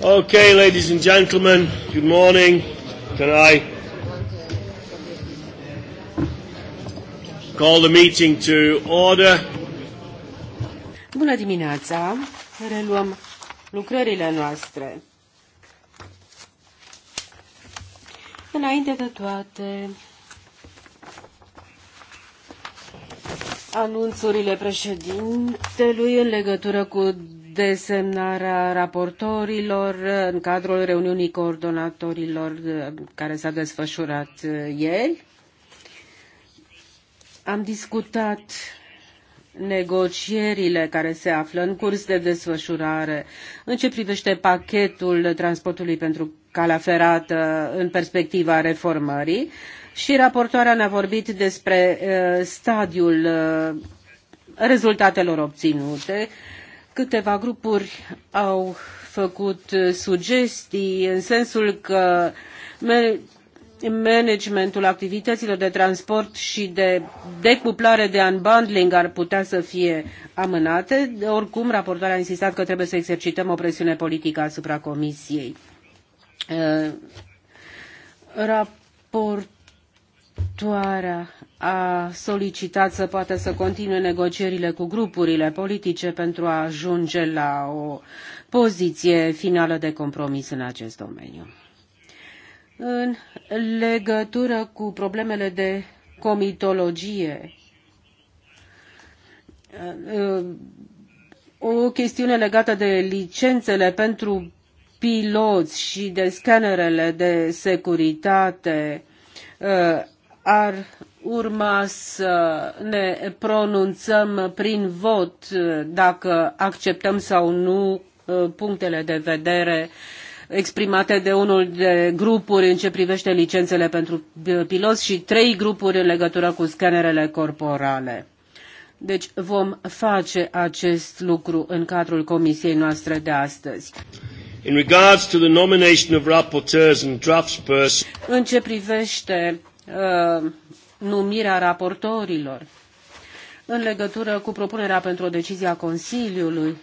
Okay, ladies and gentlemen, good morning. Can I call the meeting to order? Bună dimineața! Reluăm lucrările noastre. Înainte de toate, anunțurile președintelui în legătură cu desemnarea raportorilor în cadrul reuniunii coordonatorilor uh, care s-a desfășurat uh, ieri. Am discutat negocierile care se află în curs de desfășurare în ce privește pachetul transportului pentru calea ferată în perspectiva reformării și raportoarea ne-a vorbit despre uh, stadiul rezultatelor obținute Câteva grupuri au făcut uh, sugestii în sensul că managementul activităților de transport și de decuplare de unbundling ar putea să fie amânate. Oricum, raportarea a insistat că trebuie să exercităm o presiune politică asupra Comisiei. Uh, raport Raportoarea a solicitat să poată să continue negocierile cu grupurile politice pentru a ajunge la o poziție finală de compromis în acest domeniu. În legătură cu problemele de comitologie, o chestiune legată de licențele pentru piloți și de scanerele de securitate ar urma să ne pronunțăm prin vot dacă acceptăm sau nu uh, punctele de vedere exprimate de unul de grupuri în ce privește licențele pentru piloți și trei grupuri în legătură cu scanerele corporale. Deci vom face acest lucru în cadrul comisiei noastre de astăzi. In regards to the nomination of rapporteurs and în ce privește Uh, numirea raportorilor, în legătură cu propunerea pentru o decizie a Consiliului,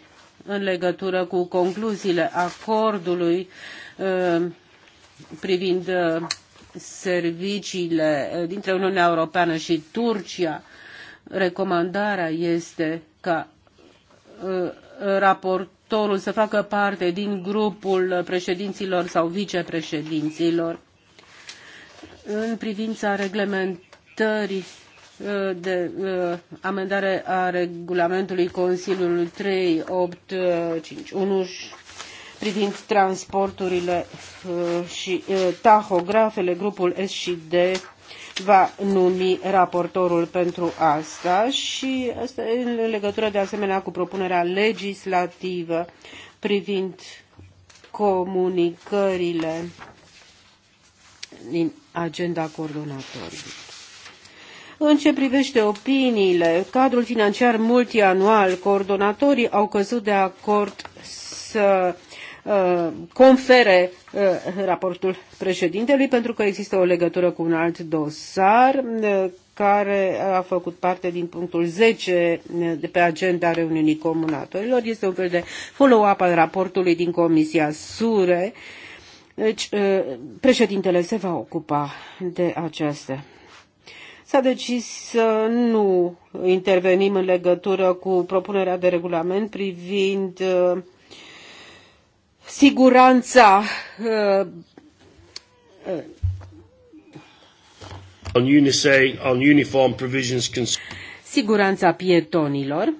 în legătură cu concluziile acordului uh, privind uh, serviciile dintre Uniunea Europeană și Turcia, recomandarea este ca raportorul să facă parte din grupul președinților sau vicepreședinților în privința reglementării uh, de uh, amendare a regulamentului Consiliului 3851 uh, privind transporturile și tahografele, grupul S și D va numi raportorul pentru asta și asta în legătură de asemenea cu propunerea legislativă privind comunicările din agenda coordonatorului. În ce privește opiniile, cadrul financiar multianual, coordonatorii au căzut de acord să uh, confere uh, raportul președintelui pentru că există o legătură cu un alt dosar uh, care a făcut parte din punctul 10 de pe agenda reuniunii comunatorilor. Este un fel de follow-up al raportului din Comisia SURE uh, deci, președintele se va ocupa de aceasta. S-a decis să nu intervenim în legătură cu propunerea de regulament privind siguranța on, unise, on uniform provisions siguranța pietonilor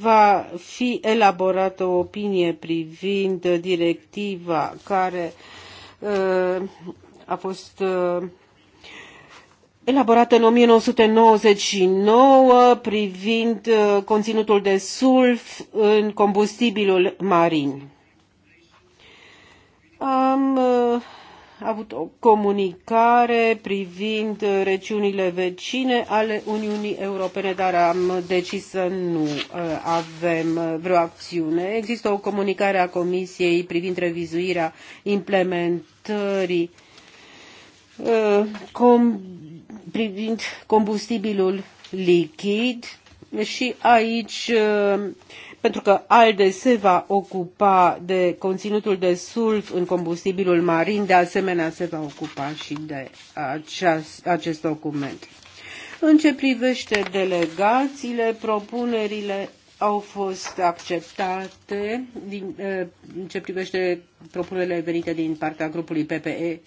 va fi elaborată o opinie privind directiva care uh, a fost uh, elaborată în 1999 privind uh, conținutul de sulf în combustibilul marin. Am avut o comunicare privind uh, regiunile vecine ale Uniunii Europene, dar am decis să nu uh, avem uh, vreo acțiune. Există o comunicare a Comisiei privind revizuirea implementării com, privind combustibilul lichid și aici pentru că ALDE se va ocupa de conținutul de sulf în combustibilul marin, de asemenea se va ocupa și de aceast, acest document. În ce privește delegațiile, propunerile au fost acceptate din, eh, în ce privește propunerile venite din partea grupului PPE.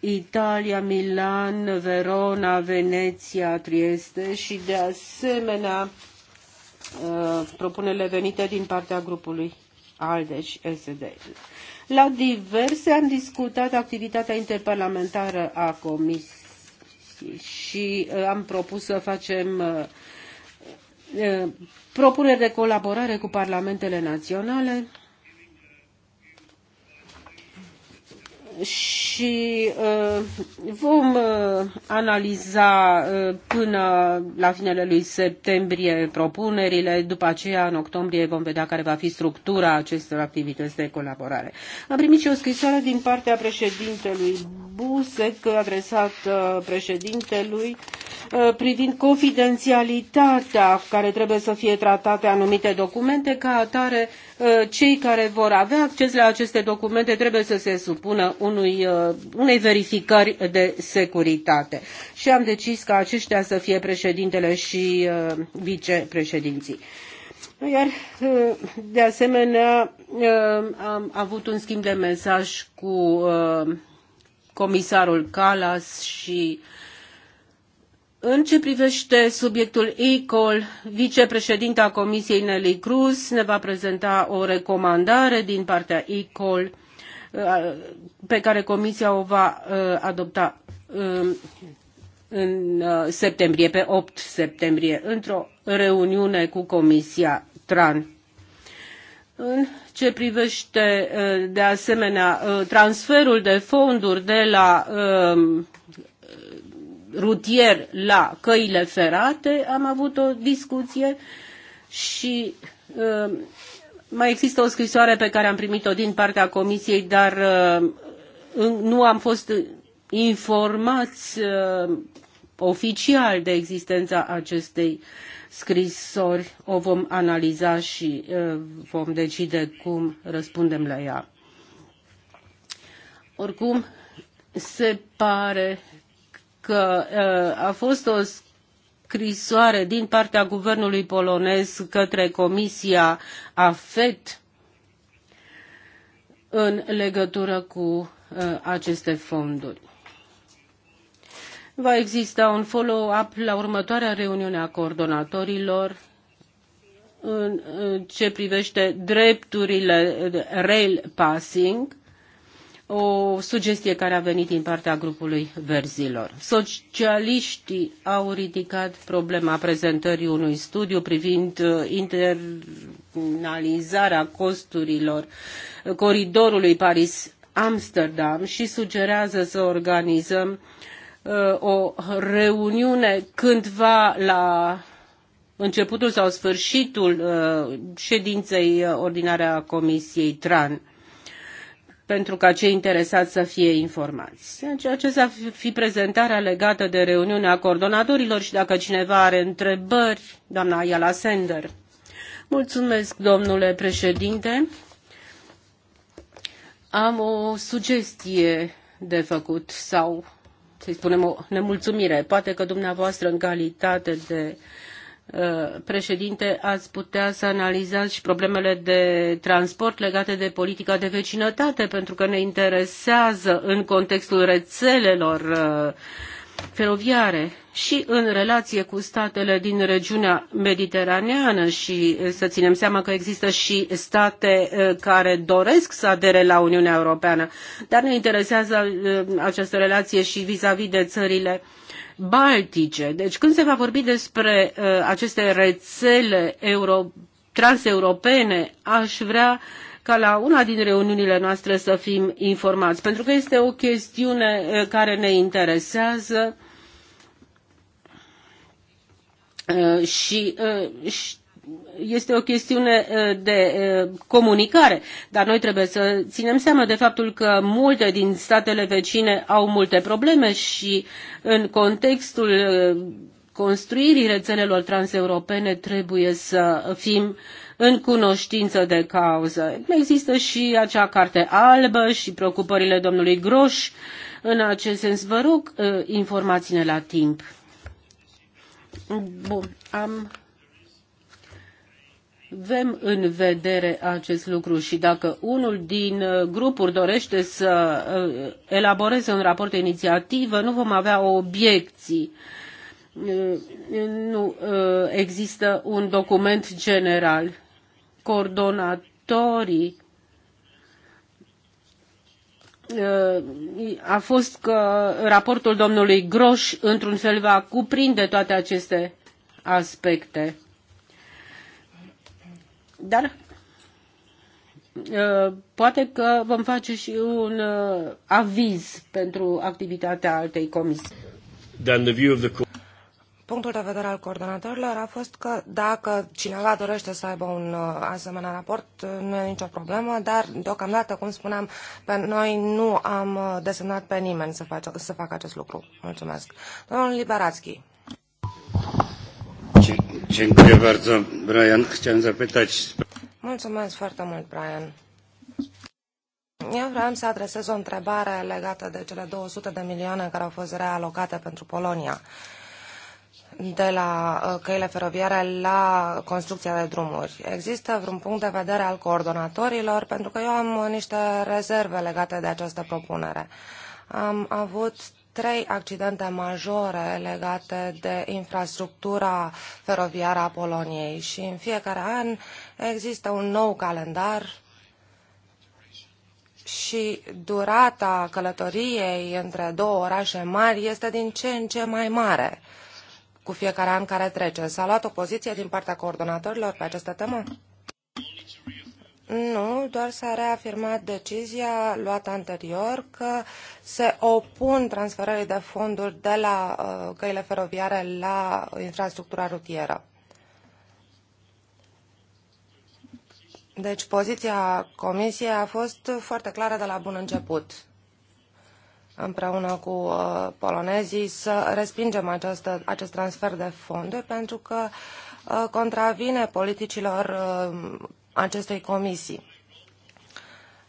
Italia, Milan, Verona, Veneția, Trieste și de asemenea Uh, propunerile venite din partea grupului ALDE și SD. La diverse am discutat activitatea interparlamentară a Comisiei și uh, am propus să facem uh, propuneri de colaborare cu parlamentele naționale și uh, vom uh, analiza uh, până la finele lui septembrie propunerile, după aceea în octombrie vom vedea care va fi structura acestor activități de colaborare. Am primit și o scrisoare din partea președintelui Busec, adresat președintelui, privind confidențialitatea care trebuie să fie tratate anumite documente, ca atare Uh, cei care vor avea acces la aceste documente trebuie să se supună unui, uh, unei verificări de securitate. Și am decis ca aceștia să fie președintele și uh, vicepreședinții. Iar, de asemenea, am avut un schimb de mesaj cu comisarul Kallas și uh, în ce privește subiectul ECOL, vicepreședinta Comisiei Nelly Cruz ne va prezenta o recomandare din partea ECOL uh, pe care Comisia o va uh, adopta um, în uh, septembrie, pe 8 septembrie, într-o reuniune cu Comisia TRAN. În ce privește, de asemenea, transferul de fonduri de la um, rutier la căile ferate, am avut o discuție și uh, mai există o scrisoare pe care am primit-o din partea Comisiei, dar uh, nu am fost informați uh, oficial de existența acestei scrisori. O vom analiza și vom decide cum răspundem la ea. Oricum, se pare că uh, a fost o scrisoare din partea guvernului polonez către Comisia AFET în legătură cu uh, aceste fonduri. Va exista un follow-up la următoarea reuniune a coordonatorilor în ce privește drepturile rail passing o sugestie care a venit din partea grupului verzilor. Socialiștii au ridicat problema prezentării unui studiu privind uh, internalizarea costurilor coridorului Paris-Amsterdam și sugerează să organizăm uh, o reuniune cândva la începutul sau sfârșitul uh, ședinței ordinare a Comisiei TRAN pentru ca cei interesați să fie informați. Deci acesta să fi prezentarea legată de reuniunea coordonatorilor și dacă cineva are întrebări, doamna Ayala Sender. Mulțumesc, domnule președinte. Am o sugestie de făcut sau, să spunem, o nemulțumire. Poate că dumneavoastră, în calitate de uh, Uh, președinte, ați putea să analizați și problemele de transport legate de politica de vecinătate, pentru că ne interesează în contextul rețelelor uh, feroviare și în relație cu statele din regiunea mediteraneană și uh, să ținem seama că există și state care doresc să adere la Uniunea Europeană, dar ne interesează această relație și vis-a-vis de țările baltice. Deci când se va vorbi despre uh, aceste rețele euro, transeuropene, aș vrea ca la una din reuniunile noastre să fim informați, pentru că este o chestiune uh, care ne interesează uh, și uh, este o chestiune uh, de uh, comunicare, dar noi trebuie să ținem seama de faptul că multe din statele vecine au multe probleme și în contextul uh, construirii rețelelor transeuropene trebuie să fim în cunoștință de cauză. Există și acea carte albă și preocupările domnului Groș. În acest sens, vă rog informațiile la timp. Bun, am avem în vedere acest lucru și dacă unul din uh, grupuri dorește să uh, elaboreze un raport de inițiativă, nu vom avea obiecții. Uh, nu există un document general. Coordonatorii a fost că raportul domnului Groș într-un fel va cuprinde toate aceste aspecte dar uh, poate că vom face și un uh, aviz pentru activitatea altei comisii. Then the view of the punctul de vedere al coordonatorilor a fost că dacă cineva dorește să aibă un uh, asemenea raport, nu e nicio problemă, dar deocamdată, cum spuneam, pe noi nu am desemnat pe nimeni să, face, să facă acest lucru. Mulțumesc. Domnul Liberațchi. Dziękuję bardzo, Brian. Chciałem zapytać... Mulțumesc foarte mult, Brian. Eu vreau să adresez o întrebare legată de cele 200 de milioane care au fost realocate pentru Polonia de la uh, căile feroviare la construcția de drumuri. Există vreun punct de vedere al coordonatorilor? Pentru că eu am niște rezerve legate de această propunere. Am avut trei accidente majore legate de infrastructura feroviară a Poloniei și în fiecare an există un nou calendar și durata călătoriei între două orașe mari este din ce în ce mai mare cu fiecare an care trece. S-a luat o poziție din partea coordonatorilor pe această temă? Nu, doar s-a reafirmat decizia luată anterior că se opun transferării de fonduri de la uh, căile feroviare la infrastructura rutieră. Deci poziția Comisiei a fost foarte clară de la bun început împreună cu uh, polonezii să respingem această, acest transfer de fonduri pentru că uh, contravine politicilor uh, acestei comisii.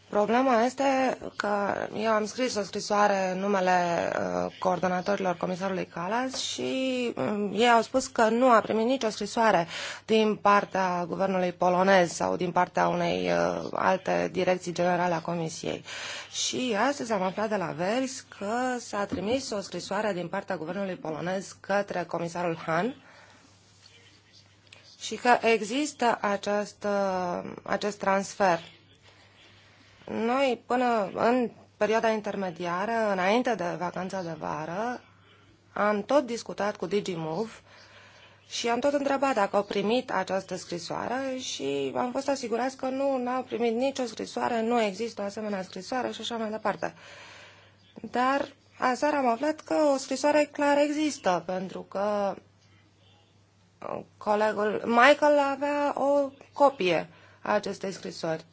Problema este că eu am scris o scrisoare în numele uh, coordonatorilor comisarului Calas și um, ei au spus că nu a primit nicio scrisoare din partea guvernului polonez sau din partea unei uh, alte direcții generale a comisiei. Și astăzi am aflat de la Vers că s-a trimis o scrisoare din partea guvernului polonez către comisarul Han și că există acest acest transfer. Noi, până în perioada intermediară, înainte de vacanța de vară, am tot discutat cu DigiMove și am tot întrebat dacă au primit această scrisoare și am fost asigurați că nu, n-au primit nicio scrisoare, nu există o asemenea scrisoare și așa mai departe. Dar azi am aflat că o scrisoare clar există, pentru că colegul Michael avea o copie a acestei scrisori.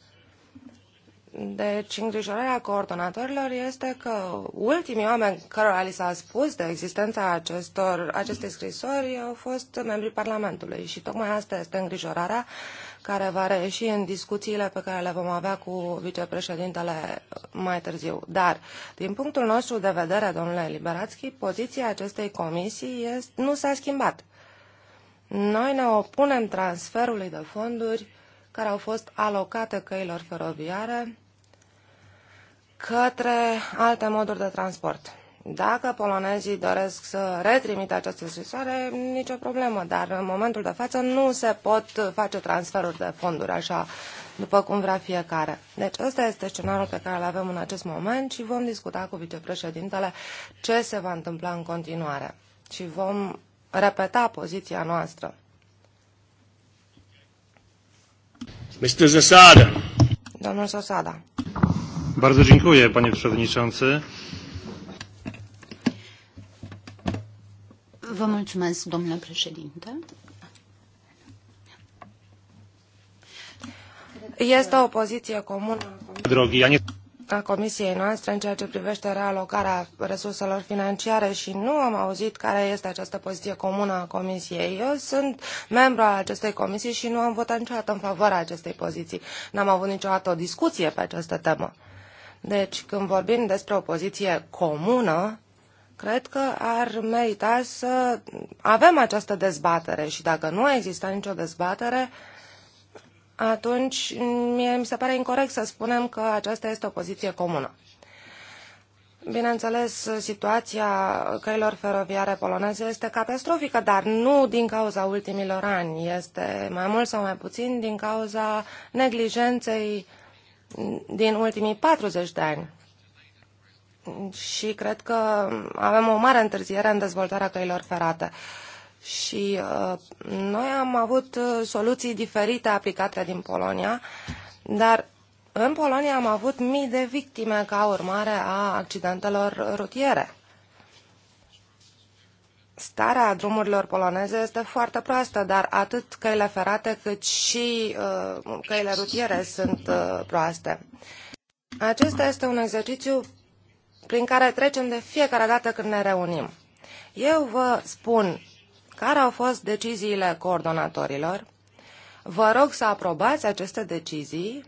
Deci îngrijorarea coordonatorilor este că ultimii oameni cărora li s-a spus de existența acestor, acestei scrisori au fost membrii Parlamentului și tocmai asta este îngrijorarea care va reieși în discuțiile pe care le vom avea cu vicepreședintele mai târziu. Dar, din punctul nostru de vedere, domnule Liberațchi, poziția acestei comisii este, nu s-a schimbat. Noi ne opunem transferului de fonduri care au fost alocate căilor feroviare către alte moduri de transport. Dacă polonezii doresc să retrimite această scrisoare, nicio problemă, dar în momentul de față nu se pot face transferuri de fonduri așa după cum vrea fiecare. Deci ăsta este scenariul pe care îl avem în acest moment și vom discuta cu vicepreședintele ce se va întâmpla în continuare. Și vom repeta poziția noastră. Mr. Zasada. Domnul Zasada. Bardzo dziękuję, panie przewodniczący. Vă mulțumesc, domnule președinte. Este o poziție comună. Drogi, ja nie a comisiei noastre în ceea ce privește realocarea resurselor financiare și nu am auzit care este această poziție comună a comisiei. Eu sunt membru al acestei comisii și nu am votat niciodată în favoarea acestei poziții. N-am avut niciodată o discuție pe această temă. Deci, când vorbim despre o poziție comună, cred că ar merita să avem această dezbatere și dacă nu a existat nicio dezbatere, uh, atunci mie mi se pare incorrect să spunem că aceasta este o poziție comună. Bineînțeles, situația căilor feroviare poloneze este catastrofică, dar nu din cauza ultimilor ani. Este mai mult sau mai puțin din cauza neglijenței din ultimii 40 de ani. Și cred că avem o mare întârziere în dezvoltarea căilor ferate. Uh, și uh, noi am avut uh, soluții diferite aplicate din Polonia, dar în Polonia am avut mii de victime ca urmare a accidentelor rutiere. Starea drumurilor poloneze este foarte proastă, dar atât căile ferate cât și uh, căile rutiere sunt uh, proaste. Acesta este un exercițiu prin care trecem de fiecare dată când ne reunim. Eu vă spun care au fost deciziile coordonatorilor. Vă rog să aprobați aceste decizii,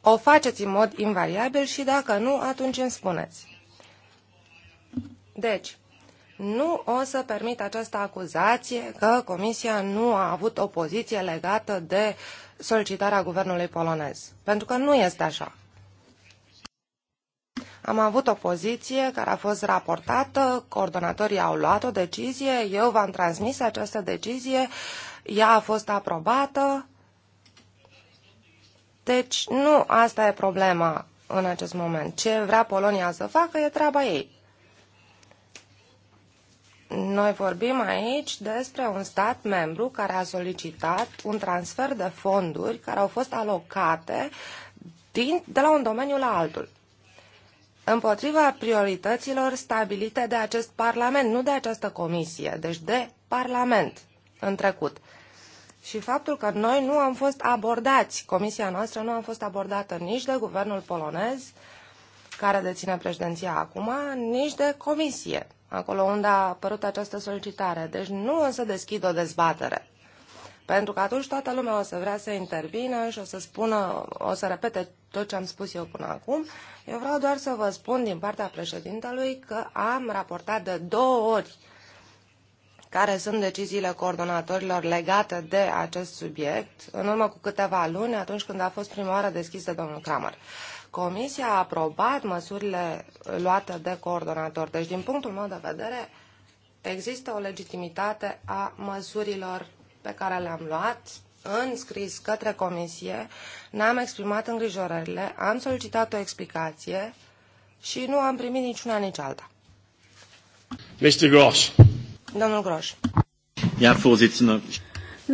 o faceți în mod invariabil și dacă nu, atunci îmi spuneți. Deci, nu o să permit această acuzație că Comisia nu a avut o poziție legată de solicitarea guvernului polonez, pentru că nu este așa. Am avut o poziție care a fost raportată, coordonatorii au luat o decizie, eu v-am transmis această decizie, ea a fost aprobată. Deci nu asta e problema în acest moment. Ce vrea Polonia să facă e treaba ei. Noi vorbim aici despre un stat membru care a solicitat un transfer de fonduri care au fost alocate din, de la un domeniu la altul împotriva priorităților stabilite de acest Parlament, nu de această comisie, deci de Parlament în trecut. Și faptul că noi nu am fost abordați, comisia noastră nu a fost abordată nici de guvernul polonez, care deține președinția acum, nici de comisie, acolo unde a apărut această solicitare. Deci nu o să deschid o dezbatere. Pentru că atunci toată lumea o să vrea să intervină și o să spună, o să repete tot ce am spus eu până acum. Eu vreau doar să vă spun din partea președintelui că am raportat de două ori care sunt deciziile coordonatorilor legate de acest subiect, în urmă cu câteva luni, atunci când a fost prima oară deschis de domnul Kramer. Comisia a aprobat măsurile luate de coordonator. Deci, din punctul meu de vedere, există o legitimitate a măsurilor pe care le-am luat în scris către comisie, ne-am exprimat îngrijorările, am solicitat o explicație și nu am primit niciuna nici alta. Mr. Gross. Domnul Grosch. Ja, Vorsitzender.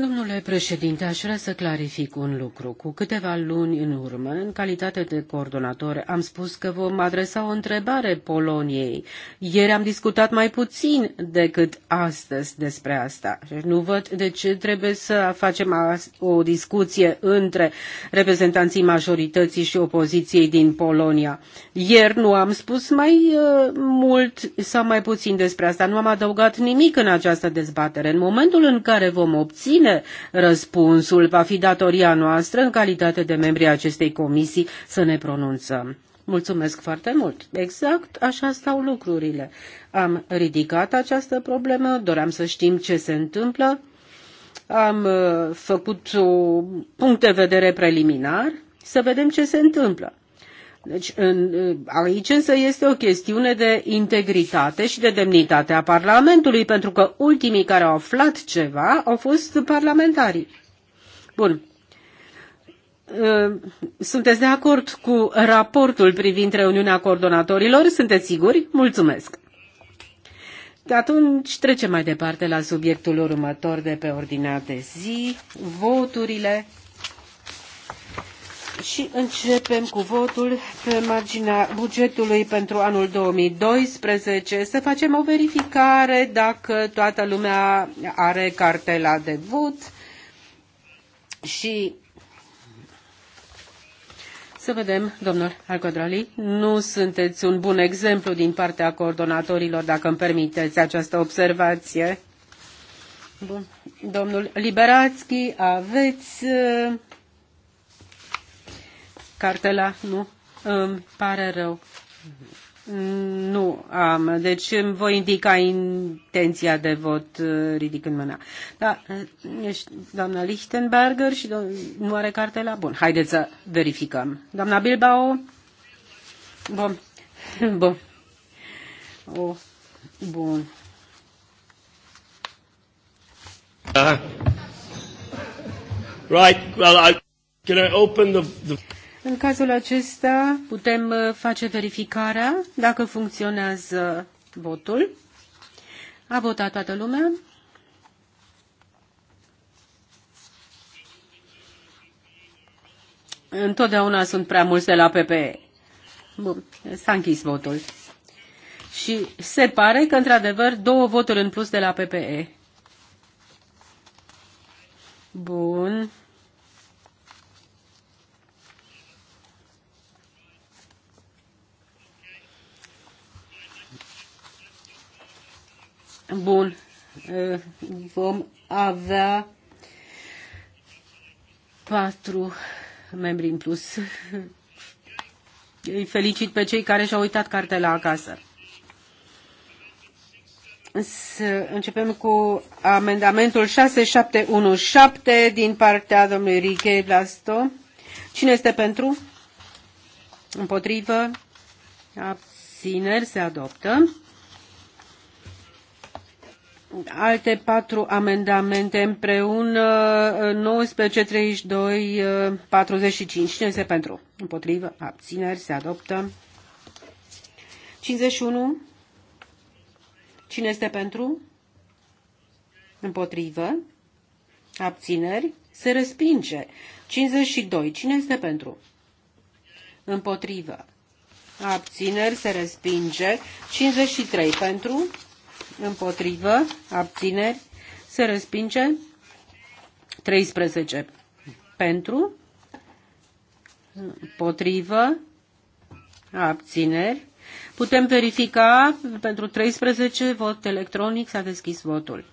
Domnule președinte, aș vrea să clarific un lucru. Cu câteva luni în urmă, în calitate de coordonator, am spus că vom adresa o întrebare Poloniei. Ieri am discutat mai puțin decât astăzi despre asta. Deci nu văd de ce trebuie să facem o discuție între reprezentanții majorității și opoziției din Polonia. Ieri nu am spus mai uh, mult sau mai puțin despre asta. Nu am adăugat nimic în această dezbatere. În momentul în care vom obține bine, răspunsul va fi datoria noastră în calitate de membri ai acestei comisii să ne pronunțăm. Mulțumesc foarte mult. Exact așa stau lucrurile. Am ridicat această problemă, doream să știm ce se întâmplă. Am uh, făcut un punct de vedere preliminar, să vedem ce se întâmplă. Deci, în, aici însă este o chestiune de integritate și de demnitate a Parlamentului, pentru că ultimii care au aflat ceva au fost parlamentarii. Bun. Uh, sunteți de acord cu raportul privind reuniunea coordonatorilor? Sunteți siguri? Mulțumesc. Atunci trecem mai departe la subiectul următor de pe ordinea de zi, voturile și începem cu votul pe marginea bugetului pentru anul 2012. Să facem o verificare dacă toată lumea are cartela de vot și să vedem, domnul Alcodrali, nu sunteți un bun exemplu din partea coordonatorilor, dacă îmi permiteți această observație. Bun. Domnul Liberațchi, aveți uh, cartela, nu? Îmi pare rău. Nu am, deci îmi voi indica intenția de vot uh, ridicând mâna. Da, uh, ești doamna Lichtenberger și nu are cartela? Bun, haideți să verificăm. Doamna Bilbao? Bun, bun. oh bun. Uh, right, well, I, can I open the, the... În cazul acesta putem uh, face verificarea dacă funcționează votul. A votat toată lumea. Întotdeauna sunt prea mulți de la PPE. Bun, s-a închis votul. Și se pare că, într-adevăr, două voturi în plus de la PPE. Bun. Bun. Vom avea patru membri în plus. Îi felicit pe cei care și-au uitat cartela acasă. Să începem cu amendamentul 6717 din partea domnului Riche Blasto. Cine este pentru? Împotrivă? Abțineri se adoptă alte patru amendamente împreună, 19, 32, 45. Cine este pentru? Împotrivă? Abțineri? Se adoptă. 51. Cine este pentru? Împotrivă? Abțineri? Se respinge. 52. Cine este pentru? Împotrivă. Abțineri se respinge. 53 pentru împotrivă, abțineri, se respinge. 13 pentru, împotrivă, abțineri. Putem verifica pentru 13 vot electronic s-a deschis votul.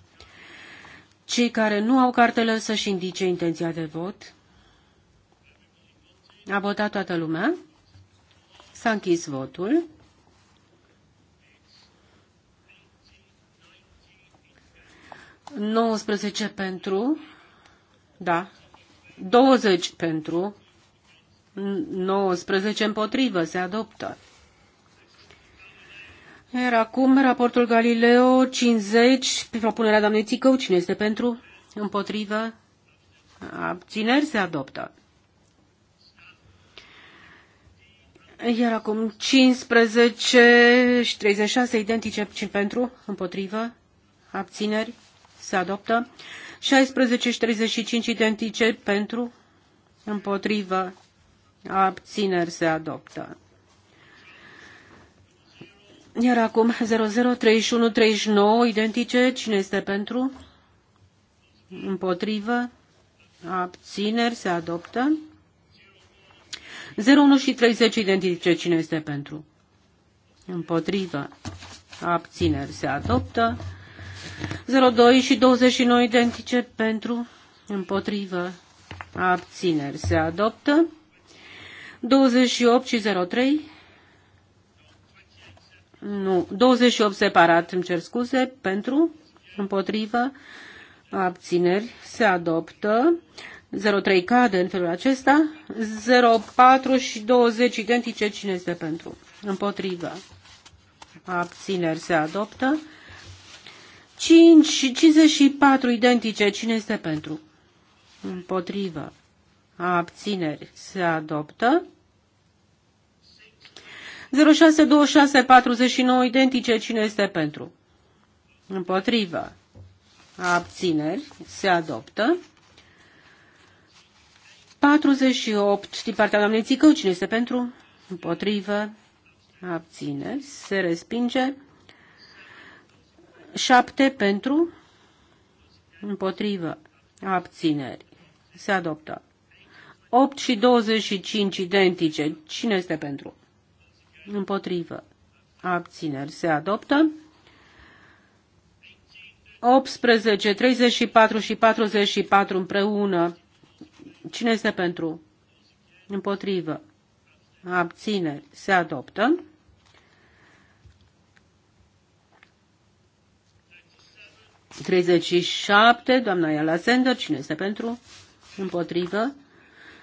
Cei care nu au cartele să-și indice intenția de vot. A votat toată lumea. S-a închis votul. 19 pentru, da, 20 pentru, 19 împotrivă, se adoptă. Iar acum raportul Galileo 50, propunerea doamnei Țicău, cine este pentru, împotrivă, abțineri, se adoptă. Iar acum 15 și 36 identice pentru, împotrivă, abțineri, se adoptă. 16 și 35 identice pentru, împotrivă, abțineri se adoptă. Iar acum 003139 identice, cine este pentru? Împotrivă, abțineri se adoptă. 01 și 30 identice, cine este pentru? Împotrivă, abțineri se adoptă. 02 și 29 identice pentru, împotrivă, abțineri se adoptă. 28 și 03. Nu, 28 separat, îmi cer scuze, pentru, împotrivă, abțineri se adoptă. 03 cade în felul acesta. 04 și 20 identice, cine este pentru? Împotrivă. Abțineri se adoptă. 5 și 54 identice. Cine este pentru? Împotrivă. Abțineri. Se adoptă. 06, 26, 49 identice. Cine este pentru? Împotrivă. Abțineri. Se adoptă. 48 din partea doamnei Țicău. Cine este pentru? Împotrivă. Abțineri. Se respinge. 7 pentru, împotrivă, abțineri. Se adoptă. 8 și 25 identice. Cine este pentru? Împotrivă. Abțineri. Se adoptă. 18, 34 și 44 împreună. Cine este pentru? Împotrivă. Abțineri. Se adoptă. 37, doamna Iala Sender, cine este pentru? Împotrivă.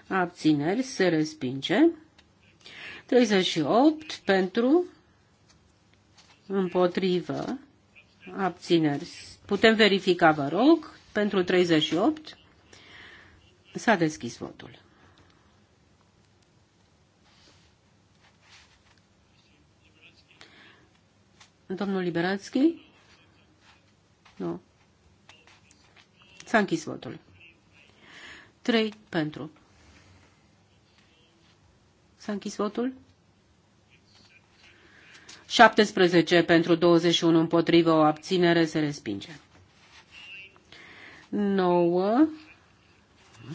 Abțineri, se respinge. 38, pentru. Împotrivă. Abțineri. Putem verifica, vă rog, pentru 38. S-a deschis votul. Domnul Liberațchi? Nu. S-a închis votul. 3 pentru. S-a închis votul? 17 pentru 21 împotrivă o abținere se respinge. 9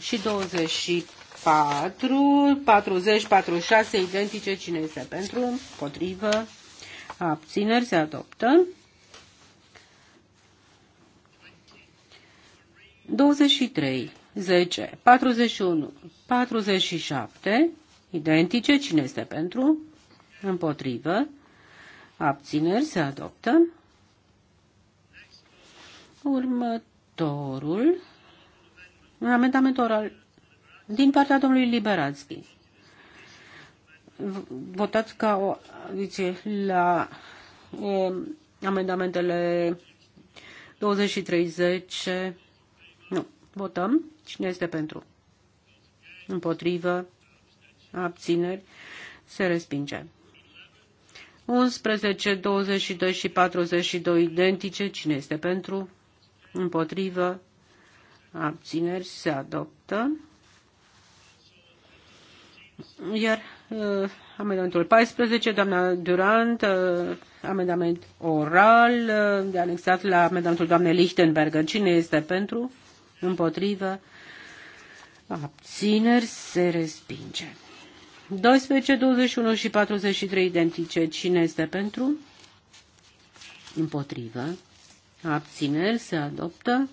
și 24, 40, 46 identice cine este pentru, împotrivă, abțineri se adoptă. 23, 10, 41, 47, identice, cine este pentru, împotrivă, abțineri, se adoptă. Următorul, amendamentul amendament oral din partea domnului Liberațchi. Votat ca o adiție la um, amendamentele 23, 10 Votăm. Cine este pentru? Împotrivă. Abțineri. Se respinge. 11, 22 și 42 identice. Cine este pentru? Împotrivă. Abțineri. Se adoptă. Iar uh, amendamentul 14, doamna Durant, uh, amendament oral, uh, de anexat la amendamentul doamnei Lichtenberger. Cine este pentru? împotrivă, abțineri, se respinge. 12, 21 și 43 identice. Cine este pentru? Împotrivă. Abțineri se adoptă.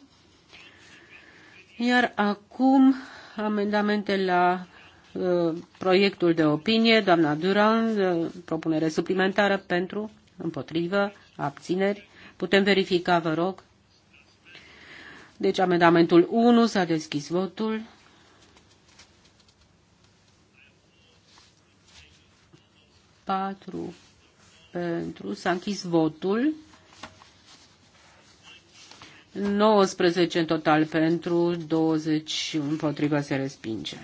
Iar acum amendamente la uh, proiectul de opinie. Doamna Duran, uh, propunere suplimentară pentru, împotrivă, abțineri. Putem verifica, vă rog. Deci amendamentul 1 s-a deschis votul. Patru pentru. S-a închis votul. 19 în total pentru, 20 împotriva se respinge.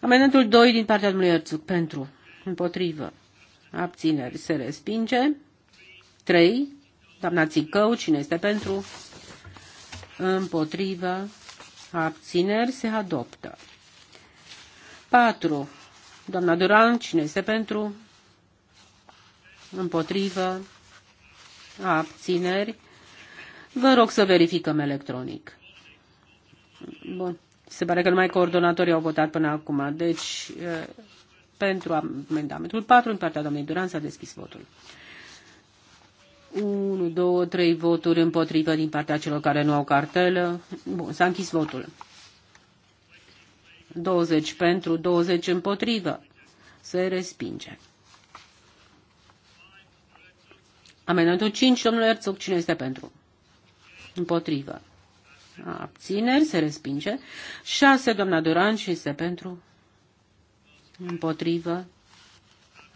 Amendamentul 2 din partea domnului Erțuc pentru, împotrivă, abțineri se respinge. 3. Doamna Țicău, cine este pentru? împotrivă, abțineri se adoptă. 4. Doamna Duran, cine este pentru? Împotrivă, abțineri. Vă rog să verificăm electronic. Bun. Se pare că numai coordonatorii au votat până acum. Deci, eh, pentru amendamentul 4, în partea doamnei Duran s-a deschis votul. 1, 2, 3 voturi împotrivă din partea celor care nu au cartelă. Bun, s-a închis votul. 20 pentru, 20 împotrivă. Se respinge. Amendamentul 5, domnule Herzog, cine este pentru? Împotrivă. Abțineri, se respinge. 6, doamna Duran, cine este pentru? Împotrivă.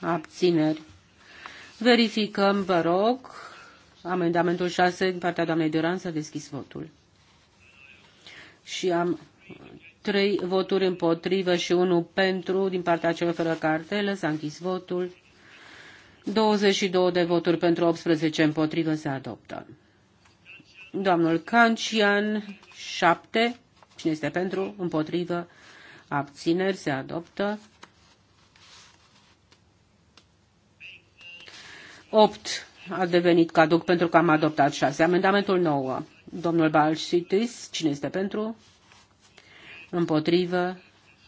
Abțineri. Verificăm, vă rog, Amendamentul 6 din partea doamnei Duran s-a deschis votul. Și am trei voturi împotrivă și unul pentru din partea celor fără cartelă. S-a închis votul. 22 de voturi pentru 18 împotrivă se adoptă. Domnul Cancian, 7. Cine este pentru? Împotrivă. Abțineri se adoptă. 8 a devenit caduc pentru că am adoptat șase Amendamentul nouă. Domnul Balșitis, cine este pentru? Împotrivă.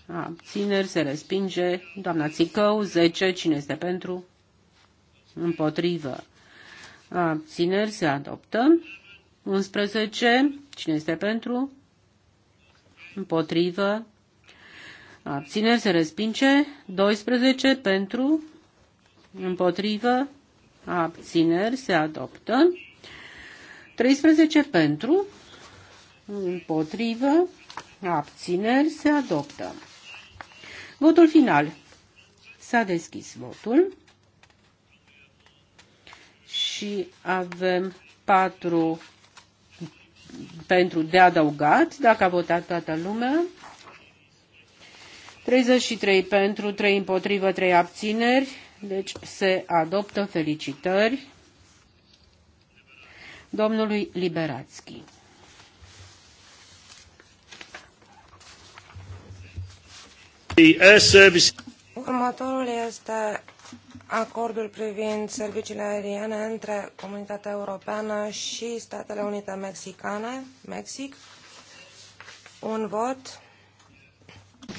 Abțineri, se respinge. Doamna Țicău, 10. Cine este pentru? Împotrivă. Abțineri, se adoptă. 11. Cine este pentru? Împotrivă. Abțineri, se respinge. 12. Pentru. Împotrivă abțineri se adoptă. 13 pentru, împotrivă, abțineri se adoptă. Votul final. S-a deschis votul și avem 4 pentru de adăugat, dacă a votat toată lumea. 33 pentru, 3 împotrivă, 3 abțineri. Deci se adoptă felicitări domnului Liberațchi. Următorul este acordul privind serviciile aeriene între Comunitatea Europeană și Statele Unite Mexicane, Mexic. Un vot.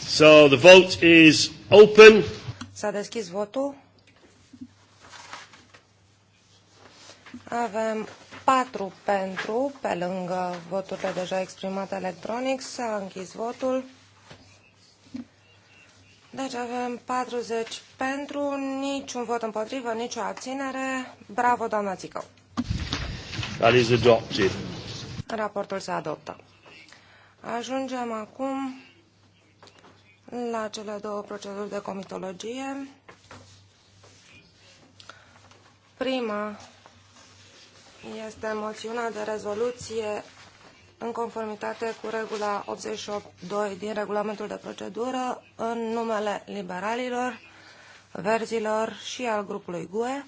So the vote is open. S-a deschis votul. Avem patru pentru, pe lângă voturile deja exprimate electronic. S-a închis votul. Deci avem 40 pentru, niciun vot împotrivă, nicio abținere. Bravo, doamna Țicău. That is adopted. Raportul se adoptă. Ajungem acum la cele două proceduri de comitologie. Prima este moțiunea de rezoluție în conformitate cu regula 88.2 din regulamentul de procedură în numele liberalilor, verzilor și al grupului GUE.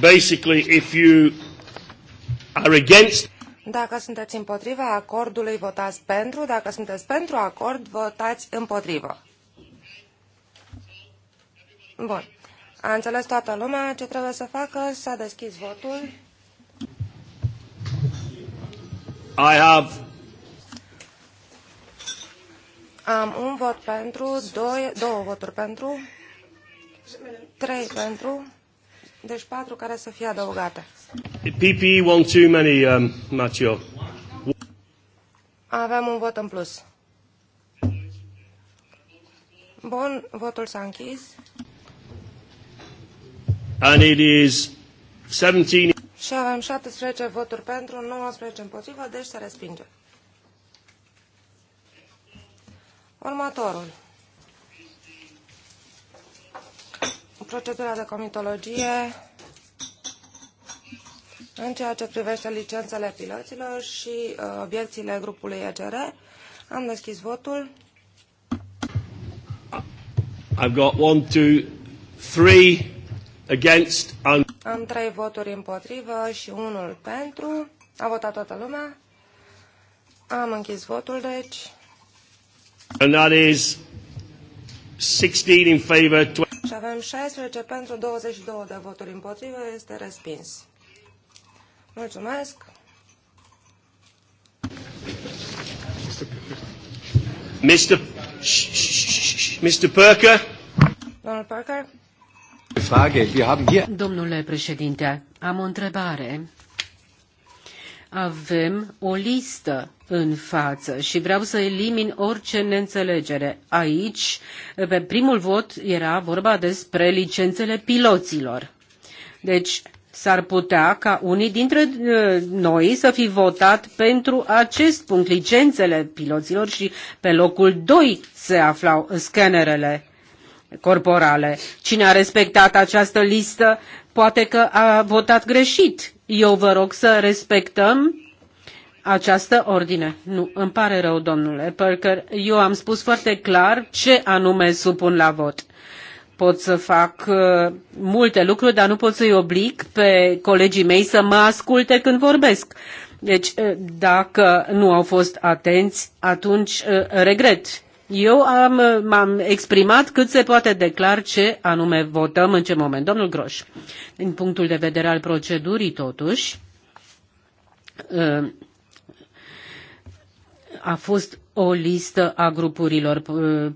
Basically, if you are against... Dacă sunteți împotriva acordului, votați pentru. Dacă sunteți pentru acord, votați împotrivă. Bun. A înțeles toată lumea ce trebuie să facă? S-a deschis votul. I have... Am un vot pentru, doi, două voturi pentru, trei pentru, deci patru care să fie adăugate. PP one too many, um, Matthew. Avem un vot în plus. Bun, votul s-a închis. And it is 17... Și avem 17 voturi pentru, 19 împotrivă, deci se respinge. Următorul. Procedura de comitologie în ceea ce privește licențele piloților și uh, obiecțiile grupului EGR. Am deschis votul. I've got one, two, three Against and... Am trei voturi împotrivă și unul pentru. A votat toată lumea. Am închis votul, deci. And that is 16 in favor, 20... Și avem 16 pentru 22 de voturi împotrivă. Este respins. Mulțumesc. Mr. Mr. Perker. Donald Perker. Domnule președinte, am o întrebare. Avem o listă în față și vreau să elimin orice neînțelegere. Aici, pe primul vot, era vorba despre licențele piloților. Deci, s-ar putea ca unii dintre uh, noi să fi votat pentru acest punct, licențele piloților și pe locul doi se aflau scanerele corporale. Cine a respectat această listă poate că a votat greșit. Eu vă rog să respectăm această ordine. Nu, îmi pare rău, domnule Parker. Eu am spus foarte clar ce anume supun la vot. Pot să fac uh, multe lucruri, dar nu pot să-i oblig pe colegii mei să mă asculte când vorbesc. Deci, uh, dacă nu au fost atenți, atunci uh, regret eu am, m-am exprimat cât se poate declar ce anume votăm în ce moment. Domnul Groș, din punctul de vedere al procedurii, totuși, ă, a fost o listă a grupurilor ă,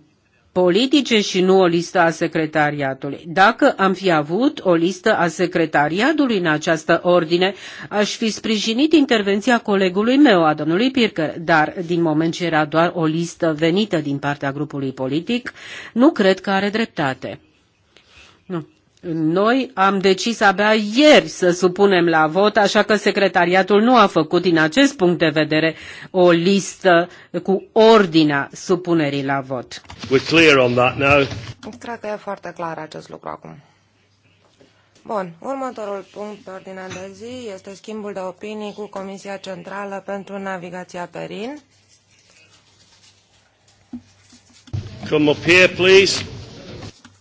politice și nu o listă a secretariatului. Dacă am fi avut o listă a secretariatului în această ordine, aș fi sprijinit intervenția colegului meu, a domnului Pircăr, dar din moment ce era doar o listă venită din partea grupului politic, nu cred că are dreptate. Nu. Noi am decis abia ieri să supunem la vot, așa că secretariatul nu a făcut din acest punct de vedere o listă cu ordinea supunerii la vot. We're clear on that now. Cred că e foarte clar acest lucru acum. Bun, următorul punct pe ordinea de zi este schimbul de opinii cu Comisia Centrală pentru Navigația Perin. Come up here, please.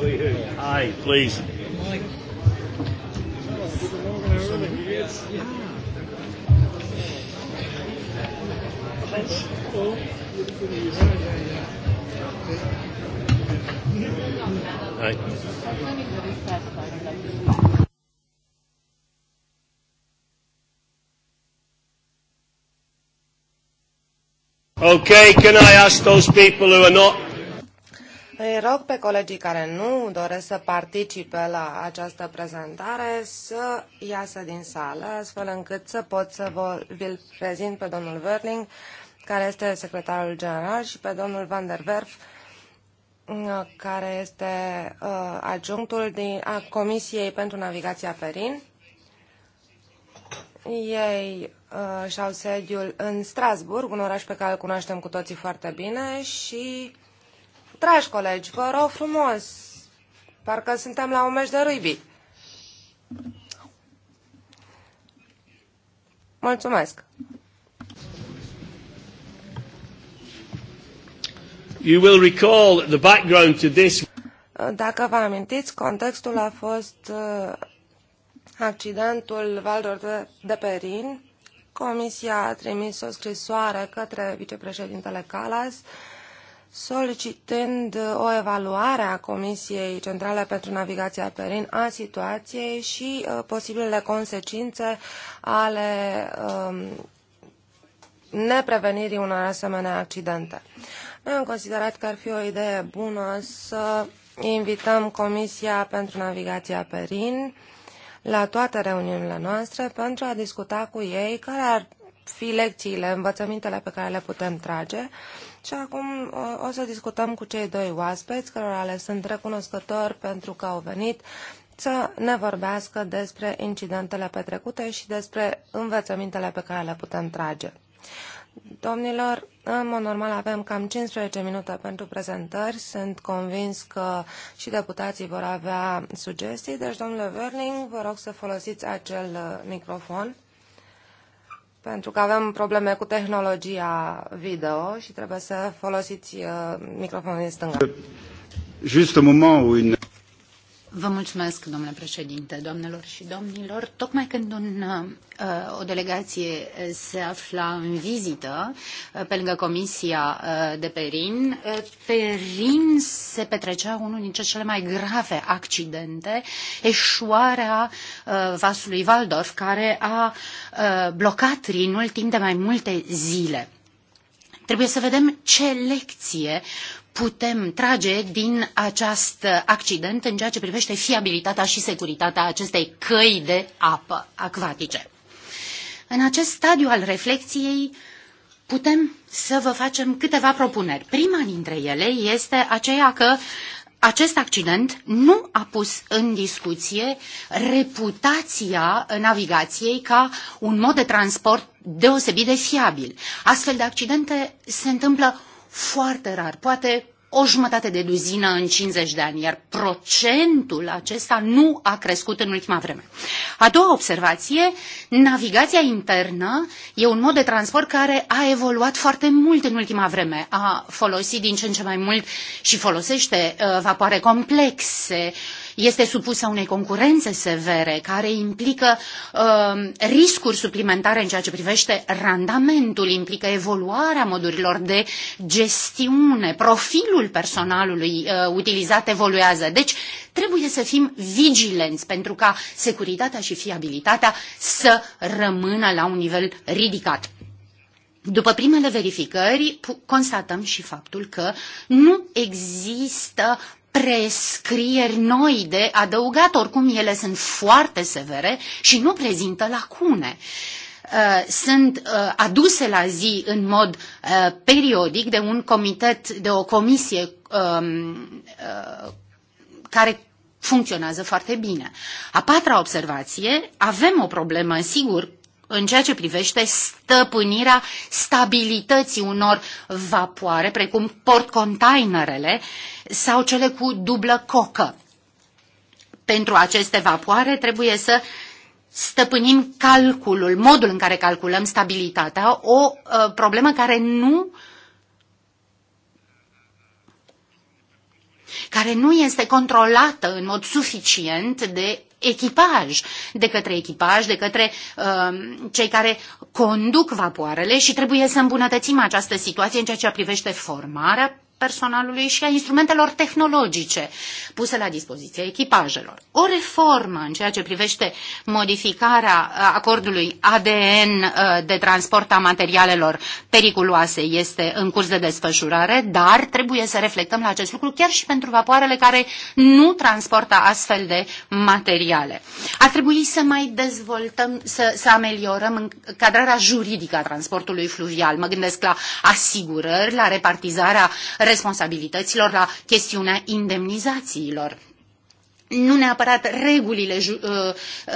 Hi, please. Okay, can I ask those people who are not îi rog pe colegii care nu doresc să participe la această prezentare să iasă din sală, astfel încât să pot să vă, vi-l prezint pe domnul Werling, care este secretarul general, și pe domnul Van der Werf, care este uh, adjunctul din, a Comisiei pentru Navigația Perin. Ei uh, și-au sediul în Strasburg, un oraș pe care îl cunoaștem cu toții foarte bine și Dragi colegi, vă rog frumos, parcă suntem la un meci de rugby. Mulțumesc. You will recall the background to this. Dacă vă amintiți, contextul a fost uh, accidentul Valdor de, de Perin. Comisia a trimis o scrisoare către vicepreședintele Calas uh, solicitând uh, o evaluare a Comisiei Centrale pentru Navigația Perin a situației și uh, posibilele consecințe ale um, neprevenirii unor asemenea accidente. Noi am considerat că ar fi o idee bună să invităm Comisia pentru Navigația Perin la toate reuniunile noastre pentru a discuta cu ei care ar fi lecțiile, învățămintele pe care le putem trage și acum uh, o să discutăm cu cei doi oaspeți, cărora le sunt recunoscători pentru că au venit să ne vorbească despre incidentele petrecute și despre învățămintele pe care le putem trage. Domnilor, în mod normal avem cam 15 minute pentru prezentări. Sunt convins că și deputații vor avea sugestii. Deci, domnule Verling, vă rog să folosiți acel uh, microfon pentru că avem probleme cu tehnologia video și trebuie să folosiți uh, microfonul din stânga. Just un moment où une... Vă mulțumesc, domnule președinte, doamnelor și domnilor. Tocmai când un, uh, o delegație se afla în vizită uh, pe lângă Comisia uh, de Perin, Perin se petrecea unul dintre cele mai grave accidente, eșuarea vasului Waldorf, care a blocat Rinul timp de mai multe zile. Trebuie să vedem ce lecție putem trage din acest accident în ceea ce privește fiabilitatea și securitatea acestei căi de apă acvatice. În acest stadiu al reflexiei putem să vă facem câteva propuneri. Prima dintre ele este aceea că acest accident nu a pus în discuție reputația navigației ca un mod de transport deosebit de fiabil. Astfel de accidente se întâmplă foarte rar, poate o jumătate de duzină în 50 de ani, iar procentul acesta nu a crescut în ultima vreme. A doua observație, navigația internă e un mod de transport care a evoluat foarte mult în ultima vreme. A folosit din ce în ce mai mult și folosește uh, vapoare complexe, uh, este supusă unei concurențe severe care implică uh, riscuri suplimentare în ceea ce privește randamentul, implică evoluarea modurilor de gestiune, profilul personalului uh, utilizat evoluează. Deci trebuie să fim vigilenți pentru ca securitatea și fiabilitatea să rămână la un nivel ridicat. După primele verificări, constatăm și faptul că nu există prescrieri noi de adăugat, oricum ele sunt foarte severe și nu prezintă lacune. Uh, sunt uh, aduse la zi în mod uh, periodic de un comitet, de o comisie um, care funcționează foarte bine. A patra observație, avem o problemă, sigur, în ceea ce privește stăpânirea stabilității unor vapoare, precum portcontainerele sau cele cu dublă cocă. Pentru aceste vapoare trebuie să stăpânim calculul, modul în care calculăm stabilitatea, o uh, problemă care nu uh, care nu este controlată în mod suficient de echipaj, de către echipaj, de către uh, cei care conduc vapoarele și trebuie să îmbunătățim această situație în ceea ce privește formarea personalului și a instrumentelor tehnologice puse la dispoziție echipajelor. O reformă în ceea ce privește modificarea uh, acordului ADN uh, de transport a materialelor periculoase este în curs de desfășurare, dar trebuie să reflectăm la acest lucru chiar și pentru vapoarele care nu transportă astfel de materiale. Ar trebui să mai dezvoltăm, să, să ameliorăm cadrarea juridică a transportului fluvial. Mă gândesc la asigurări, la repartizarea responsabilităților, la chestiunea indemnizațiilor nu neapărat regulile uh, uh,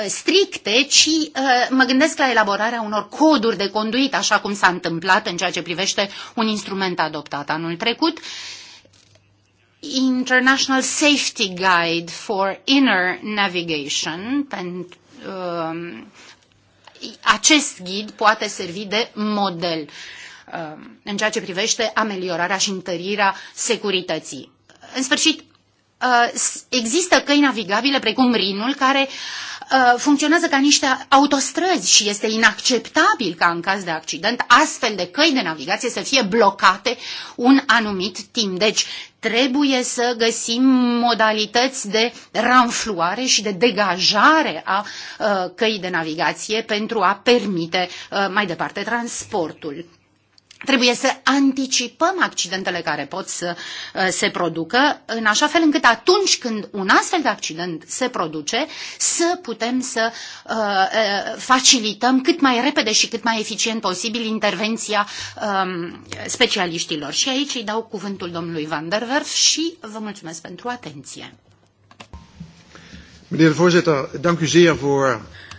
stricte, ci uh, mă gândesc la elaborarea unor coduri de conduit, așa cum s-a întâmplat în ceea ce privește un instrument adoptat anul trecut. International Safety Guide for Inner Navigation, pentru, uh, acest ghid poate servi de model. Uh, Um, în ceea ce privește ameliorarea și întărirea securității. În sfârșit, uh, există căi navigabile precum Rinul care uh, funcționează ca niște autostrăzi și este inacceptabil ca în caz de accident astfel de căi de navigație să fie blocate un anumit timp. Deci trebuie să găsim modalități de ranfluare și de degajare a uh, căii de navigație pentru a permite mai departe transportul. Trebuie să anticipăm accidentele care pot să uh, se producă, în așa fel încât atunci când un astfel de accident se produce, să putem să uh, uh, facilităm cât mai repede și cât mai eficient posibil intervenția um, specialiștilor. Și aici îi dau cuvântul domnului Van der Werf și vă mulțumesc pentru atenție.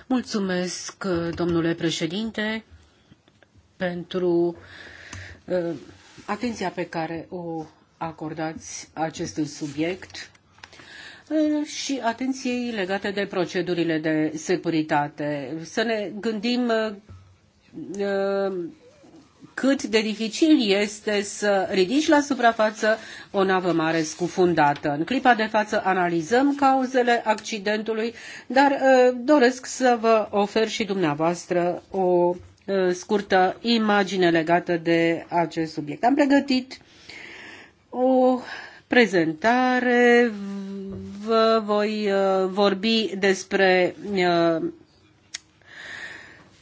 Mulțumesc, domnule președinte, pentru Uh, atenția pe care o acordați acestui subiect uh, și atenției legate de procedurile de securitate. Să ne gândim uh, cât de dificil este să ridici la suprafață o navă mare scufundată. În clipa de față analizăm cauzele accidentului, dar doresc să vă ofer și dumneavoastră o Uh, scurtă imagine legată de acest subiect. Am pregătit o prezentare, vă voi uh, vorbi despre uh,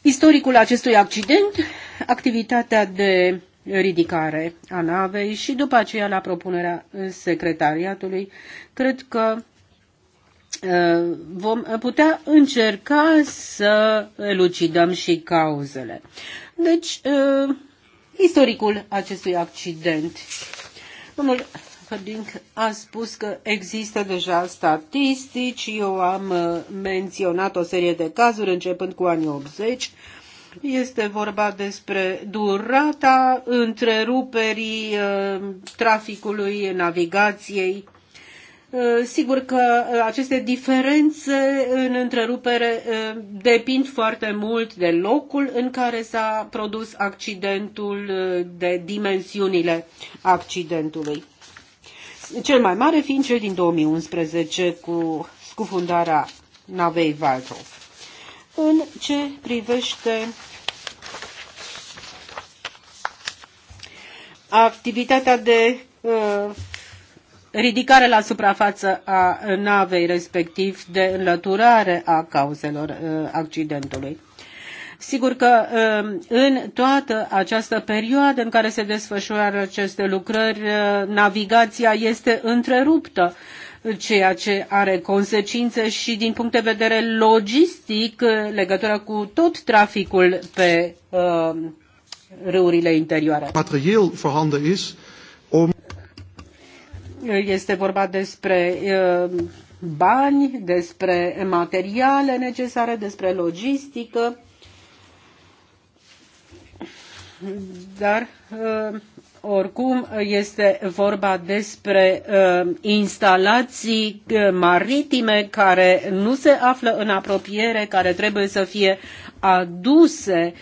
istoricul acestui accident, activitatea de ridicare a navei și după aceea la propunerea secretariatului. Cred că Uh, vom putea încerca să elucidăm și cauzele. Deci, uh, istoricul acestui accident. Domnul Harding a spus că există deja statistici, eu am uh, menționat o serie de cazuri începând cu anii 80. Este vorba despre durata întreruperii traficului, navigației Eh, sigur că eh, aceste diferențe în întrerupere eh, depind foarte mult de locul în care s-a produs accidentul, de dimensiunile accidentului. Cel mai mare fiind cel din 2011 cu scufundarea navei Valtov. În ce privește activitatea de uh, ridicare la suprafață a navei, respectiv de înlăturare a cauzelor uh, accidentului. Sigur că uh, în toată această perioadă în care se desfășoară aceste lucrări, uh, navigația este întreruptă, ceea ce are consecințe și din punct de vedere logistic legătură cu tot traficul pe uh, râurile interioare. Materieel vorhanden is este vorba despre uh, bani, despre materiale necesare, despre logistică. Dar uh, oricum este vorba despre uh, instalații maritime care nu se află în apropiere, care trebuie să fie aduse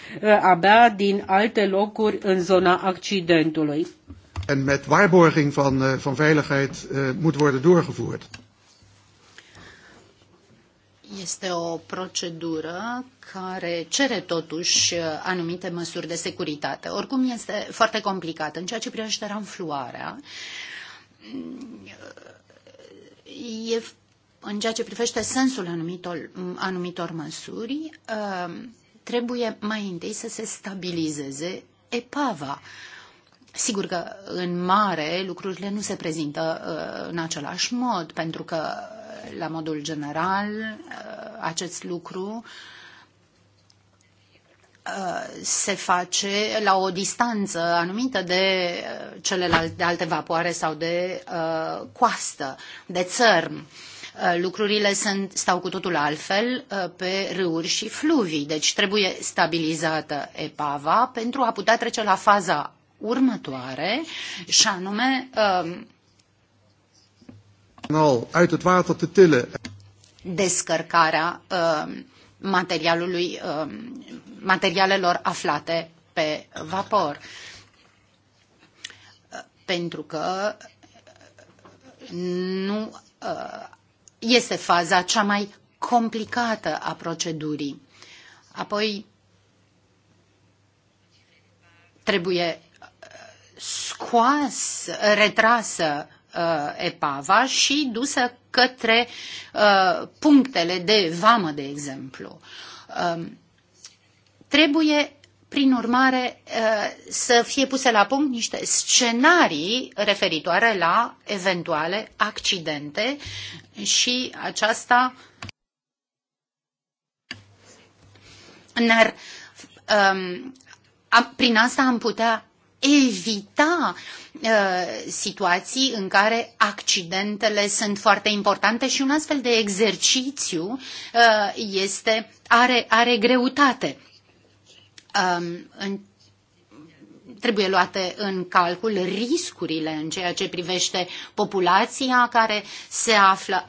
abia din alte locuri în zona accidentului en met waarborging van, uh, van veiligheid uh, moet worden doorgevoerd. Este o procedură care cere totuși eh, anumite măsuri de securitate. Oricum este foarte complicat. În ceea ce privește ramfluarea, mm, e, în ceea ce privește sensul anumitor, mm, anumitor măsuri, trebuie mai întâi să se stabilizeze epava. Sigur că în mare lucrurile nu se prezintă uh, în același mod, pentru că la modul general uh, acest lucru uh, se face la o distanță anumită de celelalte alte vapoare sau de coastă, de țărm lucrurile sunt, stau cu totul altfel pe râuri și fluvii, deci trebuie stabilizată epava pentru a putea trece la faza următoare, și anume um, uit het water te descărcarea um, materialului, um, materialelor aflate pe vapor. Pentru că nu uh, este faza cea mai complicată a procedurii. Apoi trebuie scoas, retrasă uh, epava și dusă către uh, punctele de vamă, de exemplu. Um, trebuie prin urmare, uh, să fie puse la punct niște scenarii referitoare la eventuale accidente și aceasta ne um, prin asta am putea evita uh, situații în care accidentele sunt foarte importante și un astfel de exercițiu uh, este, are, are greutate. Um, trebuie luate în calcul riscurile în ceea ce privește populația care se află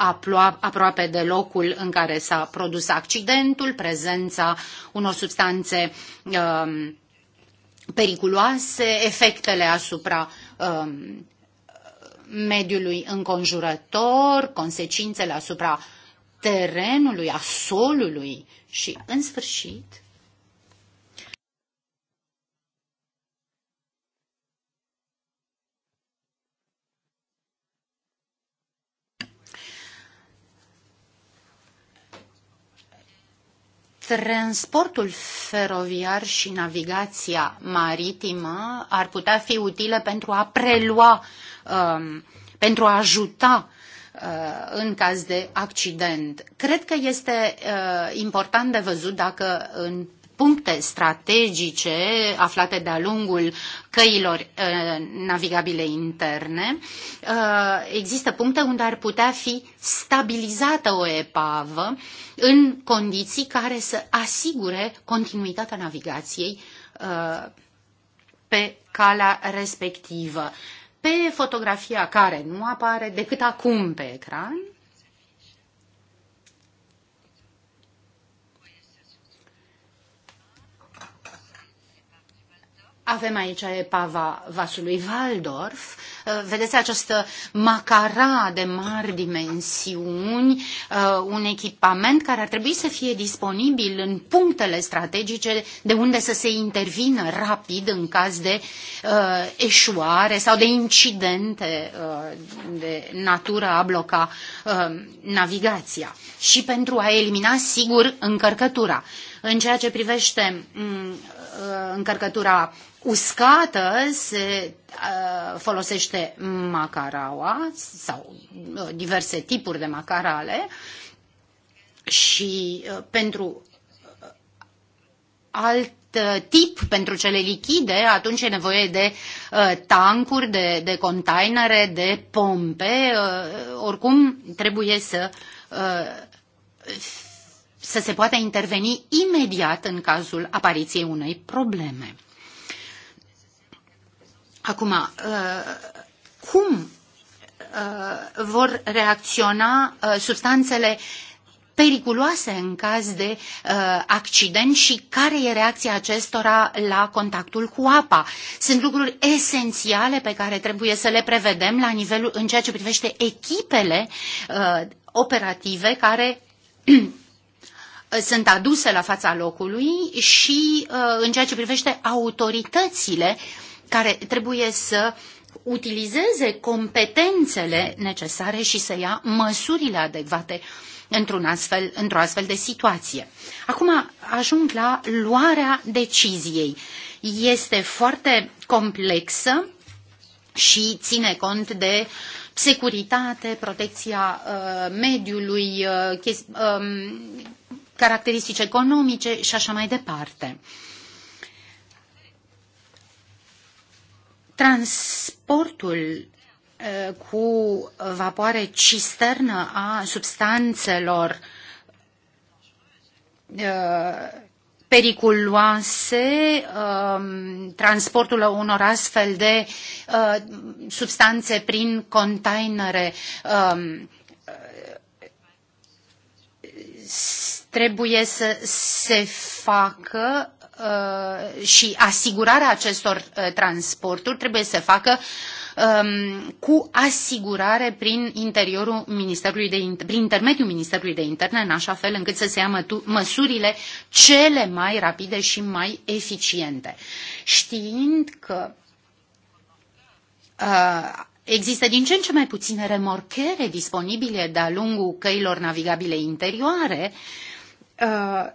aproape de locul în care s-a produs accidentul, prezența unor substanțe um, periculoase, efectele asupra um, mediului înconjurător, consecințele asupra terenului, a solului și, în sfârșit, transportul feroviar și navigația maritimă ar putea fi utile pentru a prelua, um, pentru a ajuta uh, în caz de accident. Cred că este uh, important de văzut dacă în puncte strategice aflate de-a lungul căilor uh, navigabile interne. Uh, există puncte unde ar putea fi stabilizată o epavă în condiții care să asigure continuitatea navigației uh, pe calea respectivă. Pe fotografia care nu apare decât acum pe ecran, Avem aici epava vasului Waldorf. Uh, vedeți această macara de mari dimensiuni, uh, un echipament care ar trebui să fie disponibil în punctele strategice de unde să se intervină rapid în caz de uh, eșuare sau de incidente de natură a bloca navigația și pentru a elimina, sigur, încărcătura. În ceea ce privește mm, încărcătura uscată se uh, folosește macaraua sau uh, diverse tipuri de macarale și uh, pentru alt tip pentru cele lichide, atunci e nevoie de uh, tancuri, de, de containere, de pompe. Uh, oricum, trebuie să, uh, să se poată interveni imediat în cazul apariției unei probleme. Acum, uh, cum uh, vor reacționa uh, substanțele periculoase în caz de uh, accident și care e reacția acestora la contactul cu apa. Sunt lucruri esențiale pe care trebuie să le prevedem la nivelul în ceea ce privește echipele uh, operative care sunt aduse la fața locului și uh, în ceea ce privește autoritățile uh, care trebuie să utilizeze competențele necesare și să ia măsurile adecvate într-un astfel, într-o astfel de situație. Acum ajung la luarea deciziei. Este foarte complexă și ține cont de securitate, protecția uh, mediului, uh, um, caracteristici economice și așa mai departe. Uh, transportul uh, cu vapoare cisternă a substanțelor uh, periculoase, um, transportul unor astfel de uh, substanțe prin containere um, trebuie să se facă Uh, și asigurarea acestor uh, transporturi trebuie să facă um, cu asigurare prin, interiorul Ministerului de, prin intermediul Ministerului de Interne, în așa fel încât să se ia măsurile cele mai rapide și mai eficiente. Știind că uh, Există din ce în ce mai puține remorchere disponibile de-a lungul căilor navigabile interioare. Uh,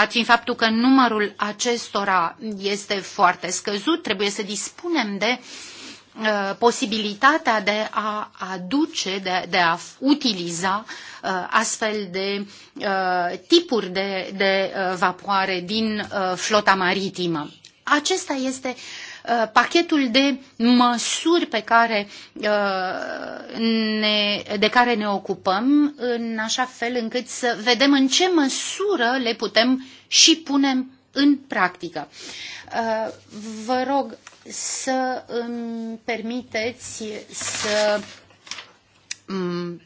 dat fiind faptul că numărul acestora este foarte scăzut, trebuie să dispunem de uh, posibilitatea de a aduce, de, de a utiliza uh, astfel de uh, tipuri de, de uh, vapoare din uh, flota maritimă. Acesta este uh, Uh, pachetul de măsuri pe care, uh, ne, de care ne ocupăm, în așa fel încât să vedem în ce măsură le putem și punem în practică. Uh, vă rog să îmi permiteți să mm,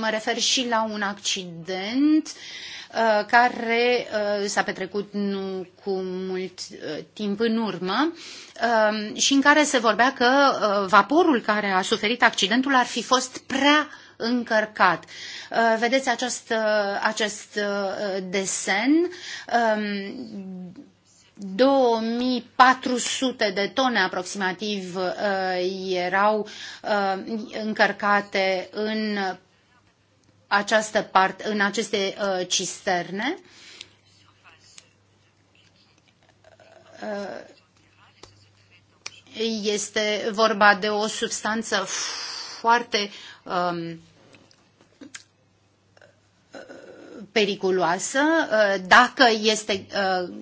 mă refer și la un accident uh, Uh, care uh, s-a petrecut nu cu mult uh, timp în urmă um, și în care se vorbea că vaporul care a suferit accidentul ar fi fost prea încărcat. Vedeți acest, acest desen. 2400 um, de tone aproximativ erau încărcate în această parte, în aceste uh, cisterne. Uh, este vorba de o substanță foarte um, periculoasă uh, dacă este uh,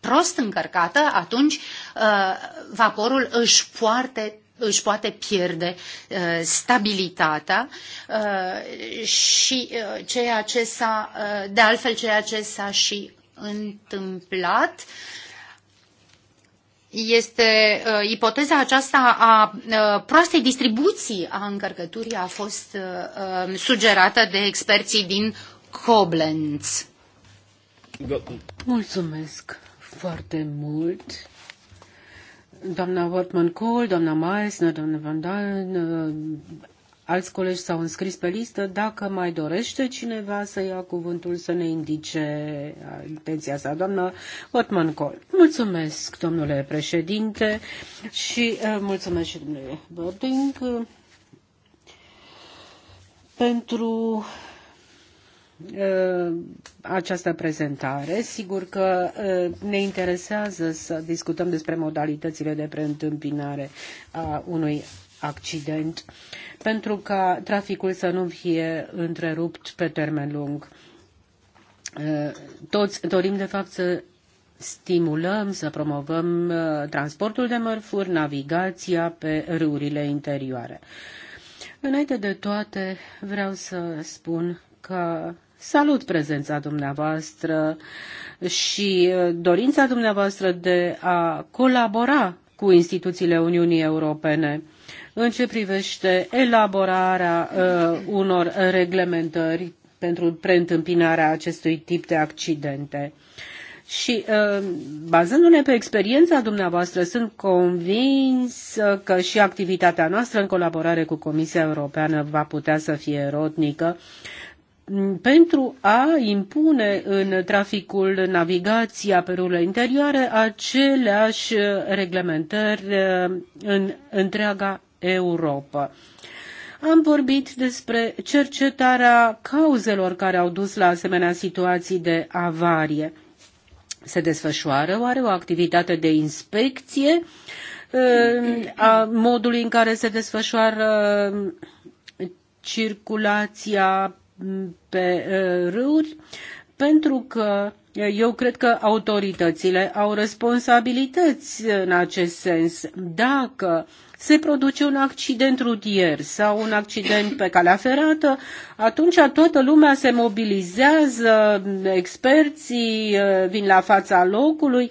prost încărcată, atunci uh, vaporul își poartă își poate pierde uh, stabilitatea uh, și uh, ceea ce s-a, de altfel ceea ce s-a și întâmplat este uh, ipoteza aceasta a uh, proastei distribuții a încărcăturii a fost uh, sugerată de experții din Koblenz. Mulțumesc foarte mult. Doamna Wortman Cole, doamna Meissner, doamna Van Dalen, uh, alți colegi s-au înscris pe listă. Dacă mai dorește cineva să ia cuvântul, să ne indice intenția sa. Doamna Otman Cole. Mulțumesc, domnule președinte, și uh, mulțumesc și domnule Bording uh, pentru Uh, această prezentare. Sigur că uh, ne interesează să discutăm despre modalitățile de preîntâmpinare a unui accident pentru ca traficul să nu fie întrerupt pe termen lung. Uh, toți dorim, de fapt, să stimulăm, să promovăm transportul de mărfuri, navigația pe râurile interioare. Înainte de toate, vreau să spun că Salut prezența dumneavoastră și uh, dorința dumneavoastră de a colabora cu instituțiile Uniunii Europene în ce privește elaborarea uh, unor reglementări pentru preîntâmpinarea acestui tip de accidente. Și uh, bazându-ne pe experiența dumneavoastră, sunt convins uh, că și activitatea noastră în colaborare cu Comisia Europeană va putea să fie erotnică, pentru a impune în traficul navigației aperurilor interioare aceleași reglementări eh, în întreaga Europa. Am vorbit despre cercetarea cauzelor care au dus la asemenea situații de avarie. Se desfășoară oare o activitate de inspecție eh, a modului în care se desfășoară circulația pe râuri, pentru că eu cred că autoritățile au responsabilități în acest sens. Dacă se produce un accident rutier sau un accident pe calea ferată, atunci toată lumea se mobilizează, experții vin la fața locului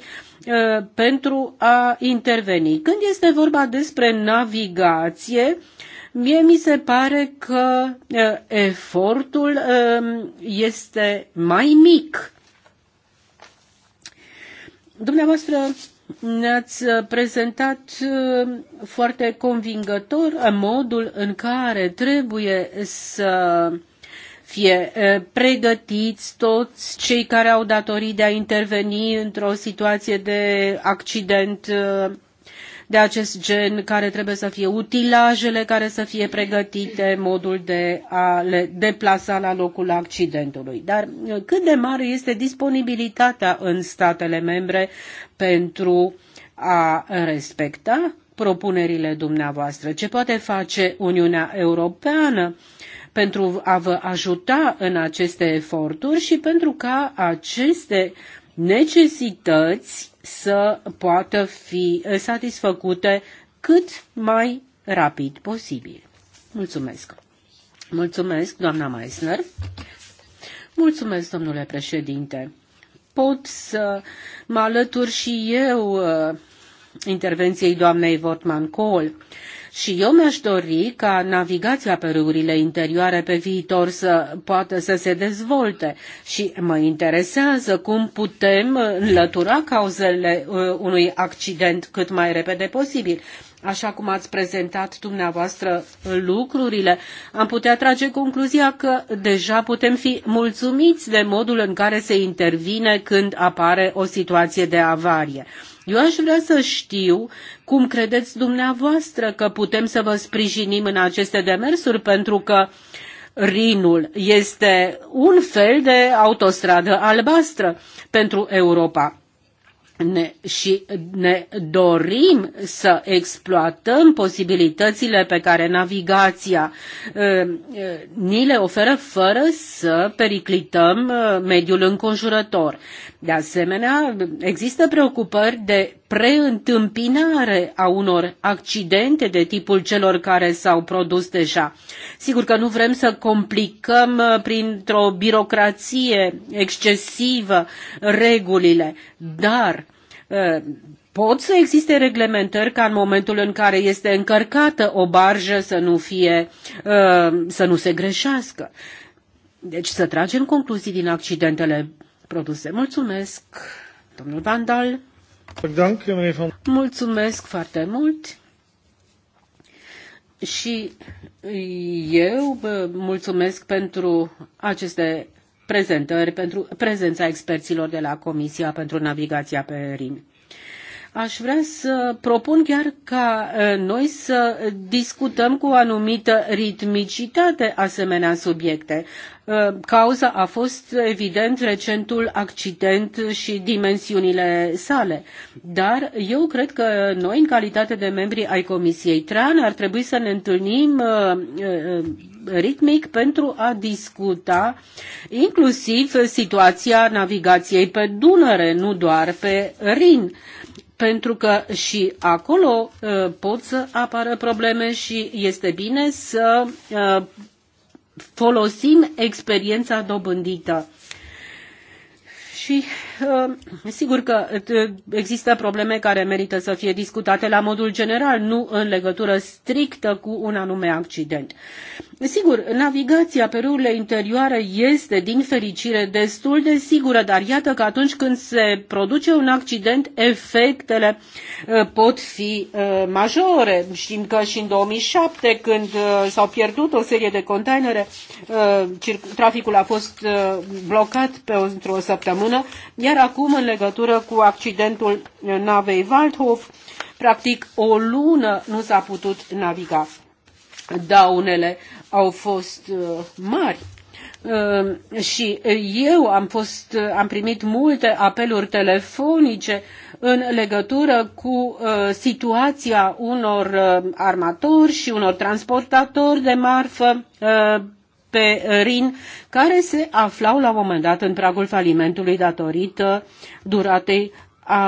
pentru a interveni. Când este vorba despre navigație, Mie mi se pare că efortul este mai mic. Dumneavoastră ne-ați prezentat foarte convingător modul în care trebuie să fie pregătiți toți cei care au datorii de a interveni într-o situație de accident de acest gen, care trebuie să fie utilajele care să fie pregătite, modul de a le deplasa la locul accidentului. Dar uh, cât de mare este disponibilitatea în statele membre pentru a respecta propunerile dumneavoastră? Ce poate face Uniunea Europeană pentru a vă ajuta în aceste eforturi și pentru ca aceste necesități să poată fi eh, satisfăcute cât mai rapid posibil. Mulțumesc! Mulțumesc, doamna Meissner! Mulțumesc, domnule președinte! Pot să mă alătur și eu eh, intervenției doamnei Wortmann Kohl. Și eu mi-aș dori ca navigația pe râurile interioare pe viitor să poată să se dezvolte și mă interesează cum putem înlătura cauzele uh, unui accident cât mai repede posibil. Așa cum ați prezentat dumneavoastră lucrurile, am putea trage concluzia că deja putem fi mulțumiți de modul în care se intervine când apare o situație de avarie. Eu aș vrea să știu cum credeți dumneavoastră că putem să vă sprijinim în aceste demersuri, pentru că Rinul este un fel de autostradă albastră pentru Europa ne, și ne dorim să exploatăm posibilitățile pe care navigația uh, uh, ni le oferă fără să periclităm uh, mediul înconjurător. De asemenea, există preocupări de preîntâmpinare a unor accidente de tipul celor care s-au produs deja. Sigur că nu vrem să complicăm printr-o birocrație excesivă regulile, dar Eh, pot să existe reglementări ca în momentul în care este încărcată o barjă să nu fie, eh, să nu se greșească. Deci să tragem concluzii din accidentele produse. Mulțumesc, domnul Vandal. Mulțumesc foarte mult. Și eu eh, mulțumesc pentru aceste prezentări pentru prezența experților de la Comisia pentru Navigația pe Rin. Aș vrea să propun chiar ca noi să discutăm cu o anumită ritmicitate asemenea subiecte. Cauza a fost evident recentul accident și dimensiunile sale, dar eu cred că noi, în calitate de membri ai Comisiei TRAN, ar trebui să ne întâlnim ritmic pentru a discuta inclusiv situația navigației pe Dunăre, nu doar pe Rin pentru că și acolo uh, pot să apară probleme și este bine să uh, folosim experiența dobândită. Și Ehm, sigur că ă, există probleme care merită să fie discutate la modul general, nu în legătură strictă cu un anume accident. Sigur, navigația pe râurile interioare este, din fericire, destul de sigură, dar iată că atunci când se produce un accident, efectele ă, pot fi ă, majore. Știm că și în 2007, când s-au pierdut o serie de containere, traficul a fost blocat pe o, într-o săptămână, iar acum, în legătură cu accidentul navei Waldhof, practic o lună nu s-a putut naviga. Daunele au fost uh, mari. Uh, și eu am, fost, uh, am primit multe apeluri telefonice în legătură cu situația unor armatori și unor transportatori de marfă pe uh, RIN, care se aflau la un moment dat în pragul falimentului datorită duratei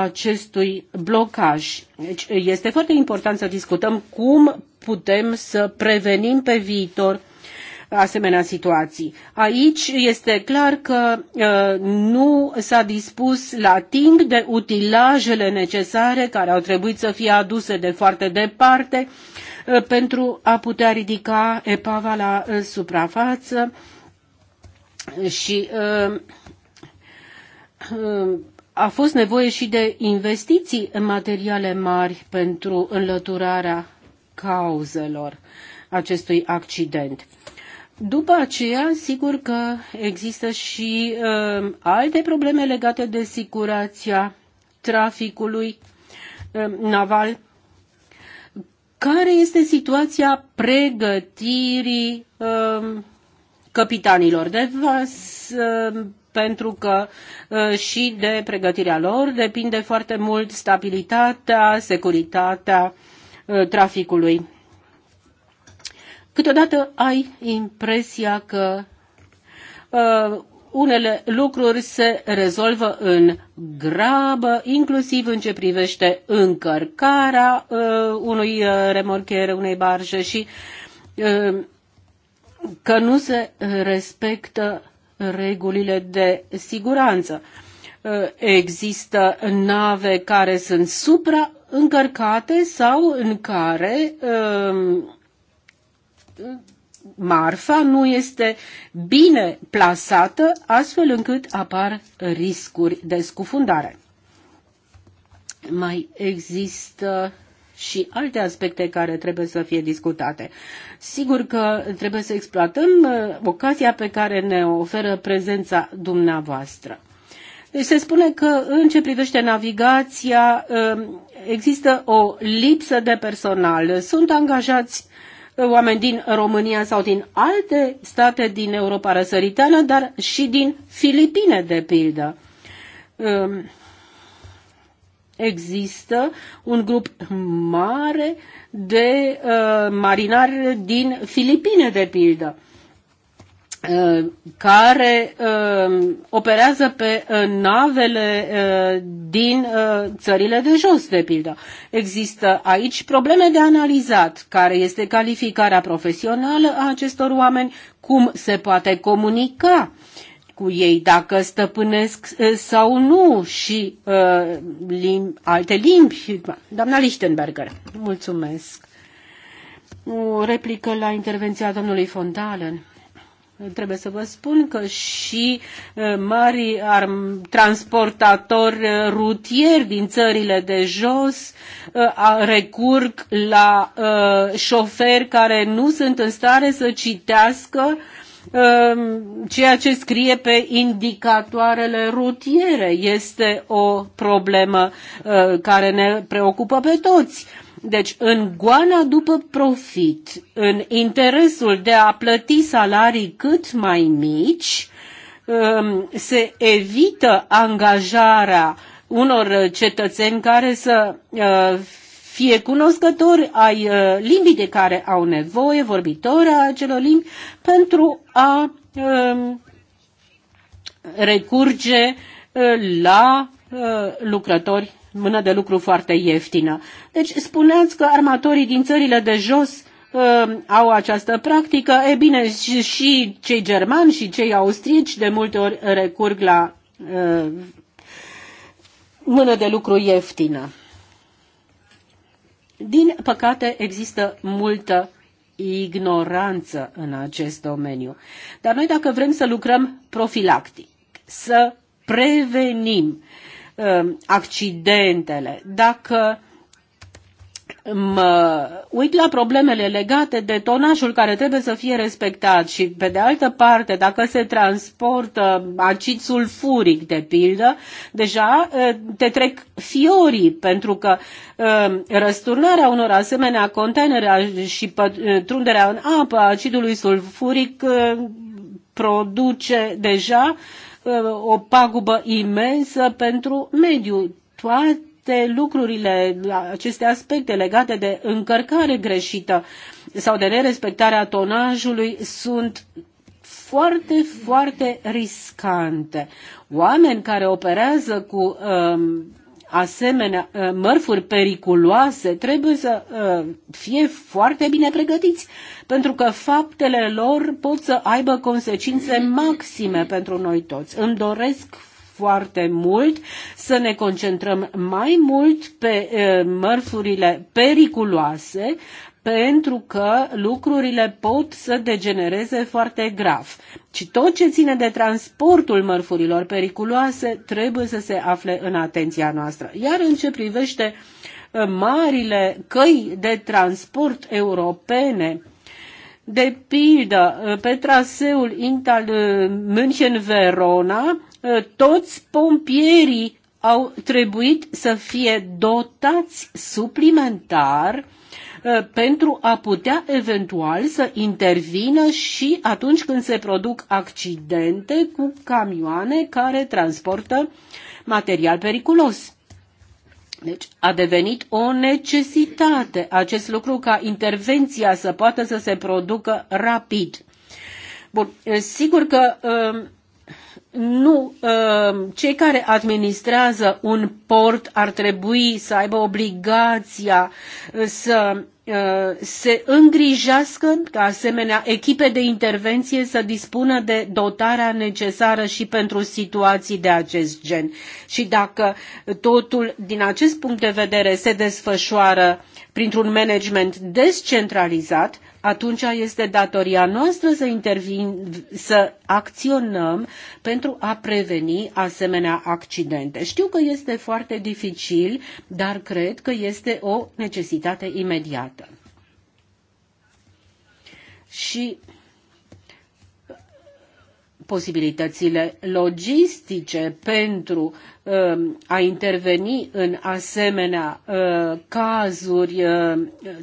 acestui blocaj. Deci este foarte important să discutăm cum putem să prevenim pe viitor asemenea situații. Aici este clar că uh, nu s-a dispus la timp de utilajele necesare care au trebuit să fie aduse de foarte departe Uh, pentru a putea ridica epava la uh, suprafață și uh, a fost nevoie și de investiții în materiale mari pentru înlăturarea cauzelor acestui accident. După aceea, sigur că există și uh, alte probleme legate de siguranța traficului uh, naval care este situația pregătirii um, capitanilor de vas, um, pentru că uh, și de pregătirea lor depinde foarte mult stabilitatea, securitatea uh, traficului. Câteodată ai impresia că uh, unele lucruri se rezolvă în grabă, inclusiv în ce privește încărcarea uh, unui uh, remorcher, unei barje și uh, că nu se respectă regulile de siguranță. Uh, există nave care sunt supraîncărcate sau în care uh, marfa nu este bine plasată, astfel încât apar riscuri de scufundare. Mai există și alte aspecte care trebuie să fie discutate. Sigur că trebuie să exploatăm uh, ocazia pe care ne oferă prezența dumneavoastră. Deci se spune că în ce privește navigația uh, există o lipsă de personal. Sunt angajați Uh, oameni din România sau din alte state din Europa răsăritană, dar și din Filipine, de pildă. Um, există un grup mare de uh, marinari din Filipine, de pildă Uh, care uh, operează pe uh, navele din țările de jos, de pildă. Există aici probleme de analizat, care este calificarea profesională a acestor oameni, cum se poate comunica cu ei, dacă stăpânesc sau nu și uh, lim- alte limbi. Doamna Lichtenberger, mulțumesc. O replică la intervenția domnului Fondalen. Trebuie să vă spun că și uh, mari transportatori uh, rutieri din țările de jos uh, recurg la șoferi care nu sunt în stare să citească um, ceea ce scrie pe indicatoarele rutiere este o problemă care ne preocupă pe toți. Deci, în goana după profit, în interesul de a plăti salarii cât mai mici, um, se evită angajarea unor cetățeni care să uh, fie cunoscători ai uh, limbii de care au nevoie, vorbitori a acelor limbi, pentru a um, recurge uh, la lucrători mână de lucru foarte ieftină. Deci spuneați că armatorii din țările de jos uh, au această practică. E bine, și, și cei germani și cei austrici de multe ori recurg la uh, mână de lucru ieftină. Din păcate, există multă ignoranță în acest domeniu. Dar noi, dacă vrem să lucrăm profilactic, să prevenim, uh, Um, accidentele, dacă mă uit la problemele legate de tonajul care trebuie să fie respectat și, pe de altă parte, dacă se transportă acid sulfuric, de pildă, deja uh, te trec fiorii, pentru că um, răsturnarea unor asemenea containere și uh, trunderea în apă a acidului sulfuric uh, produce deja uh, Uh, o pagubă imensă pentru mediu. Toate lucrurile, aceste aspecte legate de încărcare greșită sau de nerespectarea tonajului sunt foarte, foarte riscante. Oameni care operează cu um, asemenea uh, mărfuri periculoase trebuie să uh, fie foarte bine pregătiți, pentru că faptele lor pot să aibă consecințe maxime pentru noi toți. Îmi doresc foarte mult să ne concentrăm mai mult pe uh, mărfurile periculoase, pentru că lucrurile pot să degenereze foarte grav. Și tot ce ține de transportul mărfurilor periculoase trebuie să se afle în atenția noastră. Iar în ce privește uh, marile căi de transport europene, de pildă, uh, pe traseul Intal uh, München-Verona, toți pompierii au trebuit să fie dotați suplimentar uh, Uh, pentru a putea eventual să intervină și atunci când se produc accidente cu camioane care transportă material periculos. Deci a devenit o necesitate acest lucru ca intervenția să poată să se producă rapid. Bun, sigur că um, nu um, cei care administrează un port ar trebui să aibă obligația să Uh, se îngrijească ca asemenea echipe de intervenție să dispună de dotarea necesară și pentru situații de acest gen. Și dacă totul din acest punct de vedere se desfășoară printr-un management descentralizat, atunci este datoria noastră să, intervin, să acționăm pentru a preveni asemenea accidente. Știu că este foarte dificil, dar cred că este o necesitate imediată. Și posibilitățile logistice pentru Um, a interveni în asemenea uh, cazuri uh,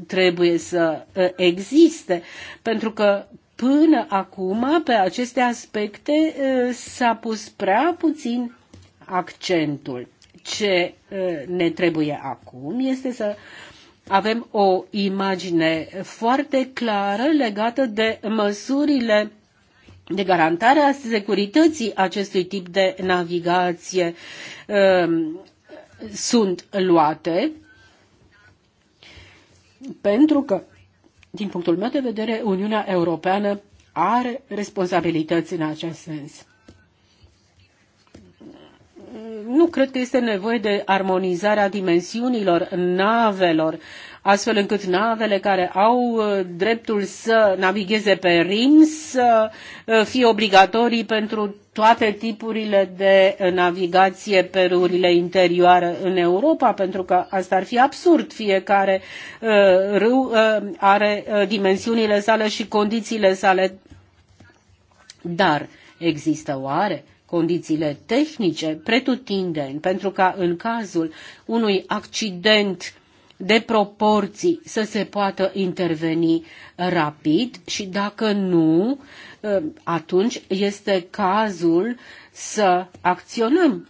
trebuie să uh, existe, pentru că până acum pe aceste aspecte s-a pus prea puțin accentul. Ce ne trebuie acum este să avem o imagine foarte clară legată de măsurile de garantare a securității acestui tip de navigație um, sunt luate, pentru că, din punctul meu de vedere, Uniunea Europeană are responsabilități în acest sens nu cred că este nevoie de armonizarea dimensiunilor navelor, astfel încât navele care au uh, dreptul să navigheze pe Rim să uh, fie obligatorii pentru toate tipurile de uh, navigație pe râurile interioare în Europa, pentru că asta ar fi absurd. Fiecare râu are dimensiunile sale și condițiile sale. Dar există oare condițiile tehnice pretutindeni, pentru ca în cazul unui accident de proporții să se poată interveni rapid și dacă nu, ă, atunci este cazul să acționăm.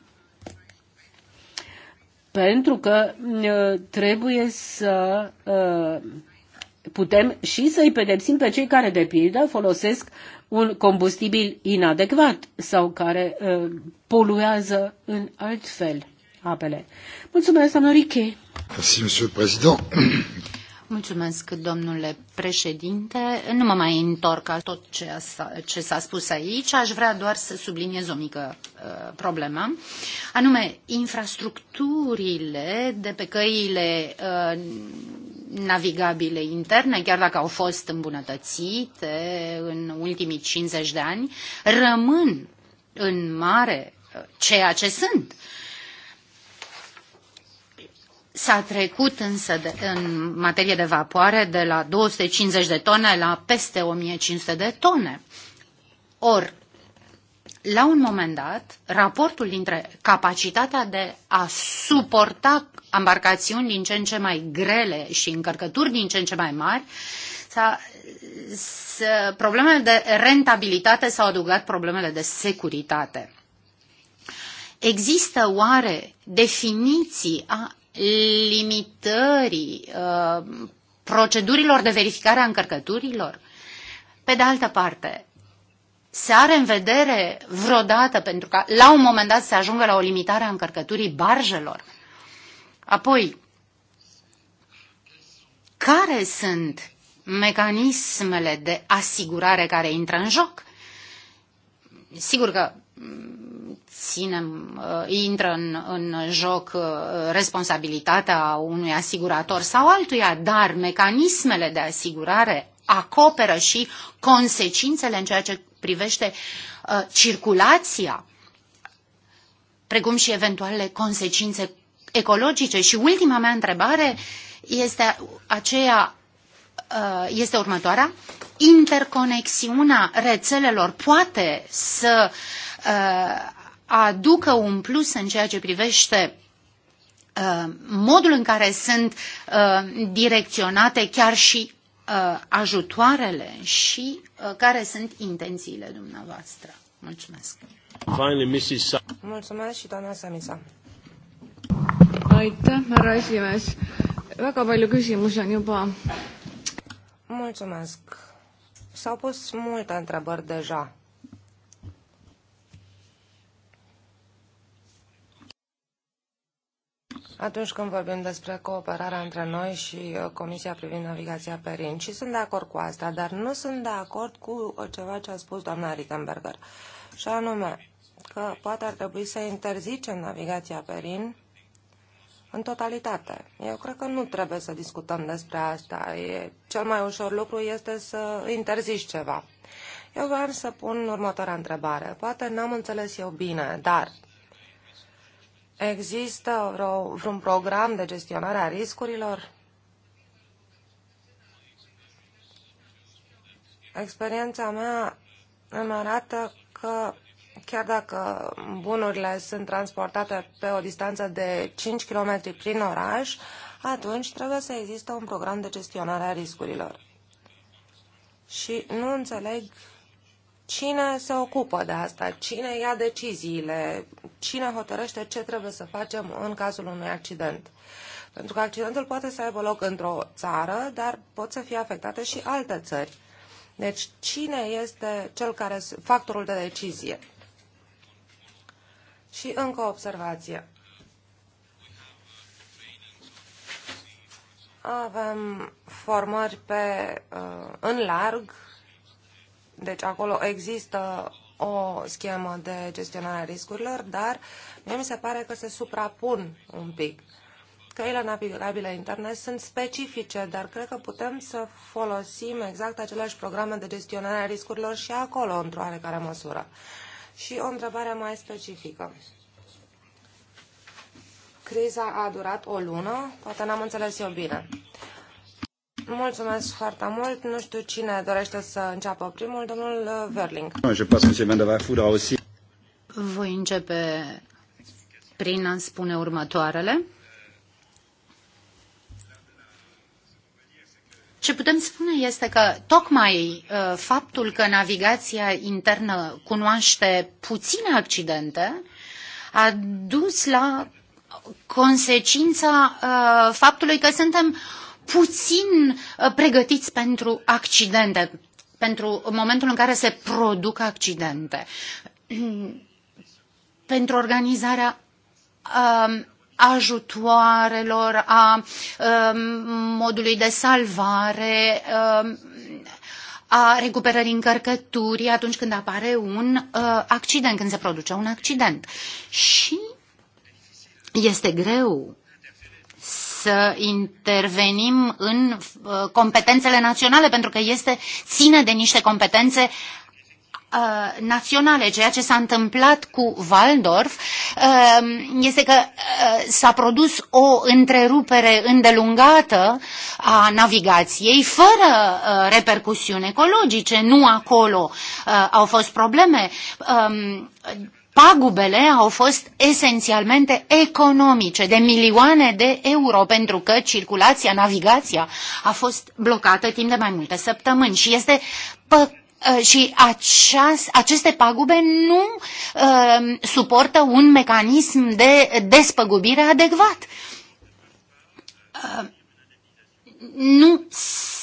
Pentru că ă, trebuie să ă, putem și să-i pedepsim pe cei care, de pildă, folosesc un combustibil inadecvat sau care uh, poluează în alt fel apele. Mulțumesc, doamnă Riche. Mulțumesc, domnule președinte. Nu mă mai întorc la tot ce s-a spus aici. Aș vrea doar să subliniez o mică uh, problemă, anume infrastructurile de pe căile uh, navigabile interne, chiar dacă au fost îmbunătățite în ultimii 50 de ani, rămân în mare uh, ceea ce sunt. S-a trecut însă de, în materie de vapoare de la 250 de tone la peste 1500 de tone. Or, la un moment dat, raportul dintre capacitatea de a suporta ambarcațiuni din ce în ce mai grele și încărcături din ce în ce mai mari, s-a, s-a, problemele de rentabilitate s-au adăugat problemele de securitate. Există oare definiții a limitării uh, procedurilor de verificare a încărcăturilor? Pe de altă parte, se are în vedere vreodată, pentru că la un moment dat se ajunge la o limitare a încărcăturii barjelor, Apoi, care sunt mecanismele de asigurare care intră în joc? Sigur că mm, ținem, uh, intră în, în joc uh, responsabilitatea unui asigurator sau altuia, dar mecanismele de asigurare acoperă și consecințele în ceea ce privește uh, circulația, precum și eventuale consecințe ecologice. Și ultima mea întrebare este aceea, uh, este următoarea. Interconexiunea rețelelor poate să uh, aducă un plus în ceea ce privește uh, modul în care sunt direcționate chiar și ajutoarele și care sunt intențiile dumneavoastră. Mulțumesc. Finally, Mrs. Mulțumesc și doamna Samisa aitäh, härra esimees. väga palju küsimusi on juba. Mulțumesc. S-au pus multe întrebări deja. atunci când vorbim despre cooperarea între noi și uh, Comisia privind navigația pe Rin. Și sunt de acord cu asta, dar nu sunt de acord cu uh, ceva ce a spus doamna Rittenberger. Și anume, că poate ar trebui să interzicem navigația pe Rin în totalitate. Eu cred că nu trebuie să discutăm despre asta. E, cel mai ușor lucru este să interziști ceva. Eu vreau să pun următoarea întrebare. Poate n-am înțeles eu bine, dar există vreo, vreun program de gestionare a riscurilor? Experiența mea îmi arată că chiar dacă bunurile sunt transportate pe o distanță de 5 km prin oraș, atunci trebuie să existe un program de gestionare a riscurilor. Și nu înțeleg cine se ocupă de asta, cine ia deciziile, cine hotărăște ce trebuie să facem în cazul unui accident. Pentru că accidentul poate să aibă loc într-o țară, dar pot să fie afectate și alte țări. Deci cine este cel care factorul de decizie? Și încă o observație. Avem formări pe, uh, în larg, deci acolo există o schemă de gestionare a riscurilor, dar mie mi se pare că se suprapun un pic. Căile navigabile interne sunt specifice, dar cred că putem să folosim exact aceleași programe de gestionare a riscurilor și acolo, într-o oarecare măsură. Și o întrebare mai specifică. Criza a durat o lună, poate n-am înțeles eu bine. Mulțumesc foarte mult. Nu știu cine dorește să înceapă primul, domnul uh, Verling. Voi începe prin a spune următoarele. Ce putem spune este că tocmai uh, faptul că navigația internă cunoaște puține accidente a dus la consecința uh, faptului că suntem puțin uh, pregătiți pentru accidente, pentru momentul în care se produc accidente. Pentru organizarea ajutoarelor, a um, modului de salvare, um, a recuperării încărcăturii atunci când apare un uh, accident, când se produce un accident. Și este greu să intervenim în uh, competențele naționale, pentru că este ține de niște competențe Uh, naționale. Ceea ce s-a întâmplat cu Waldorf uh, este că uh, s-a produs o întrerupere îndelungată a navigației fără repercusiuni ecologice. Nu acolo au fost probleme. Um, pagubele au fost esențialmente economice, de milioane de euro, pentru că circulația, navigația a fost blocată timp de mai multe săptămâni și este păcat Uh, și aceas, aceste pagube nu uh, suportă un mecanism de despăgubire adecvat. Uh, nu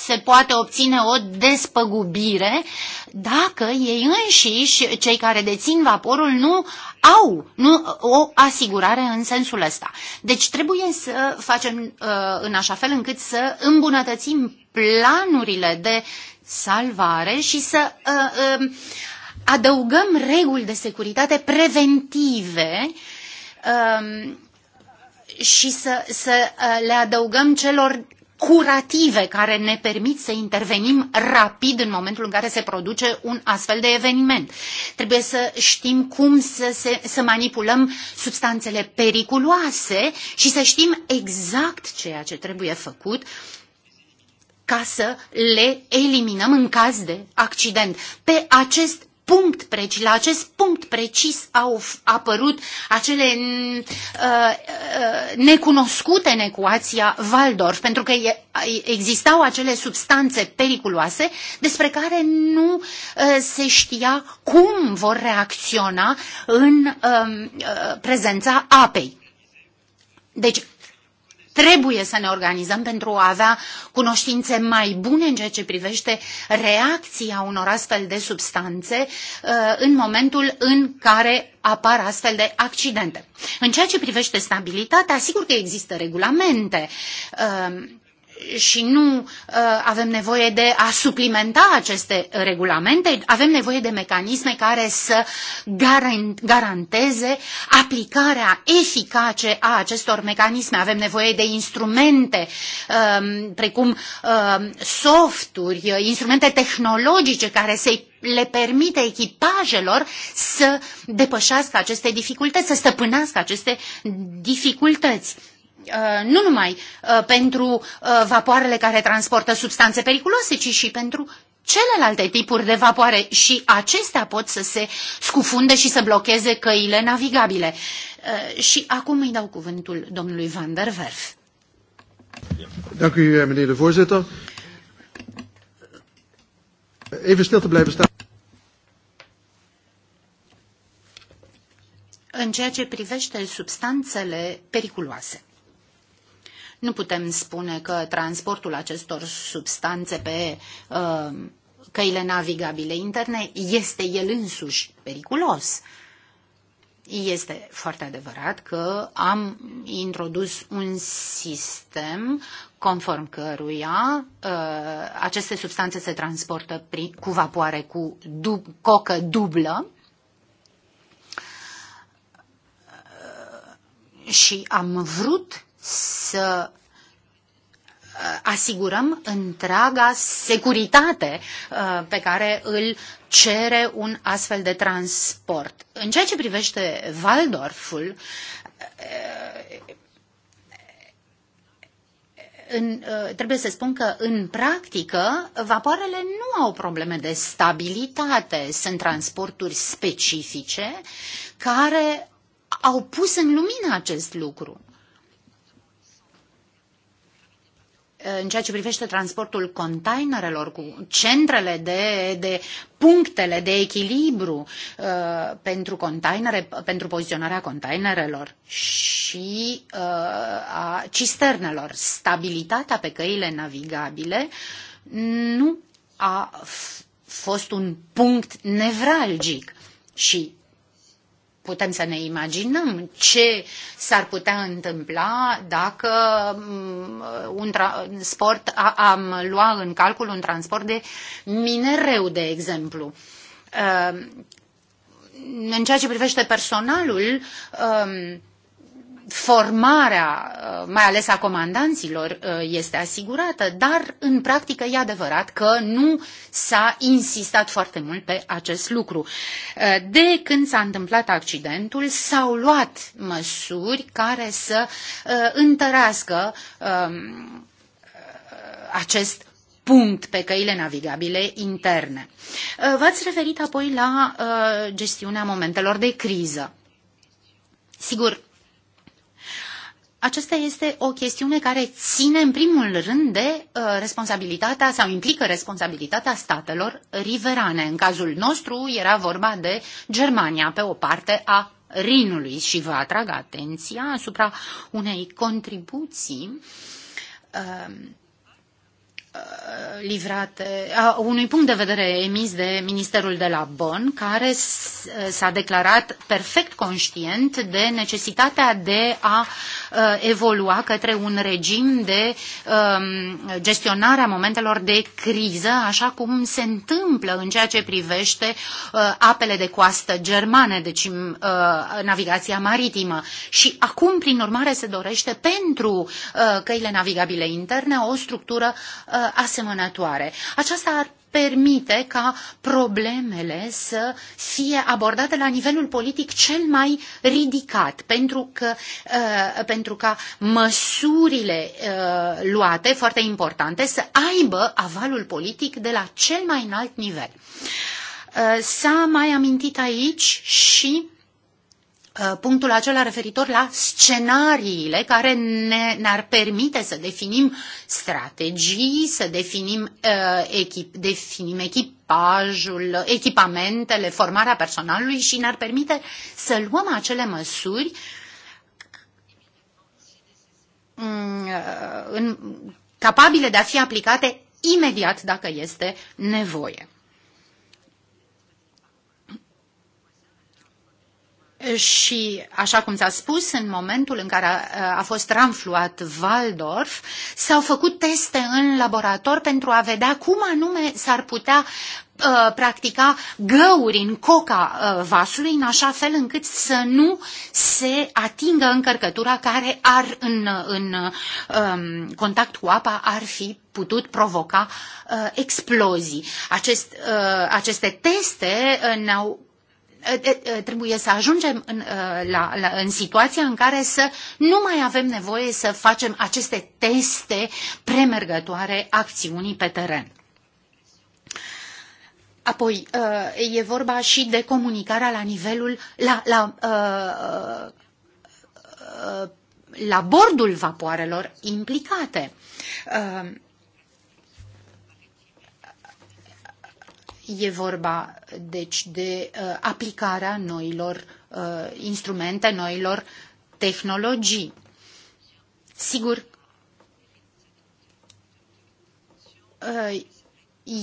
se poate obține o despăgubire dacă ei înșiși, cei care dețin vaporul, nu au nu, o asigurare în sensul ăsta. Deci trebuie să facem uh, în așa fel încât să îmbunătățim planurile de salvare și să uh, uh, adăugăm reguli de securitate preventive uh, și să, să uh, le adăugăm celor curative care ne permit să intervenim rapid în momentul în care se produce un astfel de eveniment. Trebuie să știm cum să, se, să manipulăm substanțele periculoase și să știm exact ceea ce trebuie făcut ca să le eliminăm în caz de accident. Pe acest punct precis, la acest punct precis au apărut acele mm, uh, uh, necunoscute în ecuația Waldorf, pentru că e, existau acele substanțe periculoase despre care nu uh, se știa cum vor reacționa în um, uh, prezența apei. Deci Trebuie să ne organizăm pentru a avea cunoștințe mai bune în ceea ce privește reacția unor astfel de substanțe uh, în momentul în care apar astfel de accidente. În ceea ce privește stabilitatea, sigur că există regulamente uh, și nu uh, avem nevoie de a suplimenta aceste regulamente, avem nevoie de mecanisme care să garanteze aplicarea eficace a acestor mecanisme. Avem nevoie de instrumente uh, precum uh, softuri, instrumente tehnologice care să le permite echipajelor să depășească aceste dificultăți, să stăpânească aceste dificultăți Uh, nu numai uh, pentru uh, vapoarele care transportă substanțe periculoase, ci și pentru celelalte tipuri de vapoare și acestea pot să se scufunde și să blocheze căile navigabile. Și acum îi dau cuvântul domnului Van der Werf. Dank eh, meneer de voorzitter. Eh, even stil te blijven staan. În ceea ce privește substanțele periculoase. Nu putem spune că transportul acestor substanțe pe uh, căile navigabile interne este el însuși periculos. Este foarte adevărat că am introdus un sistem conform căruia uh, aceste substanțe se transportă prin, cu vapoare cu dub, cocă dublă, uh, și am vrut să uh, asigurăm întreaga securitate uh, pe care îl cere un astfel de transport. În ceea ce privește Waldorful, uh, în, trebuie să spun că, în practică, vapoarele nu au probleme de stabilitate. Sunt transporturi specifice care au pus în lumină acest lucru. Uh, în ceea ce privește transportul containerelor cu centrele de, de punctele de echilibru uh, pentru containere, pentru poziționarea containerelor și uh, a cisternelor. Stabilitatea pe căile navigabile nu a fost un punct nevralgic și putem să ne imaginăm ce s-ar putea întâmpla dacă mm, un transport, am lua în calcul un transport de minereu, de exemplu. Ehm, în ceea ce privește personalul, ehm, formarea, uh, mai ales a comandanților, uh, este asigurată, dar în practică e adevărat că nu s-a insistat foarte mult pe acest lucru. Uh, de când s-a întâmplat accidentul, s-au luat măsuri care să întărească um, acest punct pe căile navigabile interne. V-ați referit apoi la gestiunea momentelor de criză. Sigur, aceasta este o chestiune care ține în primul rând de uh, responsabilitatea sau implică responsabilitatea statelor riverane. În cazul nostru era vorba de Germania pe o parte a Rinului și vă atrag atenția asupra unei contribuții uh, Uh, livrate, a unui punct de vedere emis de Ministerul de la Bonn, care uh, s-a declarat perfect conștient de necesitatea de a uh, evolua către un regim de um, gestionare a momentelor de criză, așa cum se întâmplă în ceea ce privește apele de coastă germane, deci navigația maritimă. Și acum, prin urmare, se dorește pentru căile navigabile interne o structură uh, asemănătoare. Aceasta ar permite ca problemele să fie abordate la nivelul politic cel mai ridicat, pentru, că, uh, pentru ca măsurile uh, luate, foarte importante, să aibă avalul politic de la cel mai înalt nivel. Uh, s-a mai amintit aici și Uh, punctul acela referitor la scenariile care ne, ne-ar permite să definim strategii, să definim, uh, echip, definim echipajul, echipamentele, formarea personalului și ne-ar permite să luăm acele măsuri mm, uh, capabile de a fi aplicate imediat dacă este nevoie. și, așa cum s-a spus, în momentul în care a, a fost ramfluat Waldorf, s-au făcut teste în laborator pentru a vedea cum anume s-ar putea uh, practica găuri în coca uh, vasului, în așa fel încât să nu se atingă încărcătura care ar, în, în um, contact cu apa, ar fi putut provoca uh, explozii. Acest, uh, aceste teste uh, ne-au Ă, ă, trebuie să ajungem în, ă, la, la, în situația în care să nu mai avem nevoie să facem aceste teste premergătoare acțiunii pe teren. Apoi, e vorba și de comunicarea la nivelul, la, la, la bordul vapoarelor implicate. E vorba, deci, de uh, aplicarea noilor uh, instrumente, noilor tehnologii. Sigur, uh,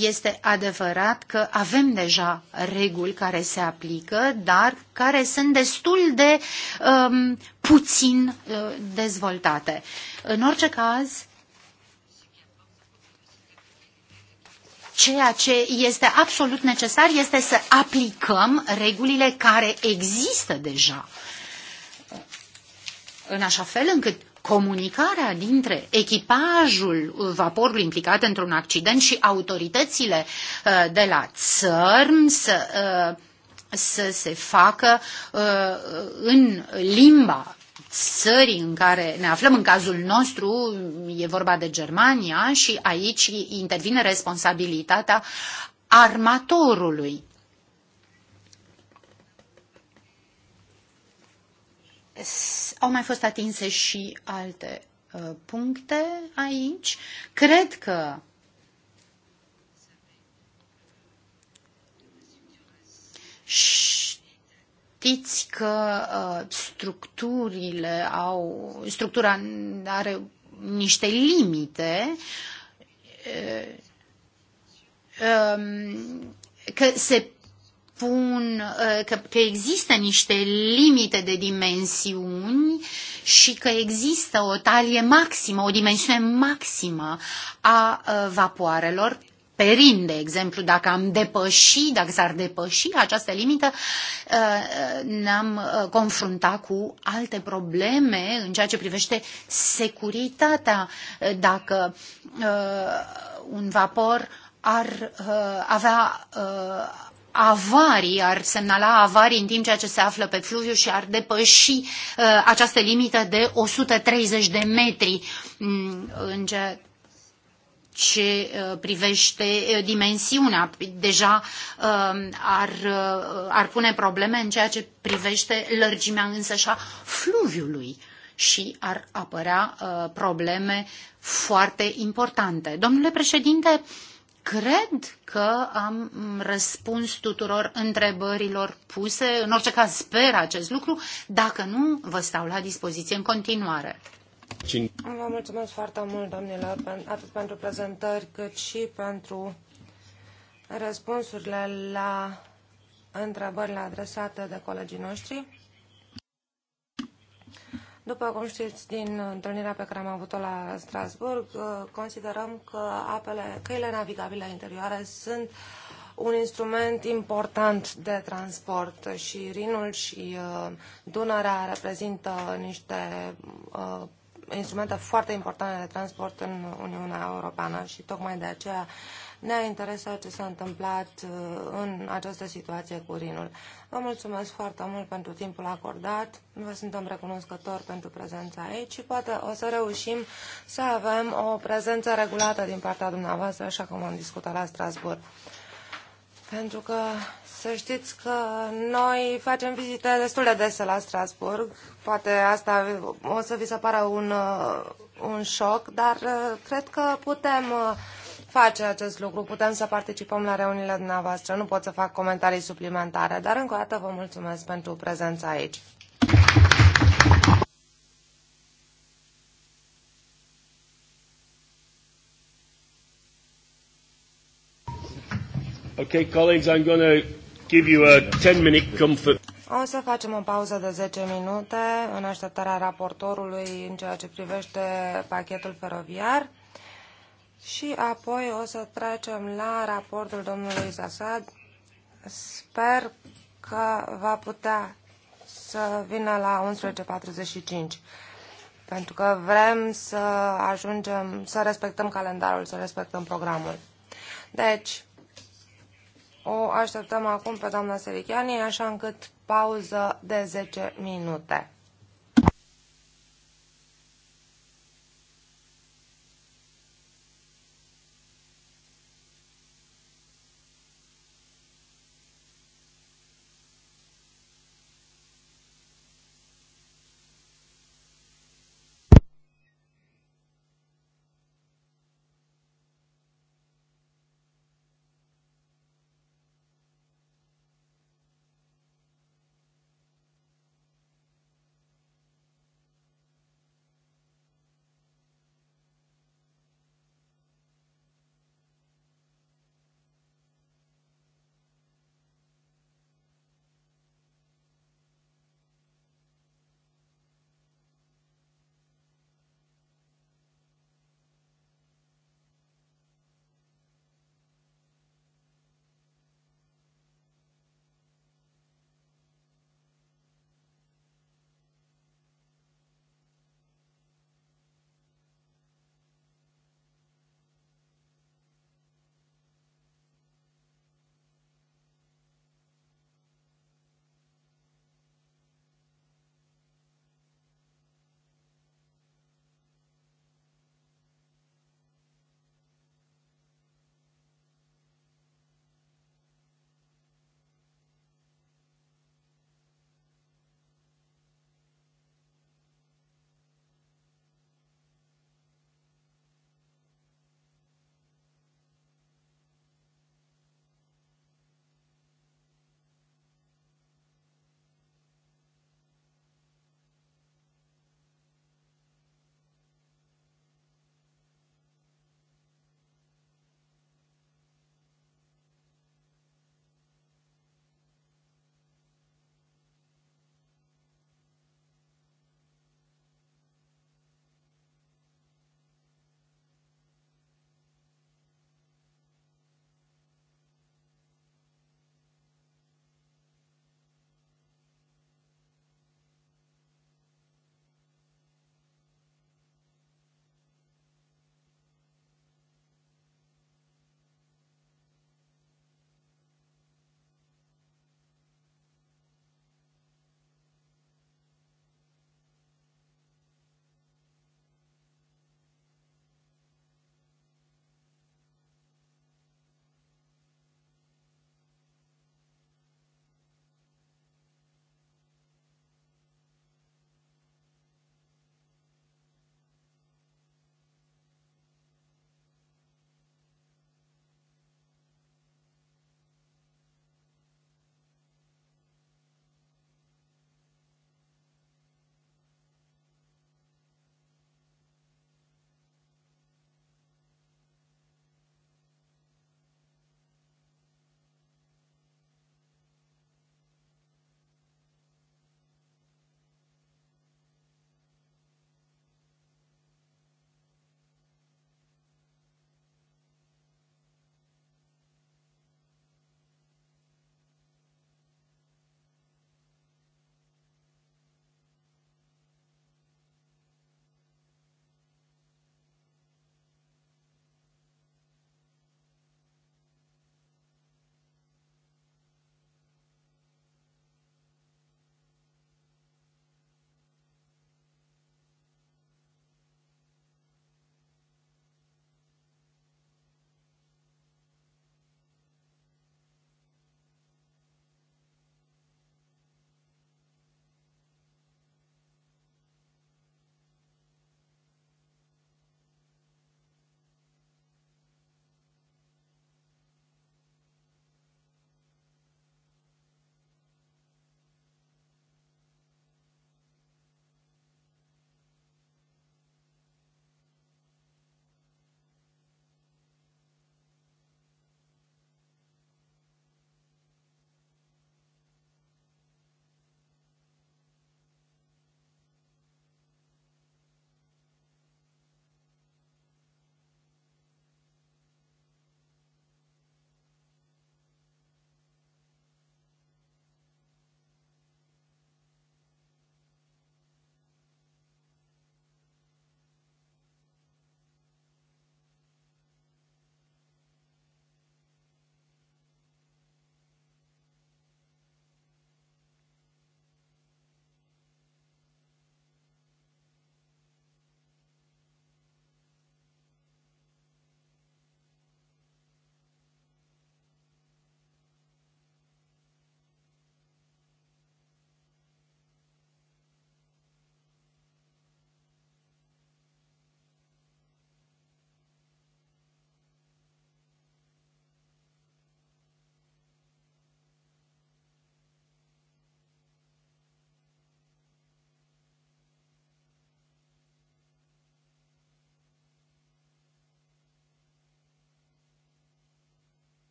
este adevărat că avem deja reguli care se aplică, dar care sunt destul de um, puțin uh, dezvoltate. În orice caz, ceea ce este absolut necesar este să aplicăm regulile care există deja. În așa fel încât comunicarea dintre echipajul vaporului implicat într-un accident și autoritățile uh, de la țărm să, uh, să se facă uh, în limba țării în care ne aflăm, în cazul nostru e vorba de Germania și aici intervine responsabilitatea armatorului. Au mai fost atinse și alte uh, puncte aici. Cred că și știți că uh, structurile au, structura are niște limite uh, um, că se pun uh, că, că există niște limite de dimensiuni și că există o talie maximă, o dimensiune maximă a vapoarelor perin, de exemplu, dacă am depăși, dacă s-ar depăși această limită, uh, uh, ne-am uh, confrunta cu alte probleme în ceea ce privește securitatea. Dacă un vapor ar avea avarii, ar semnala avarii în timp ceea ce se află pe fluviu și ar depăși uh, această limită de 130 de metri. Mm, în ce, ce uh, privește uh, dimensiunea. Deja um, ar, uh, ar pune probleme în ceea ce privește lărgimea și a fluviului și ar apărea probleme foarte importante. Domnule președinte, Cred că am răspuns tuturor întrebărilor puse. În orice caz, sper acest lucru. Dacă nu, vă stau la dispoziție în continuare. Vă mulțumesc foarte mult, domnilor, atât pentru prezentări, cât și pentru răspunsurile la întrebările adresate de colegii noștri. După cum știți din întâlnirea pe care am avut-o la Strasburg, uh, considerăm că apele, căile navigabile interioare sunt un instrument important de transport și Rinul și uh, Dunărea reprezintă niște uh, instrumente foarte importante de transport în Uniunea Europeană și tocmai de aceea ne-a interesat ce s-a întâmplat uh, în această situație cu Rinul. Vă mulțumesc foarte mult pentru timpul acordat, vă suntem recunoscători pentru prezența aici și poate o să reușim să avem o prezență regulată din partea dumneavoastră, așa cum am discutat la Strasbourg. Pentru că să știți că noi facem vizite destul de dese la Strasburg. Poate asta o să vi se pară un, uh, un șoc, dar uh, cred că putem uh, face acest lucru, putem să participăm la reuniile dumneavoastră. Nu pot să fac comentarii suplimentare, dar încă o dată vă mulțumesc pentru prezența aici. Okay, colleagues, I'm going to give you a 10-minute comfort. O să facem o pauză de 10 minute în așteptarea raportorului în ceea ce privește pachetul feroviar și apoi o să trecem la raportul domnului Zasad. Sper că va putea să vină la 11.45 pentru că vrem să ajungem, să respectăm calendarul, să respectăm programul. Deci, o așteptăm acum pe doamna Serichiani, așa încât pauză de 10 minute.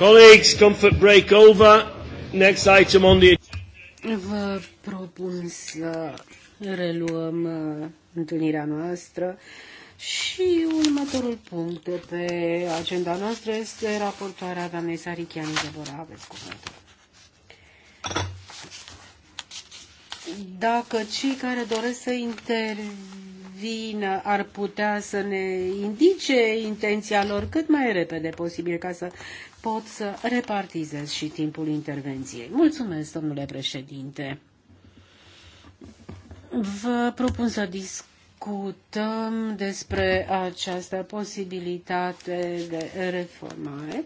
Colleagues, comfort break over. Next item on the Vă propun să reluăm uh, întâlnirea noastră și următorul punct de pe agenda noastră este raportoarea doamnei Sarichiani de Bora. Aveți cuvântul. Dacă cei care doresc să intervină vin ar putea să ne indice intenția lor cât mai repede posibil ca să pot să repartizez și timpul intervenției. Mulțumesc, domnule președinte. Vă propun să discutăm despre această posibilitate de reformare.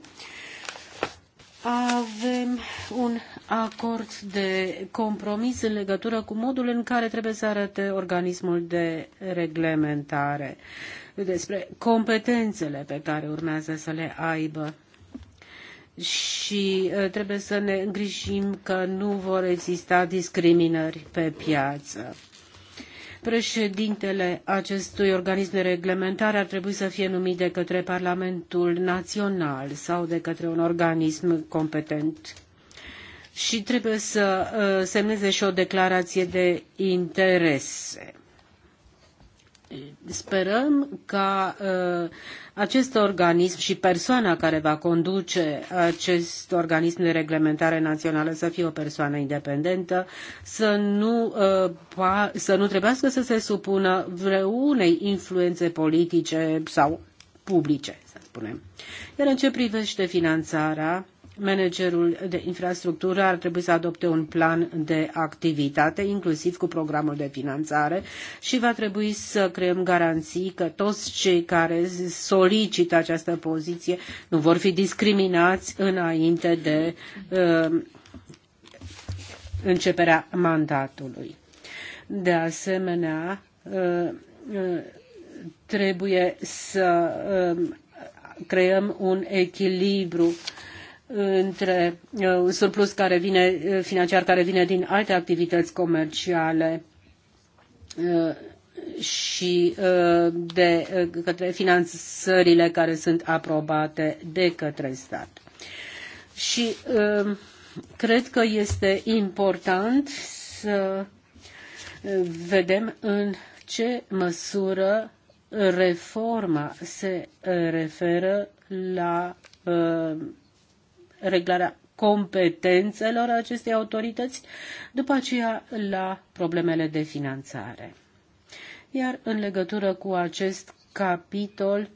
Avem un acord de compromis în legătură cu modul în care trebuie să arate organismul de reglementare, despre competențele pe care urmează să le aibă și trebuie să ne îngrijim că nu vor exista discriminări pe piață. Președintele acestui organism de reglementare ar trebui să fie numit de către Parlamentul Național sau de către un organism competent și trebuie să uh, semneze și o declarație de interese. Sperăm ca uh, acest organism și persoana care va conduce acest organism de reglementare națională să fie o persoană independentă, să nu, uh, să nu trebuiască să se supună vreunei influențe politice sau publice, să spunem. Iar în ce privește finanțarea, managerul de infrastructură ar trebui să adopte un plan de activitate, inclusiv cu programul de finanțare și va trebui să creăm garanții că toți cei care solicită această poziție nu vor fi discriminați înainte de uh, începerea mandatului. De asemenea, uh, uh, trebuie să uh, creăm un echilibru între un uh, surplus care vine, uh, financiar care vine din alte activități comerciale uh, și de către finanțările care sunt aprobate de către stat. Și cred că este important să vedem în ce măsură reforma se referă la reglarea competențelor acestei autorități, după aceea la problemele de finanțare. Iar în legătură cu acest capitol,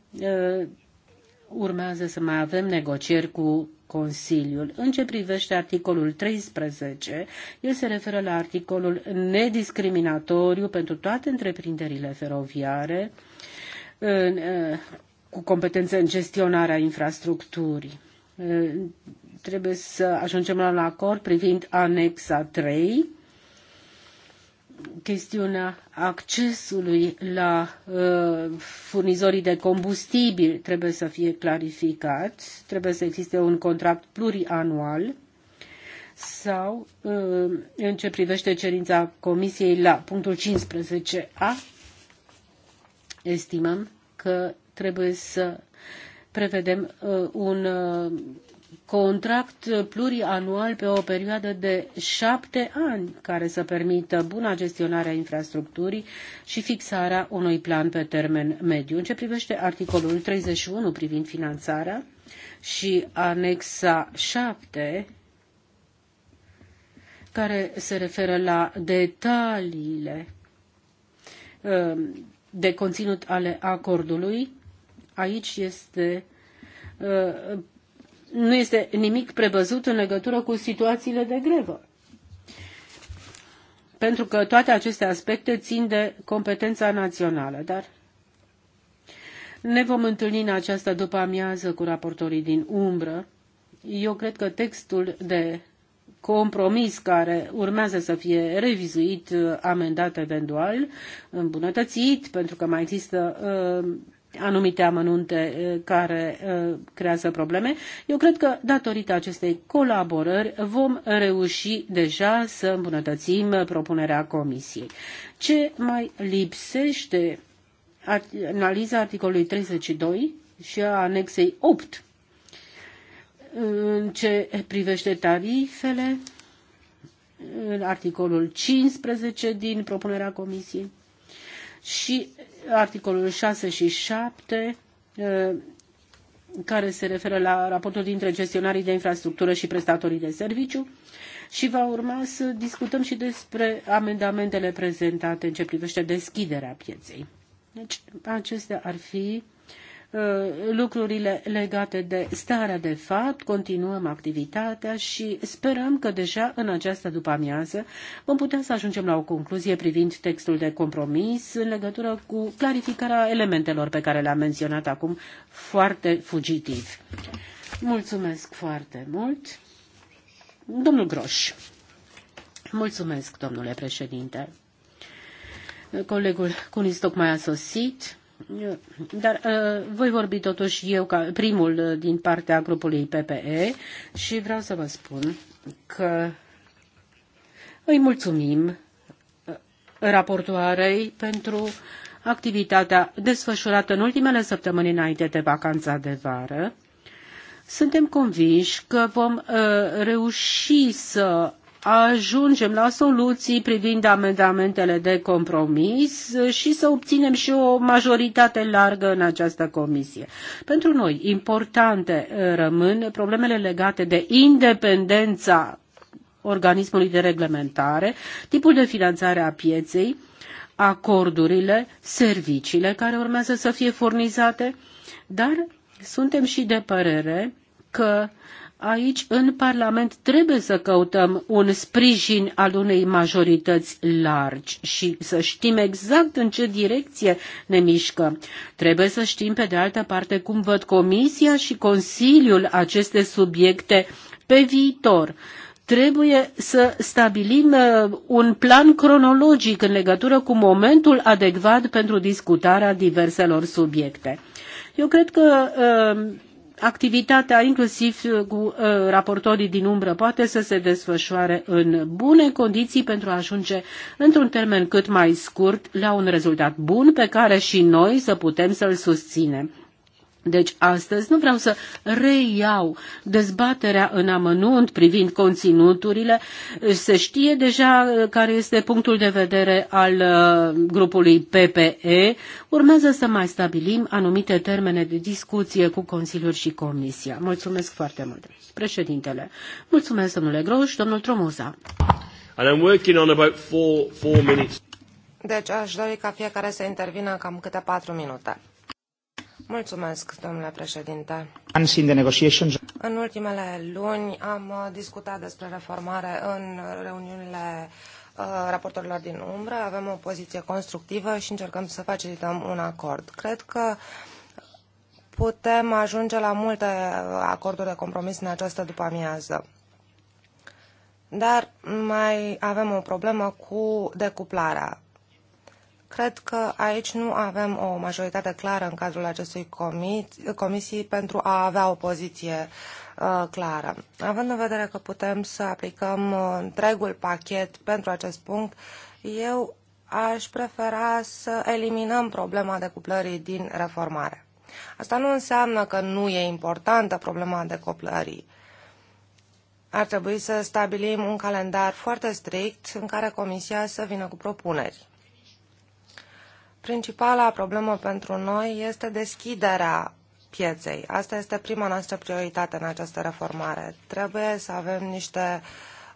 urmează să mai avem negocieri cu Consiliul. În ce privește articolul 13, el se referă la articolul nediscriminatoriu pentru toate întreprinderile feroviare cu competențe în gestionarea infrastructurii. Eh, trebuie să ajungem la un acord privind anexa 3, chestiunea accesului la eh, furnizorii de combustibil trebuie să fie clarificat, trebuie să existe un contract plurianual sau eh, în ce privește cerința Comisiei la punctul 15a, estimăm că trebuie să prevedem uh, un uh, contract plurianual pe o perioadă de șapte ani care să permită buna gestionare a infrastructurii și fixarea unui plan pe termen mediu. În ce privește articolul 31 privind finanțarea și anexa 7 care se referă la detaliile uh, de conținut ale acordului, aici este uh, nu este nimic prevăzut în legătură cu situațiile de grevă. Pentru că toate aceste aspecte țin de competența națională, dar ne vom întâlni în această după amiază cu raportorii din umbră. Eu cred că textul de compromis care urmează să fie revizuit, uh, amendat eventual, îmbunătățit, pentru că mai există uh, anumite amănunte uh, care uh, creează probleme. Eu cred că datorită acestei colaborări vom reuși deja să îmbunătățim propunerea Comisiei. Ce mai lipsește analiza articolului 32 și a anexei 8 în ce privește tarifele, articolul 15 din propunerea Comisiei și articolul 6 și 7 uh, care se referă la raportul dintre gestionarii de infrastructură și prestatorii de serviciu și va urma să discutăm și despre amendamentele prezentate în ce privește deschiderea pieței. Deci, acestea ar fi Uh, lucrurile legate de starea de fapt, continuăm activitatea și sperăm că deja în această după-amiază vom putea să ajungem la o concluzie privind textul de compromis în legătură cu clarificarea elementelor pe care le-am menționat acum foarte fugitiv. Mulțumesc foarte mult. Domnul Groș. Mulțumesc, domnule președinte. Colegul Cunis tocmai a sosit dar uh, voi vorbi totuși eu ca primul uh, din partea grupului PPE și vreau să vă spun că îi mulțumim uh, raportoarei pentru activitatea desfășurată în ultimele săptămâni înainte de vacanța de vară. Suntem convinși că vom uh, reuși să ajungem la soluții privind amendamentele de compromis și să obținem și o majoritate largă în această comisie. Pentru noi, importante eh, rămân problemele legate de independența organismului de reglementare, tipul de finanțare a pieței, acordurile, serviciile care urmează să fie furnizate, dar suntem și de părere că Aici, în Parlament, trebuie să căutăm un sprijin al unei majorități largi și să știm exact în ce direcție ne mișcăm. Trebuie să știm, pe de altă parte, cum văd Comisia și Consiliul aceste subiecte pe viitor trebuie să stabilim uh, un plan cronologic în legătură cu momentul adecvat pentru discutarea diverselor subiecte. Eu cred că uh, activitatea inclusiv uh, cu uh, raportorii din umbră poate să se desfășoare în bune condiții pentru a ajunge într-un termen cât mai scurt la un rezultat bun pe care și noi să putem să-l susținem. Deci astăzi nu vreau să reiau dezbaterea în amănunt privind conținuturile. Se știe deja uh, care este punctul de vedere al uh, grupului PPE. Urmează să mai stabilim anumite termene de discuție cu Consiliul și Comisia. Mulțumesc foarte mult. Președintele, mulțumesc domnule Groș, domnul Tromoza. Deci aș dori ca fiecare să intervină cam câte patru minute. Mulțumesc, domnule președinte. În ultimele luni am uh, discutat despre reformare în reuniunile uh, raportorilor din umbră, avem o poziție constructivă și încercăm să facilităm un acord. Cred că putem ajunge la multe uh, acorduri de compromis în această după-amiază. Dar mai avem o problemă cu decuplarea Cred că aici nu avem o majoritate clară în cadrul acestui comis comisii pentru a avea o poziție uh, clară. Având în vedere că putem să aplicăm uh, întregul pachet pentru acest punct, eu aș prefera să eliminăm problema decuplării din reformare. Asta nu înseamnă că nu e importantă problema decuplării. Ar trebui să stabilim un calendar foarte strict în care Comisia să vină cu propuneri. Principala problemă pentru noi este deschiderea pieței. Asta este prima noastră prioritate în această reformare. Trebuie să avem niște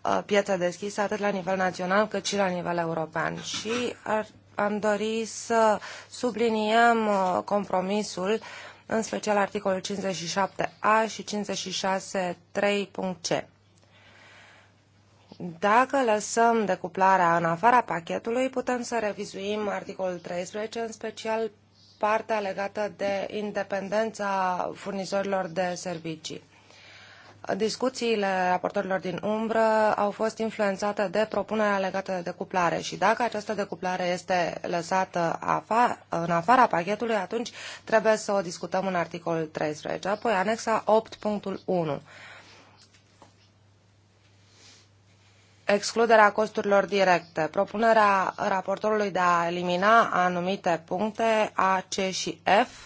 uh, piețe deschise atât la nivel național cât și la nivel european. Și ar, am dori să subliniem uh, compromisul, în special articolul 57a și 56.3.c. Dacă lăsăm decuplarea în afara pachetului, putem să revizuim articolul 13, în special partea legată de independența furnizorilor de servicii. Discuțiile raportorilor din umbră au fost influențate de propunerea legată de decuplare și dacă această decuplare este lăsată afa în afara pachetului, atunci trebuie să o discutăm în articolul 13, apoi anexa 8.1. excluderea costurilor directe. Propunerea raportorului de a elimina anumite puncte A, C și F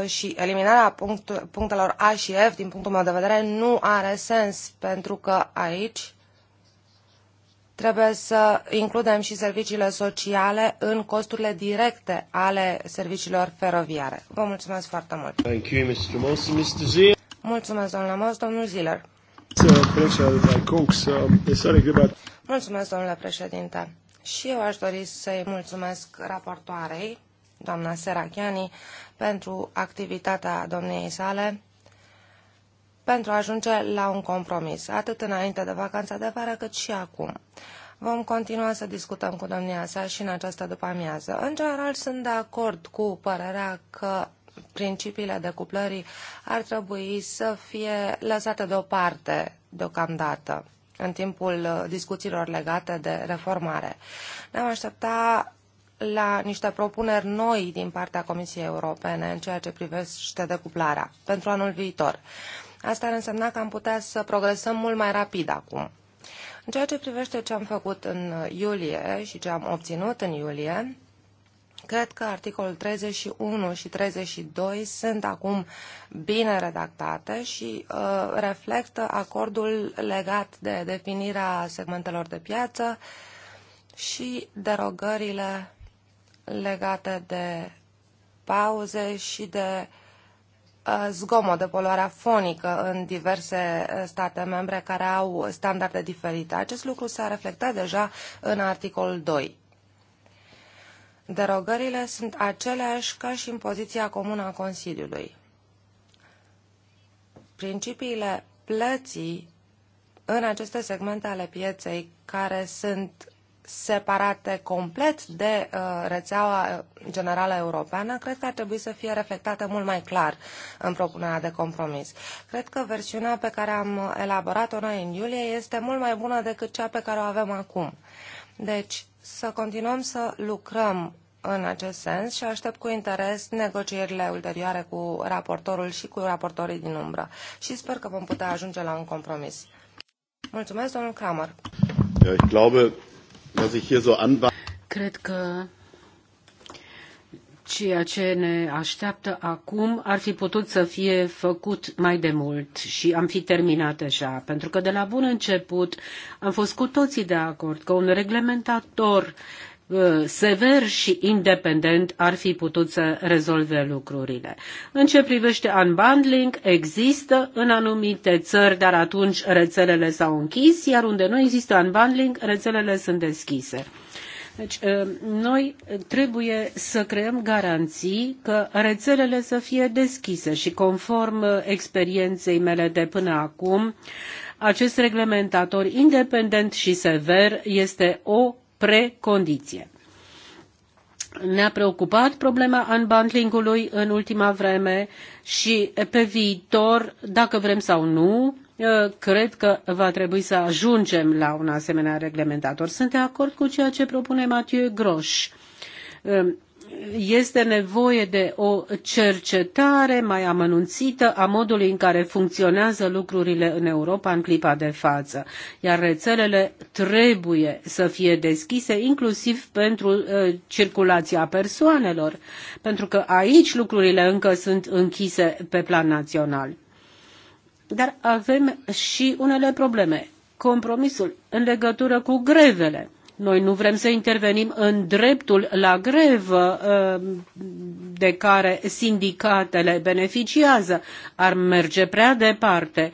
uh, și eliminarea punct, punctelor A și F, din punctul meu de vedere, nu are sens, pentru că aici trebuie să includem și serviciile sociale în costurile directe ale serviciilor feroviare. Vă mulțumesc foarte mult! Thank you, Mr. Mr. Mulțumesc, domnule Moss, domnul Ziller. Uh, uh, uh, mulțumesc, domnule președinte. Și eu aș dori să-i mulțumesc raportoarei, doamna Serachiani, pentru activitatea domniei sale pentru a ajunge la un compromis, atât înainte de vacanța de vară, cât și acum. Vom continua să discutăm cu domnia sa și în această după-amiază. În general, sunt de acord cu părerea că principiile decuplării ar trebui să fie lăsate deoparte deocamdată în timpul uh, discuțiilor legate de reformare. Ne-am aștepta la niște propuneri noi din partea Comisiei Europene în ceea ce privește decuplarea pentru anul viitor. Asta ar însemna că am putea să progresăm mult mai rapid acum. în ceea ce privește ce am făcut în uh, iulie și ce am obținut în iulie, Cred că articolul 31 și 32 sunt acum bine redactate și uh, reflectă acordul legat de definirea segmentelor de piață și derogările legate de pauze și de uh, zgomot, de poluarea fonică în diverse uh, state membre care au standarde diferite. Acest lucru s-a reflectat deja în articolul 2 derogările sunt aceleași ca și în poziția comună a Consiliului. Principiile plății în aceste segmente ale pieței care sunt separate complet de uh, rețeaua generală europeană, cred că ar trebui să fie reflectată mult mai clar în propunerea de compromis. Cred că versiunea pe care am elaborat-o noi în iulie este mult mai bună decât cea pe care o avem acum. Deci, să continuăm să lucrăm în acest sens și aștept cu interes negocierile ulterioare cu raportorul și cu raportorii din umbră și sper că vom putea ajunge la un compromis. Mulțumesc, domnul Kramer. Cred că Ceea ce ne așteaptă acum ar fi putut să fie făcut mai de mult și am fi terminat deja, pentru că de la bun început am fost cu toții de acord că un reglementator uh, sever și independent ar fi putut să rezolve lucrurile. În ce privește unbundling, există în anumite țări, dar atunci rețelele s-au închis, iar unde nu există unbundling, rețelele sunt deschise. Deci, ă, noi trebuie să creăm garanții că rețelele să fie deschise și conform ă, experienței mele de până acum, acest reglementator independent și sever este o precondiție. Ne-a preocupat problema unbundling-ului în ultima vreme și pe viitor, dacă vrem sau nu, Uh, cred că va trebui să ajungem la un asemenea reglementator. Sunt de acord cu ceea ce propune Mathieu Groș. Uh, este nevoie de o cercetare mai amănunțită a modului în care funcționează lucrurile în Europa în clipa de față, iar rețelele trebuie să fie deschise inclusiv pentru uh, circulația persoanelor, pentru că aici lucrurile încă sunt închise pe plan național dar avem și unele probleme. Compromisul în legătură cu grevele. Noi nu vrem să intervenim în dreptul la grevă uh, de care sindicatele beneficiază. Ar merge prea departe,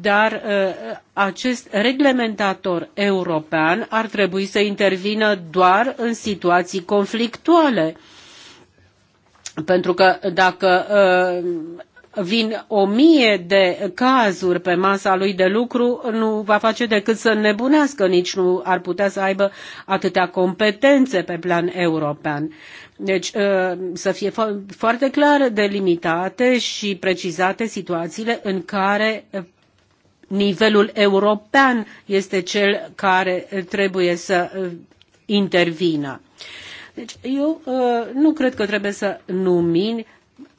dar uh, acest reglementator european ar trebui să intervină doar în situații conflictuale. Pentru că dacă uh, vin o mie de cazuri pe masa lui de lucru, nu va face decât să nebunească, nici nu ar putea să aibă atâtea competențe pe plan european. Deci uh, să fie foarte clar delimitate și precizate situațiile în care nivelul european este cel care trebuie să uh, intervină. Deci eu uh, nu cred că trebuie să numim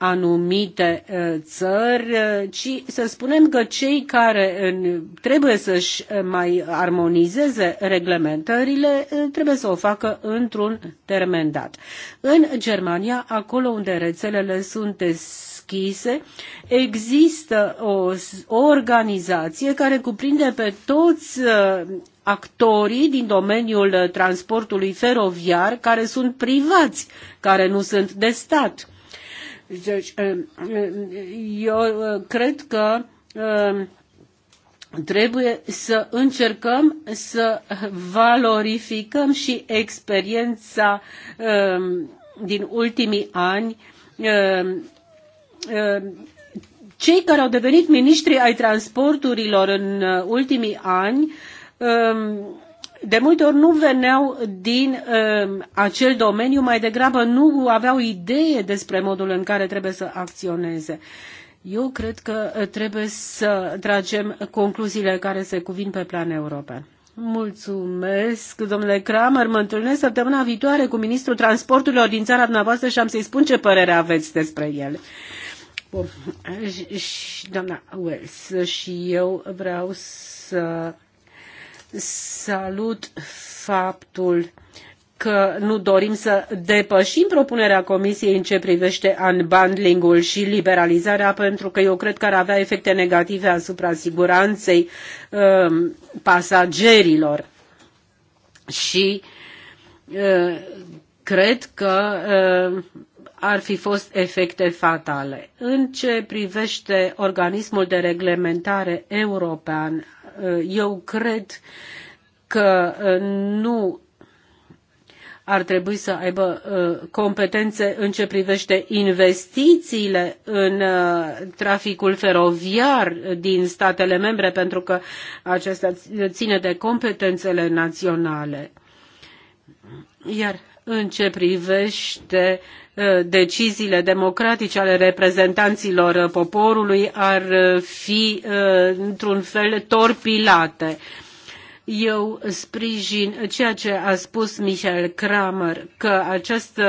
anumite uh, țări, uh, ci să spunem că cei care trebuie să-și uh, mai armonizeze reglementările trebuie să o facă într-un termen dat. În Germania, acolo unde rețelele sunt deschise, există o, o organizație care cuprinde pe toți actorii din domeniul transportului feroviar care sunt privați, care nu sunt de stat deci, um, um, eu uh, cred că um, trebuie să încercăm să valorificăm și experiența din ultimii ani cei care au devenit miniștri ai transporturilor în uh, ultimii ani de multe ori nu veneau din uh, acel domeniu, mai degrabă nu aveau idee despre modul în care trebuie să acționeze. Eu cred că eh, trebuie să tragem concluziile care se cuvin pe plan european. Mulțumesc, domnule Kramer. Mă întâlnesc săptămâna viitoare cu ministrul transporturilor din țara dumneavoastră și am să-i spun ce părere aveți despre el. Bun. Și, și doamna Wells, și eu vreau să salut faptul că nu dorim să depășim propunerea Comisiei în ce privește unbundling-ul și liberalizarea, pentru că eu cred că ar avea efecte negative asupra siguranței um, pasagerilor. Și uh, cred că uh, ar fi fost efecte fatale. În ce privește organismul de reglementare european, Eh, eu cred că eh, nu ar trebui să aibă eh, competențe în ce privește investițiile în traficul feroviar din statele membre, pentru că acesta ține de competențele naționale. Iar în ce privește uh, deciziile democratice ale reprezentanților uh, poporului ar uh, fi într-un fel torpilate. Eu sprijin ceea ce a spus Michael Kramer, că acest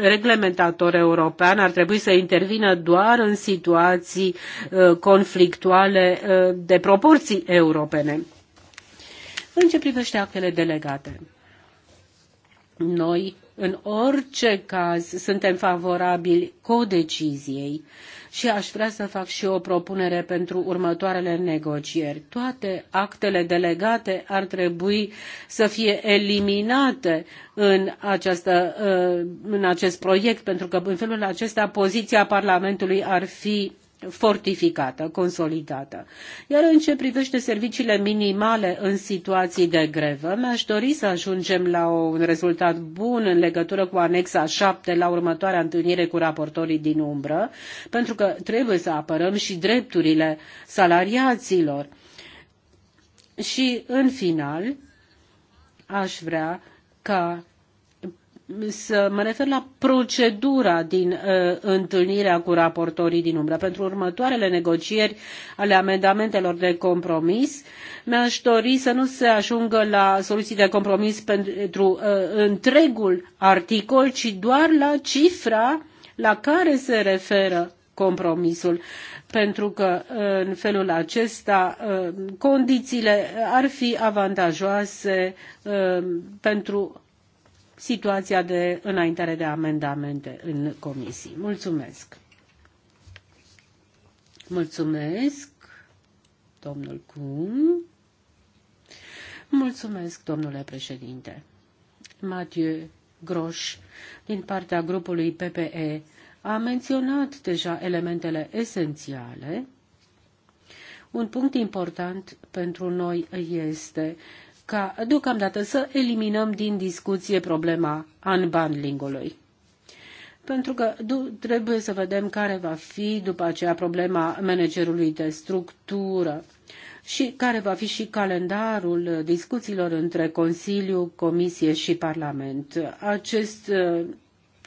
reglementator european ar trebui să intervină doar în situații conflictuale de proporții europene. În ce privește actele delegate, noi în orice caz, suntem favorabili codeciziei și aș vrea să fac și o propunere pentru următoarele negocieri. Toate actele delegate ar trebui să fie eliminate în, această, uh, în acest proiect, pentru că în felul acesta poziția Parlamentului ar fi fortificată, consolidată. Iar în ce privește serviciile minimale în situații de grevă, mi-aș dori să ajungem la un rezultat bun în legătură cu anexa 7 la următoarea întâlnire cu raportorii din umbră, pentru că trebuie să apărăm și drepturile salariaților. Și în final, aș vrea ca să mă refer la procedura din uh, întâlnirea cu raportorii din umbră. Pentru următoarele negocieri ale amendamentelor de compromis, mi-aș dori să nu se ajungă la soluții de compromis pentru uh, întregul articol, ci doar la cifra la care se referă compromisul, pentru că uh, în felul acesta uh, condițiile ar fi avantajoase uh, pentru situația de înaintare de amendamente în comisii. Mulțumesc! Mulțumesc, domnul Kuhn. Mulțumesc, domnule președinte. Mathieu Groș, din partea grupului PPE, a menționat deja elementele esențiale. Un punct important pentru noi este ca deocamdată să eliminăm din discuție problema unbundling-ului. Pentru că trebuie să vedem care va fi după aceea problema managerului de structură și care va fi și calendarul discuțiilor între Consiliu, Comisie și Parlament. Acest uh,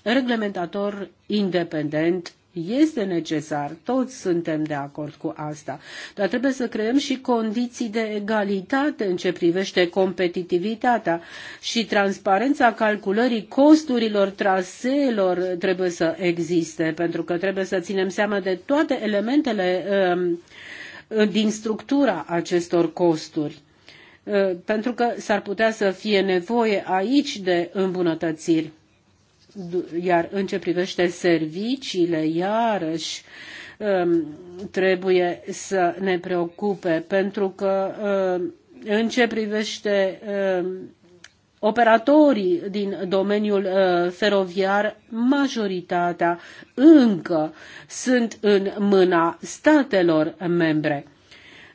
reglementator independent este necesar, toți suntem de acord cu asta, dar trebuie să creăm și condiții de egalitate în ce privește competitivitatea și transparența calculării costurilor traseelor trebuie să existe, pentru că trebuie să ținem seama de toate elementele um, din structura acestor costuri uh, pentru că s-ar putea să fie nevoie aici de îmbunătățiri iar în ce privește serviciile, iarăși um, trebuie să ne preocupe, pentru că um, în ce privește um, operatorii din domeniul uh, feroviar, majoritatea încă sunt în mâna statelor membre.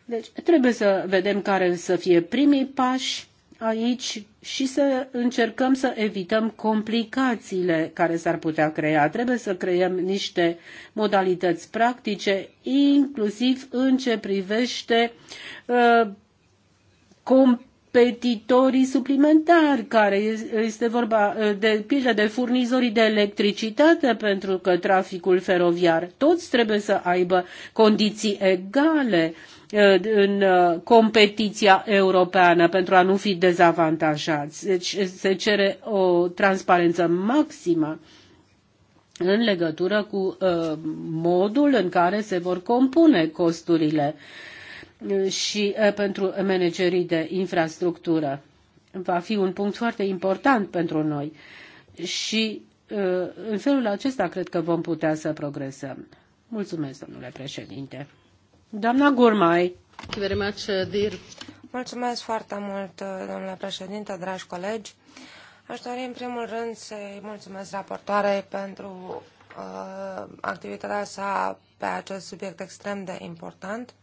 Deci trebuie să vedem care să fie primii pași aici și să încercăm să evităm complicațiile care s-ar putea crea. Trebuie să creăm niște modalități practice, inclusiv în ce privește uh, competitorii suplimentari, care este vorba uh, de pildă de furnizorii de electricitate, pentru că traficul feroviar, toți trebuie să aibă condiții egale Uh, în uh, competiția europeană pentru a nu fi dezavantajați. Deci uh, se cere o transparență maximă în legătură cu modul în care se vor compune costurile și pentru managerii de infrastructură. Va fi un punct foarte important pentru noi și în felul acesta cred că vom putea să progresăm. Mulțumesc, domnule președinte. Doamna Gurmai. Uh, mulțumesc foarte mult, uh, domnule președinte, dragi colegi. Aș dori în primul rând să-i mulțumesc raportoarei pentru uh, activitatea sa pe acest subiect extrem de important.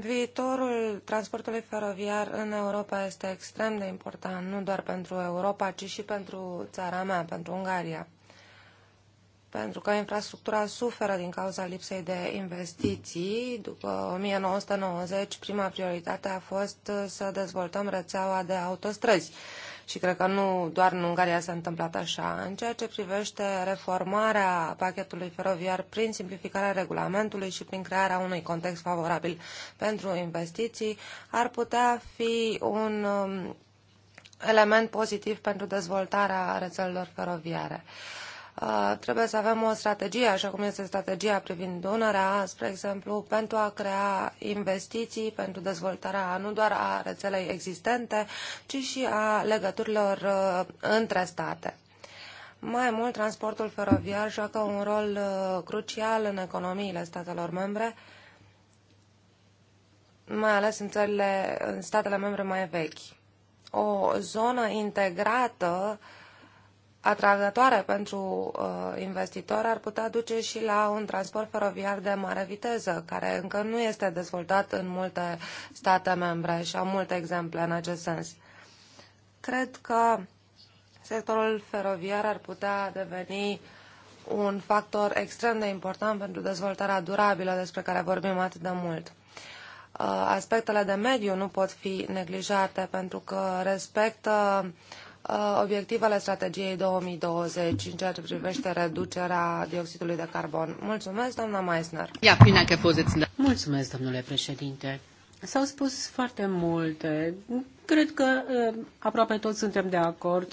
Viitorul transportului feroviar în Europa este extrem de important, nu doar pentru Europa, ci și pentru țara mea, pentru Ungaria pentru că infrastructura suferă din cauza lipsei de investiții. După 1990, prima prioritate a fost să dezvoltăm rețeaua de autostrăzi. Și cred că nu doar în Ungaria s-a întâmplat așa. În ceea ce privește reformarea pachetului feroviar prin simplificarea regulamentului și prin crearea unui context favorabil pentru investiții, ar putea fi un um, element pozitiv pentru dezvoltarea rețelelor feroviare. Uh, Uh, trebuie să avem o strategie, așa cum este strategia privind Dunărea, spre exemplu, pentru a crea investiții, pentru dezvoltarea nu doar a rețelei existente, ci și a legăturilor uh, între state. Mai mult, transportul feroviar joacă un rol uh, crucial în economiile statelor membre, mai ales în, țările, în statele membre mai vechi. O zonă integrată uh, atragătoare pentru uh, investitori ar putea duce și la un transport feroviar de mare viteză, care încă nu este dezvoltat în multe state membre și am multe exemple în acest sens. Cred că sectorul feroviar ar putea deveni un factor extrem de important pentru dezvoltarea durabilă despre care vorbim atât de mult uh, aspectele de mediu nu pot fi neglijate pentru că respectă Uh, obiectivele strategiei 2020 în ceea ce privește reducerea dioxidului de carbon. Mulțumesc, doamna Meissner. Ia, bine că Mulțumesc, domnule președinte. S-au spus foarte multe. Cred că ă, aproape toți suntem de acord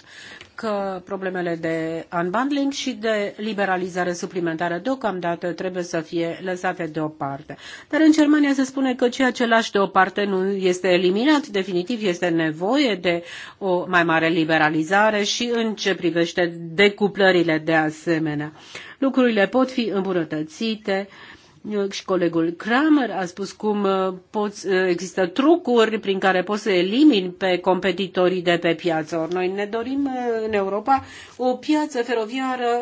că problemele de unbundling și de liberalizare suplimentară deocamdată trebuie să fie lăsate deoparte. Dar în Germania se spune că ceea ce lași deoparte nu este eliminat, definitiv este nevoie de o mai mare liberalizare și în ce privește decuplările de asemenea. Lucrurile pot fi îmbunătățite, uh, Uh, și colegul Kramer a spus cum uh, poți, uh, există trucuri prin care poți să elimini pe competitorii de pe piață. noi ne dorim în Europa o piață feroviară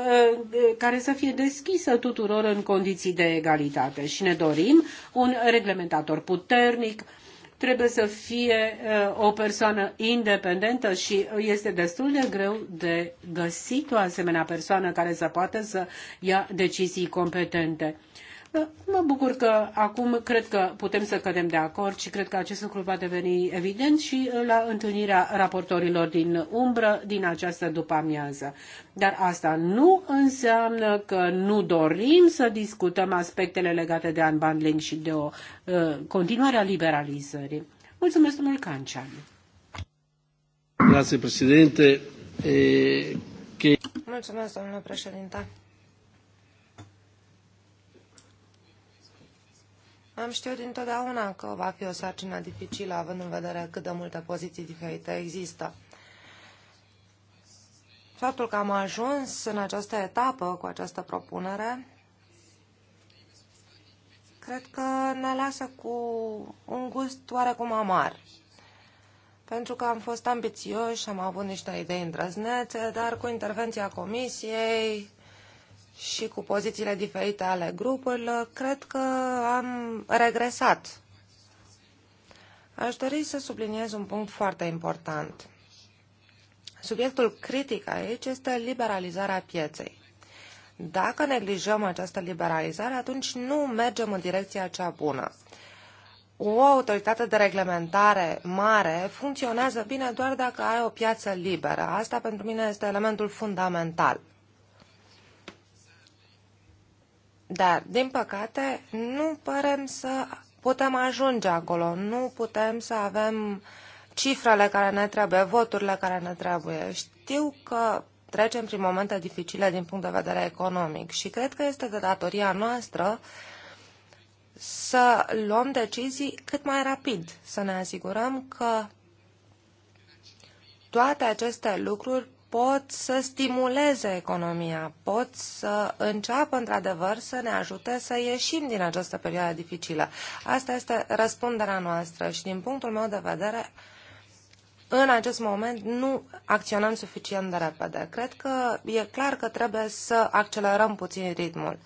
care să fie deschisă tuturor în condiții de egalitate și ne dorim un reglementator puternic, trebuie să fie o persoană independentă și este destul de greu de găsit o asemenea persoană care să poată să ia decizii competente. Mă bucur că acum cred că putem să cădem de acord și cred că acest lucru va deveni evident și uh, la întâlnirea raportorilor din umbră din această după-amiază. Dar asta nu înseamnă că nu dorim să discutăm aspectele legate de unbundling și de o uh, continuare a liberalizării. Mulțumesc domnul Cancian. Grazie, președinte. E... Mulțumesc, domnule președinte. Am știut întotdeauna că va fi o sarcină dificilă, având în vedere cât de multe poziții diferite există. Faptul că am ajuns în această etapă cu această propunere, cred că ne lasă cu un gust oarecum amar. Pentru că am fost ambițioși, am avut niște idei îndrăznețe, dar cu intervenția comisiei și cu pozițiile diferite ale grupurilor, cred că am regresat. Aș dori să subliniez un punct foarte important. Subiectul critic aici este liberalizarea pieței. Dacă neglijăm această liberalizare, atunci nu mergem în direcția cea bună. O autoritate de reglementare mare funcționează bine doar dacă ai o piață liberă. Asta pentru mine este elementul fundamental. Dar, din păcate, nu părem să putem ajunge acolo, nu putem să avem cifrele care ne trebuie, voturile care ne trebuie. Știu că trecem prin momente dificile din punct de vedere economic și cred că este de datoria noastră să luăm decizii cât mai rapid, să ne asigurăm că toate aceste lucruri pot să stimuleze economia, pot să înceapă într-adevăr să ne ajute să ieșim din această perioadă dificilă. Asta este răspunderea noastră și din punctul meu de vedere, în acest moment nu acționăm suficient de repede. Cred că e clar că trebuie să accelerăm puțin ritmul.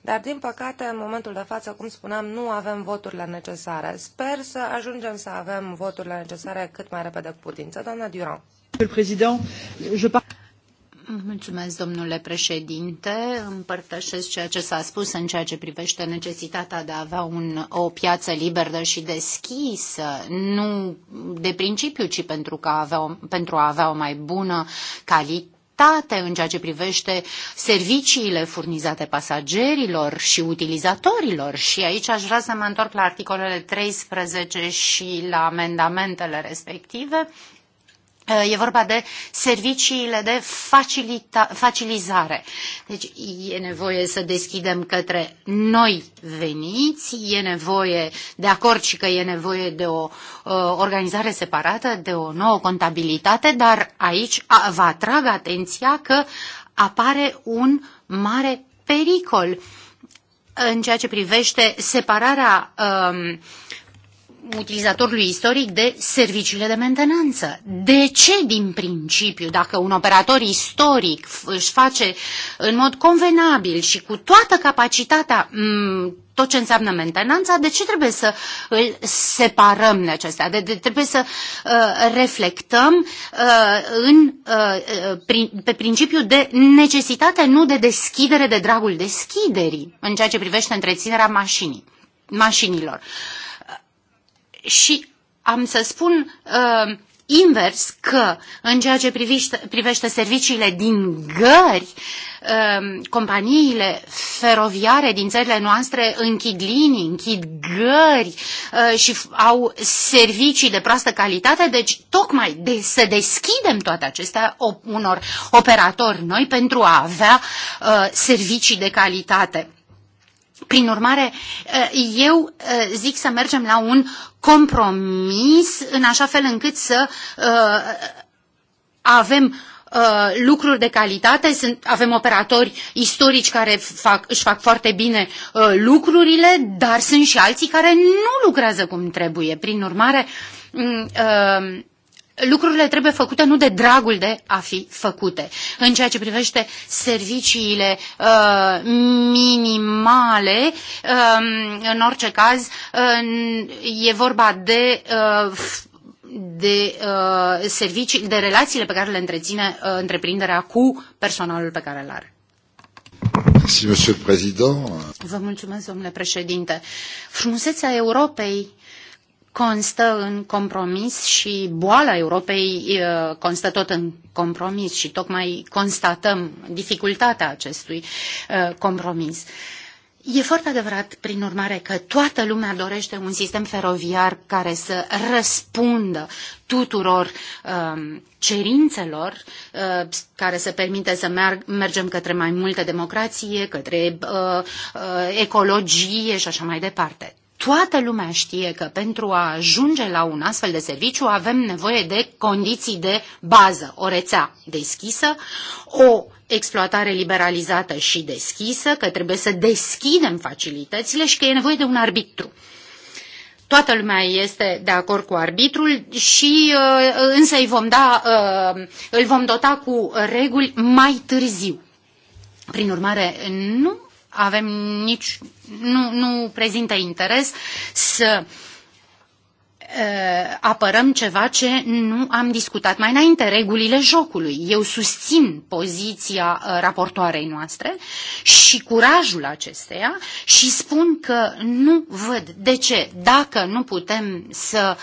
Dar, din păcate, în momentul de față, cum spuneam, nu avem voturile necesare. Sper să ajungem să avem voturile necesare cât mai repede cu putință. Doamna Durand domnule președinte. Împărtășesc ceea ce s-a spus în ceea ce privește necesitatea de a avea o piață liberă și deschisă, nu de principiu, ci pentru, a avea o mai bună calitate în ceea ce privește serviciile furnizate pasagerilor și utilizatorilor. Și aici aș vrea să mă întorc la articolele 13 și la amendamentele respective. E vorba de serviciile de facilita- facilizare. Deci e nevoie să deschidem către noi veniți, e nevoie de acord și că e nevoie de o uh, organizare separată, de o nouă contabilitate, dar aici a, vă atrag atenția că apare un mare pericol în ceea ce privește separarea Uh, utilizatorului istoric de serviciile de mentenanță. De ce din principiu, dacă un operator istoric își face în mod convenabil și cu toată capacitatea mm, tot ce înseamnă mentenanța, de ce trebuie să îl separăm de acestea? De, de, trebuie să uh, reflectăm uh, în, uh, uh prin, pe principiu de necesitate, nu de deschidere de dragul deschiderii în ceea ce privește întreținerea mașinii, mașinilor. Uh, și am să spun uh, invers că în ceea ce privește, privește serviciile din gări, uh, companiile feroviare din țările noastre închid linii, închid gări uh, și au servicii de proastă calitate, deci tocmai de, să deschidem toate acestea unor operatori noi pentru a avea uh, servicii de calitate. Prin urmare, eh, eu eh, zic să mergem la un compromis în așa fel încât să eh, avem lucruri de calitate, sunt, avem operatori istorici care fac, își fac foarte bine lucrurile, dar sunt și alții care nu lucrează cum trebuie. Prin urmare, mm, lucrurile trebuie făcute nu de dragul de a fi făcute. În ceea ce privește serviciile uh, minimale, uh, în orice caz, uh, e vorba de. Uh, de uh, servicii, de relațiile pe care le întreține uh, întreprinderea cu personalul pe care îl are. Vă mulțumesc, domnule președinte. Frumusețea Europei constă în compromis și boala Europei constă tot în compromis și tocmai constatăm dificultatea acestui compromis. E foarte adevărat, prin urmare, că toată lumea dorește un sistem feroviar care să răspundă tuturor um, cerințelor uh, care să permite să mergem către mai multă democrație, către uh, uh, ecologie și așa mai departe. Toată lumea știe că pentru a ajunge la un astfel de serviciu avem nevoie de condiții de bază, o rețea deschisă, o exploatare liberalizată și deschisă, că trebuie să deschidem facilitățile și că e nevoie de un arbitru. Toată lumea este de acord cu arbitrul și uh, însă îi vom da, uh, îl vom dota cu reguli mai târziu. Prin urmare, nu avem nici, nu, nu prezintă interes să apărăm ceva ce nu am discutat mai înainte, regulile jocului. Eu susțin poziția raportoarei noastre și curajul acesteia și spun că nu văd de ce, dacă nu putem să,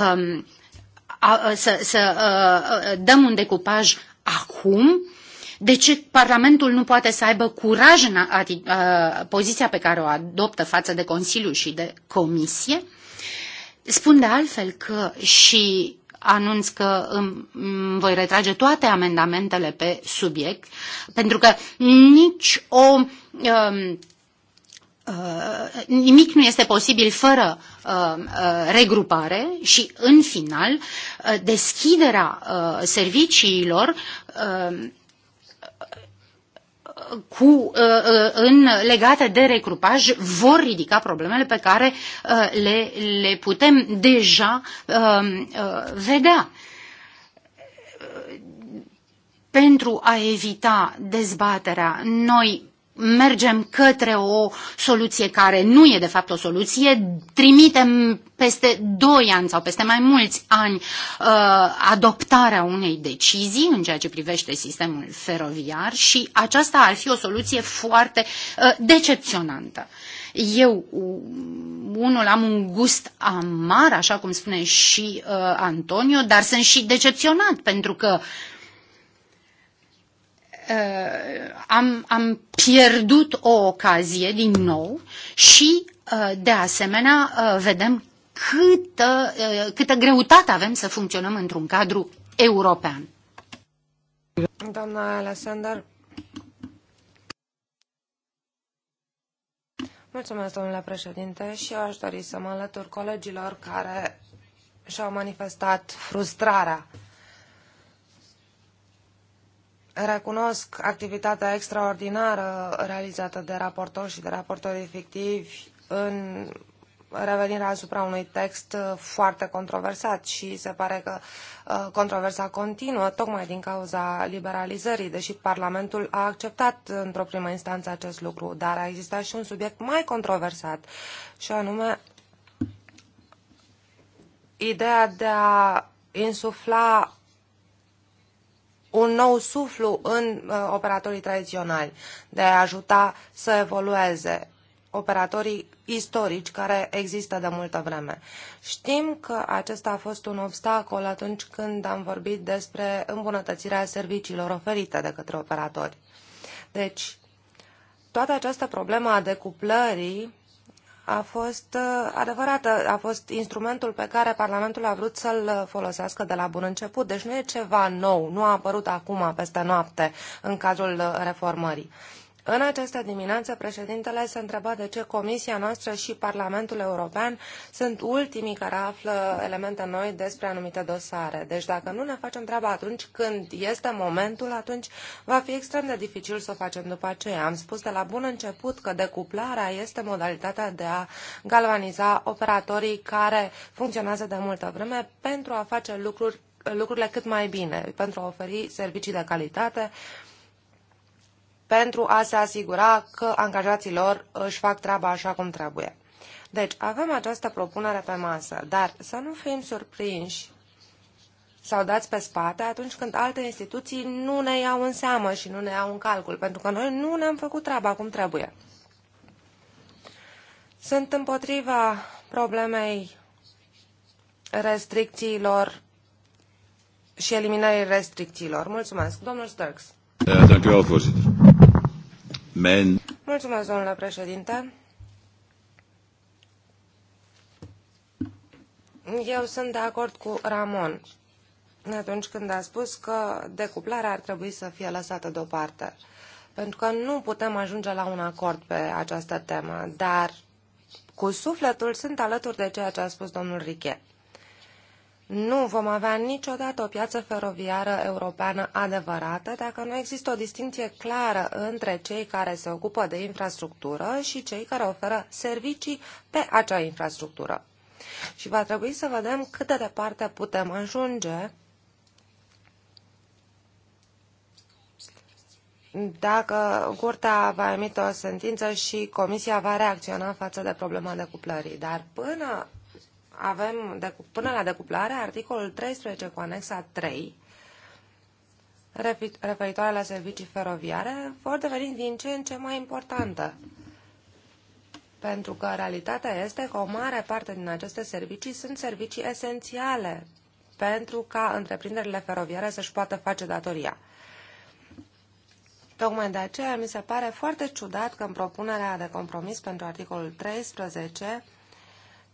um, a, să, să uh, dăm un decupaj acum, de ce Parlamentul nu poate să aibă curaj în poziția pe care o adoptă față de Consiliu și de Comisie? Spun de altfel că și anunț că îmi voi retrage toate amendamentele pe subiect, pentru că nici o... Um, uh, nimic nu este posibil fără uh, uh, regrupare și, în final, uh, deschiderea uh, serviciilor uh, cu, uh, uh, în, legate de recrupaj vor ridica problemele pe care uh, le, le putem deja vedea pentru a evita dezbaterea, noi mergem către o soluție care nu e de fapt o soluție, trimitem peste 2 ani sau peste mai mulți ani uh, adoptarea unei decizii în ceea ce privește sistemul feroviar și aceasta ar fi o soluție foarte uh, decepționantă. Eu, uh, unul, am un gust amar, așa cum spune și uh, Antonio, dar sunt și decepționat pentru că uh, Uh, am, am pierdut o ocazie din nou și, uh, de asemenea, uh, vedem câtă, câtă greutate avem să funcționăm într-un cadru european. Doamna Alexander. Mulțumesc, domnule președinte, și eu aș dori să mă alătur colegilor care și-au manifestat frustrarea recunosc activitatea extraordinară realizată de raportor și de raportori efectivi în revenirea asupra unui text uh, foarte controversat și se pare că uh, controversa continuă tocmai din cauza liberalizării, deși Parlamentul a acceptat într-o primă instanță acest lucru, dar a existat și un subiect mai controversat și anume ideea de a insufla un nou suflu în uh, operatorii tradiționali, de a ajuta să evolueze operatorii istorici care există de multă vreme. Știm că acesta a fost un obstacol atunci când am vorbit despre îmbunătățirea serviciilor oferite de către operatori. Deci, toată această problemă a decuplării a fost uh, adevărată, uh, a fost instrumentul pe care Parlamentul a vrut să-l uh, folosească de la bun început. Deci nu e ceva nou, nu a apărut acum peste noapte în cadrul reformării. În această dimineață, președintele se întreba de ce Comisia noastră și Parlamentul European sunt ultimii care află elemente noi despre anumite dosare. Deci dacă nu ne facem treaba atunci când este momentul, atunci va fi extrem de dificil să o facem după aceea. Am spus de la bun început că decuplarea este modalitatea de a galvaniza operatorii care funcționează de multă vreme pentru a face lucruri, lucrurile cât mai bine, pentru a oferi servicii de calitate, uh, pentru a se asigura că angajații lor își fac treaba așa cum trebuie. Deci, avem această propunere pe masă, dar să nu fim surprinși sau dați pe spate atunci când alte instituții nu ne iau în seamă și nu ne iau în calcul, pentru că noi nu ne-am făcut treaba cum trebuie. Sunt împotriva problemei restricțiilor și eliminării restricțiilor. Mulțumesc. Domnul Sturks. Dank da, Mulțumesc, domnule președinte. Eu sunt de acord cu Ramon atunci când a spus că decuplarea ar trebui să fie lăsată deoparte. Pentru că nu putem ajunge la un acord pe această temă, dar cu sufletul sunt alături de ceea ce a spus domnul Richet. Nu vom avea niciodată o piață feroviară europeană adevărată dacă nu există o distinție clară între cei care se ocupă de infrastructură și cei care oferă servicii pe acea infrastructură. Și va trebui să vedem cât de departe putem ajunge dacă curtea va emite o sentință și comisia va reacționa față de problema decuplării. Dar până avem, de, până la decuplare, articolul 13 cu anexa 3, referitoare la servicii feroviare, vor deveni din ce în ce mai importantă. Pentru că realitatea este că o mare parte din aceste servicii sunt servicii esențiale pentru ca întreprinderile feroviare să-și poată face datoria. Tocmai de aceea mi se pare foarte ciudat că în propunerea de compromis pentru articolul 13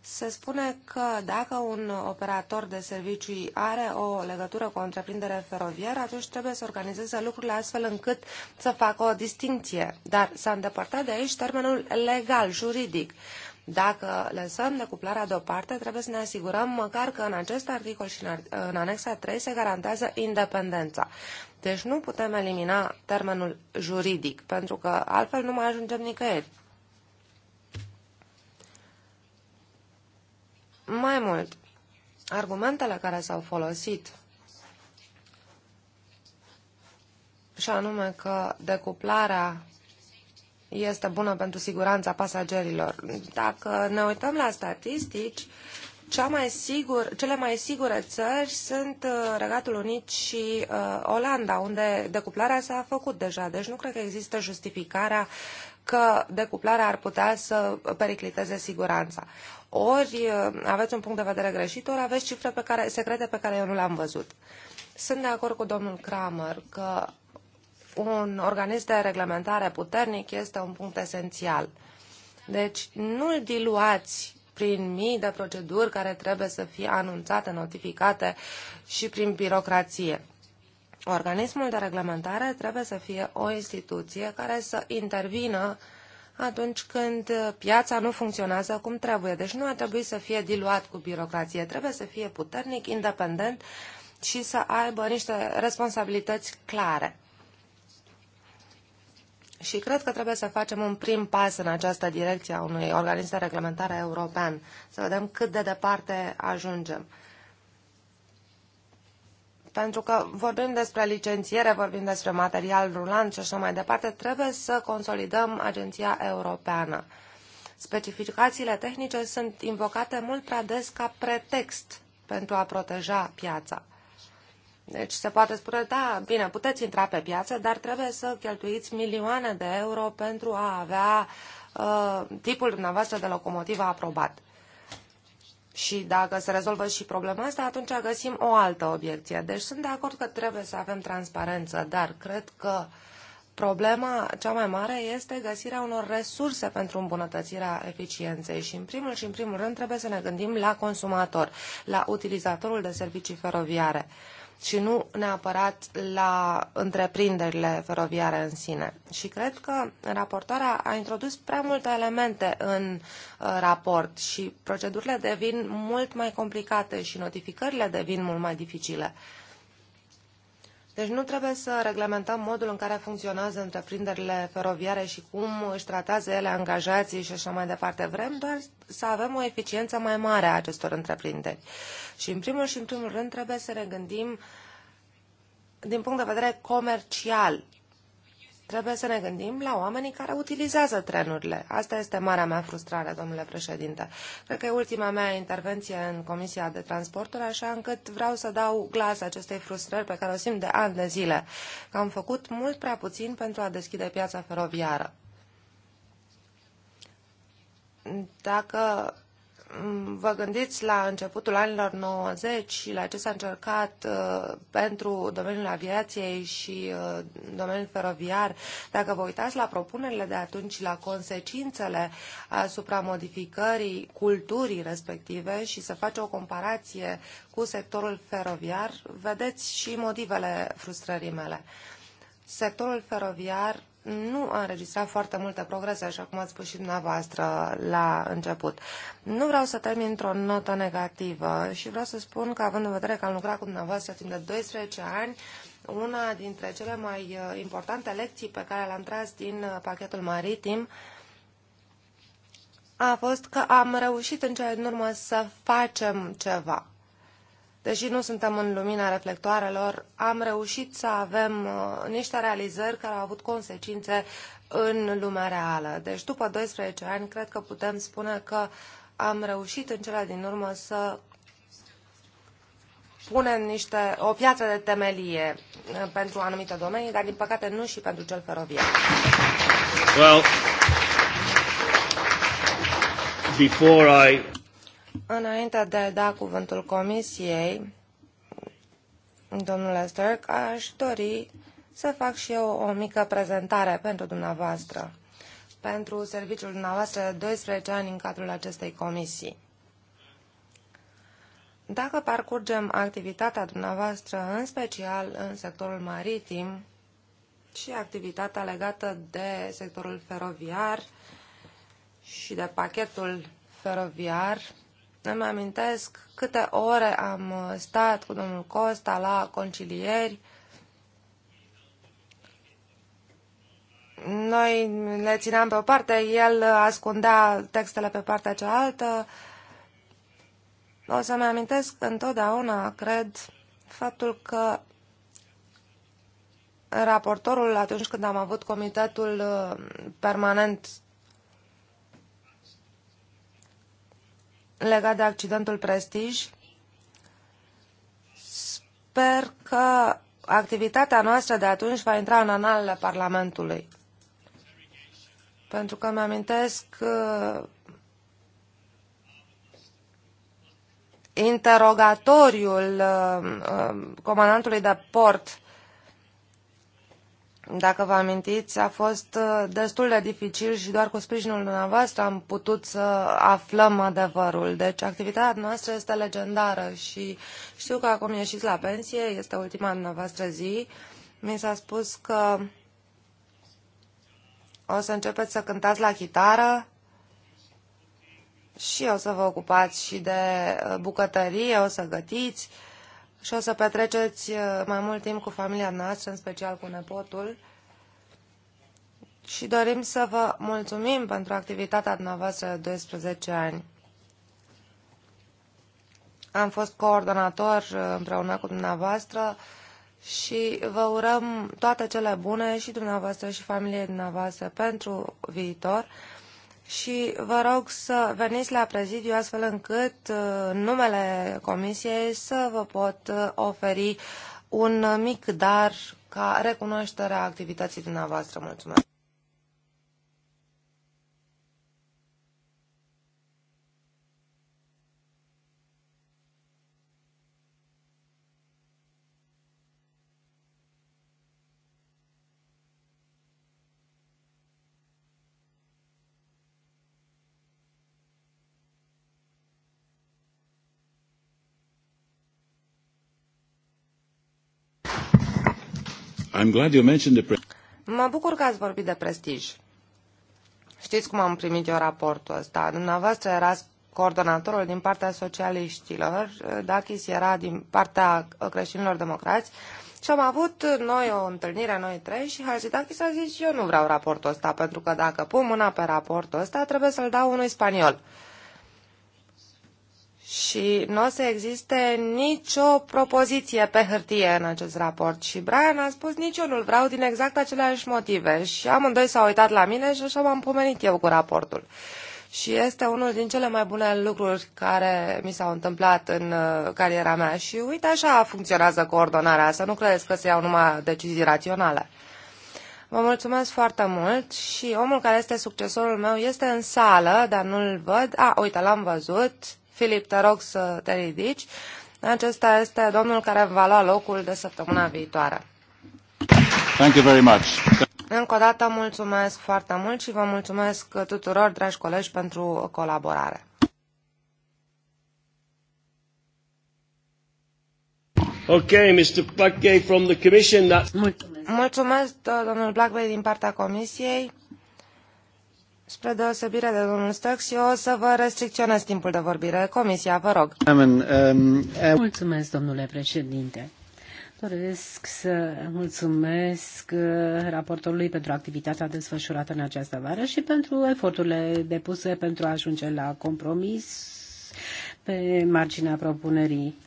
se spune că dacă un operator de servicii are o legătură cu o întreprindere feroviară, atunci trebuie să organizeze lucrurile astfel încât să facă o distinție. Dar s-a îndepărtat de aici termenul legal, juridic. Dacă lăsăm decuplarea deoparte, trebuie să ne asigurăm măcar că în acest articol și în, anexa 3 se garantează independența. Deci nu putem elimina termenul juridic, pentru că altfel nu mai ajungem nicăieri. Mai mult, argumentele care s-au folosit și anume că decuplarea este bună pentru siguranța pasagerilor. Dacă ne uităm la statistici, cea mai sigur, cele mai sigure țări sunt uh, Regatul Unit și uh, Olanda, unde decuplarea s-a făcut deja. Deci nu cred că există justificarea că decuplarea ar putea să pericliteze siguranța ori uh, aveți un punct de vedere greșit, ori aveți cifre pe care, secrete pe care eu nu le-am văzut. Sunt de acord cu domnul Kramer că un organism de reglementare puternic este un punct esențial. Deci nu-l diluați prin mii de proceduri care trebuie să fie anunțate, notificate și prin birocrație. Organismul de reglementare trebuie să fie o instituție care să intervină uh, atunci când uh, piața nu funcționează cum trebuie. Deci nu ar trebui să fie diluat cu birocrație, trebuie să fie puternic, independent și să aibă niște responsabilități clare. Și cred că trebuie să facem un prim pas în această direcție a unui organism de reglementare european, să vedem cât de departe ajungem pentru că vorbim despre licențiere, vorbim despre material rulant și așa mai departe, trebuie să consolidăm agenția europeană. Specificațiile tehnice sunt invocate mult prea des ca pretext pentru a proteja piața. Deci se poate spune, da, bine, puteți intra pe piață, dar trebuie să cheltuiți milioane de euro pentru a avea uh, tipul dumneavoastră de locomotivă aprobat și dacă se rezolvă și problema asta, atunci găsim o altă obiecție. Deci sunt de acord că trebuie să avem transparență, dar cred că problema cea mai mare este găsirea unor resurse pentru îmbunătățirea eficienței și în primul și în primul rând trebuie să ne gândim la consumator, la utilizatorul de servicii feroviare. Uh, și nu neapărat la întreprinderile feroviare în sine. Și cred că raportarea a introdus prea multe elemente în uh, raport și procedurile devin mult mai complicate și notificările devin mult mai dificile. Deci nu trebuie să reglementăm modul în care funcționează întreprinderile feroviare și cum își tratează ele angajații și așa mai departe. Vrem doar să avem o eficiență mai mare a acestor întreprinderi. Și în primul și în primul rând trebuie să ne gândim din punct de vedere comercial Trebuie să ne gândim la oamenii care utilizează trenurile. Asta este marea mea frustrare, domnule președinte. Cred că e ultima mea intervenție în Comisia de Transporturi, așa încât vreau să dau glas acestei frustrări pe care o simt de ani de zile, că am făcut mult prea puțin pentru a deschide piața feroviară. Dacă Mm, vă gândiți la începutul anilor 90 și la ce s-a încercat uh, pentru domeniul aviației și uh, domeniul feroviar, dacă vă uitați la propunerile de atunci și la consecințele asupra modificării culturii respective și să face o comparație cu sectorul feroviar, vedeți și motivele frustrării mele. Sectorul feroviar nu a înregistrat foarte multe progrese, așa cum ați spus și dumneavoastră la început. Nu vreau să termin într-o notă negativă și vreau să spun că, având în vedere că am lucrat cu dumneavoastră timp de 12 ani, una dintre cele mai uh, importante lecții pe care le-am tras din uh, pachetul maritim a fost că am reușit în cele din urmă să facem ceva deși nu suntem în lumina reflectoarelor, am reușit să avem uh, niște realizări care au avut consecințe în lumea reală. Deci după 12 ani, cred că putem spune că am reușit în cele din urmă să punem niște, o piață de temelie uh, pentru anumite domenii, dar din păcate nu și pentru cel feroviar. Well, before I Înainte de a da cuvântul comisiei, domnule Sturk, aș dori să fac și eu o mică prezentare pentru dumneavoastră, pentru serviciul dumneavoastră de 12 ani în cadrul acestei comisii. Dacă parcurgem activitatea dumneavoastră, în special în sectorul maritim și activitatea legată de sectorul feroviar și de pachetul feroviar, îmi amintesc câte ore am uh, stat cu domnul Costa la concilieri. Noi le țineam pe o parte, el uh, ascundea textele pe partea cealaltă. O să-mi amintesc întotdeauna, cred, faptul că raportorul, atunci când am avut comitetul uh, permanent legat de accidentul Prestige. Sper că activitatea noastră de atunci va intra în analele Parlamentului. Pentru că îmi amintesc uh, interogatoriul uh, uh, comandantului de port dacă vă amintiți, a fost uh, destul de dificil și doar cu sprijinul dumneavoastră am putut să aflăm adevărul. Deci activitatea noastră este legendară și știu că acum ieșiți la pensie, este ultima dumneavoastră zi. Mi s-a spus că o să începeți să cântați la chitară și o să vă ocupați și de uh, bucătărie, o să gătiți. Uh, și o să petreceți uh, mai mult timp cu familia noastră, în special cu nepotul. Și dorim să vă mulțumim pentru activitatea dumneavoastră de 12 ani. Am fost coordonator uh, împreună cu dumneavoastră și vă urăm toate cele bune și dumneavoastră și familiei dumneavoastră pentru viitor și vă rog să veniți la prezidiu astfel încât uh, în numele comisiei să vă pot uh, oferi un mic dar ca recunoașterea activității dumneavoastră. Mulțumesc! I'm glad you mentioned the mă bucur că ați vorbit de prestij. Știți cum am primit eu raportul ăsta? Dumneavoastră erați coordonatorul din partea socialiștilor, Dachis era din partea creștinilor democrați și am avut noi o întâlnire, noi trei, și Hadzidakis a zis, eu nu vreau raportul ăsta, pentru că dacă pun mâna pe raportul ăsta, trebuie să-l dau unui spaniol. Uh, și nu o să existe nicio propoziție pe hârtie în acest raport. Și Brian a spus, nici eu nu-l vreau din exact aceleași motive. Și amândoi s-au uitat la mine și așa m-am pomenit eu cu raportul. Și este unul din cele mai bune lucruri care mi s-au întâmplat în uh, cariera mea. Și uite așa funcționează coordonarea, să nu credeți că se iau numai decizii raționale. Vă mulțumesc foarte mult și omul care este succesorul meu este în sală, dar nu-l văd. A, uite, l-am văzut. Filip, te rog să te ridici. Acesta este domnul care va lua locul de săptămâna viitoare. Thank you very much. Încă o dată mulțumesc foarte mult și vă mulțumesc tuturor, dragi colegi, pentru colaborare. Okay, Mr. Blackgate from the Commission. that. Mulțumesc. Mulțumesc, domnul Blackbay, din partea Comisiei. Spre deosebire de domnul Stăx, eu o să vă restricționez timpul de vorbire. Comisia, vă rog. Um, uh, mulțumesc, domnule președinte. Doresc să mulțumesc uh, raportorului pentru activitatea desfășurată în această vară și pentru eforturile depuse pentru a ajunge la compromis pe marginea propunerii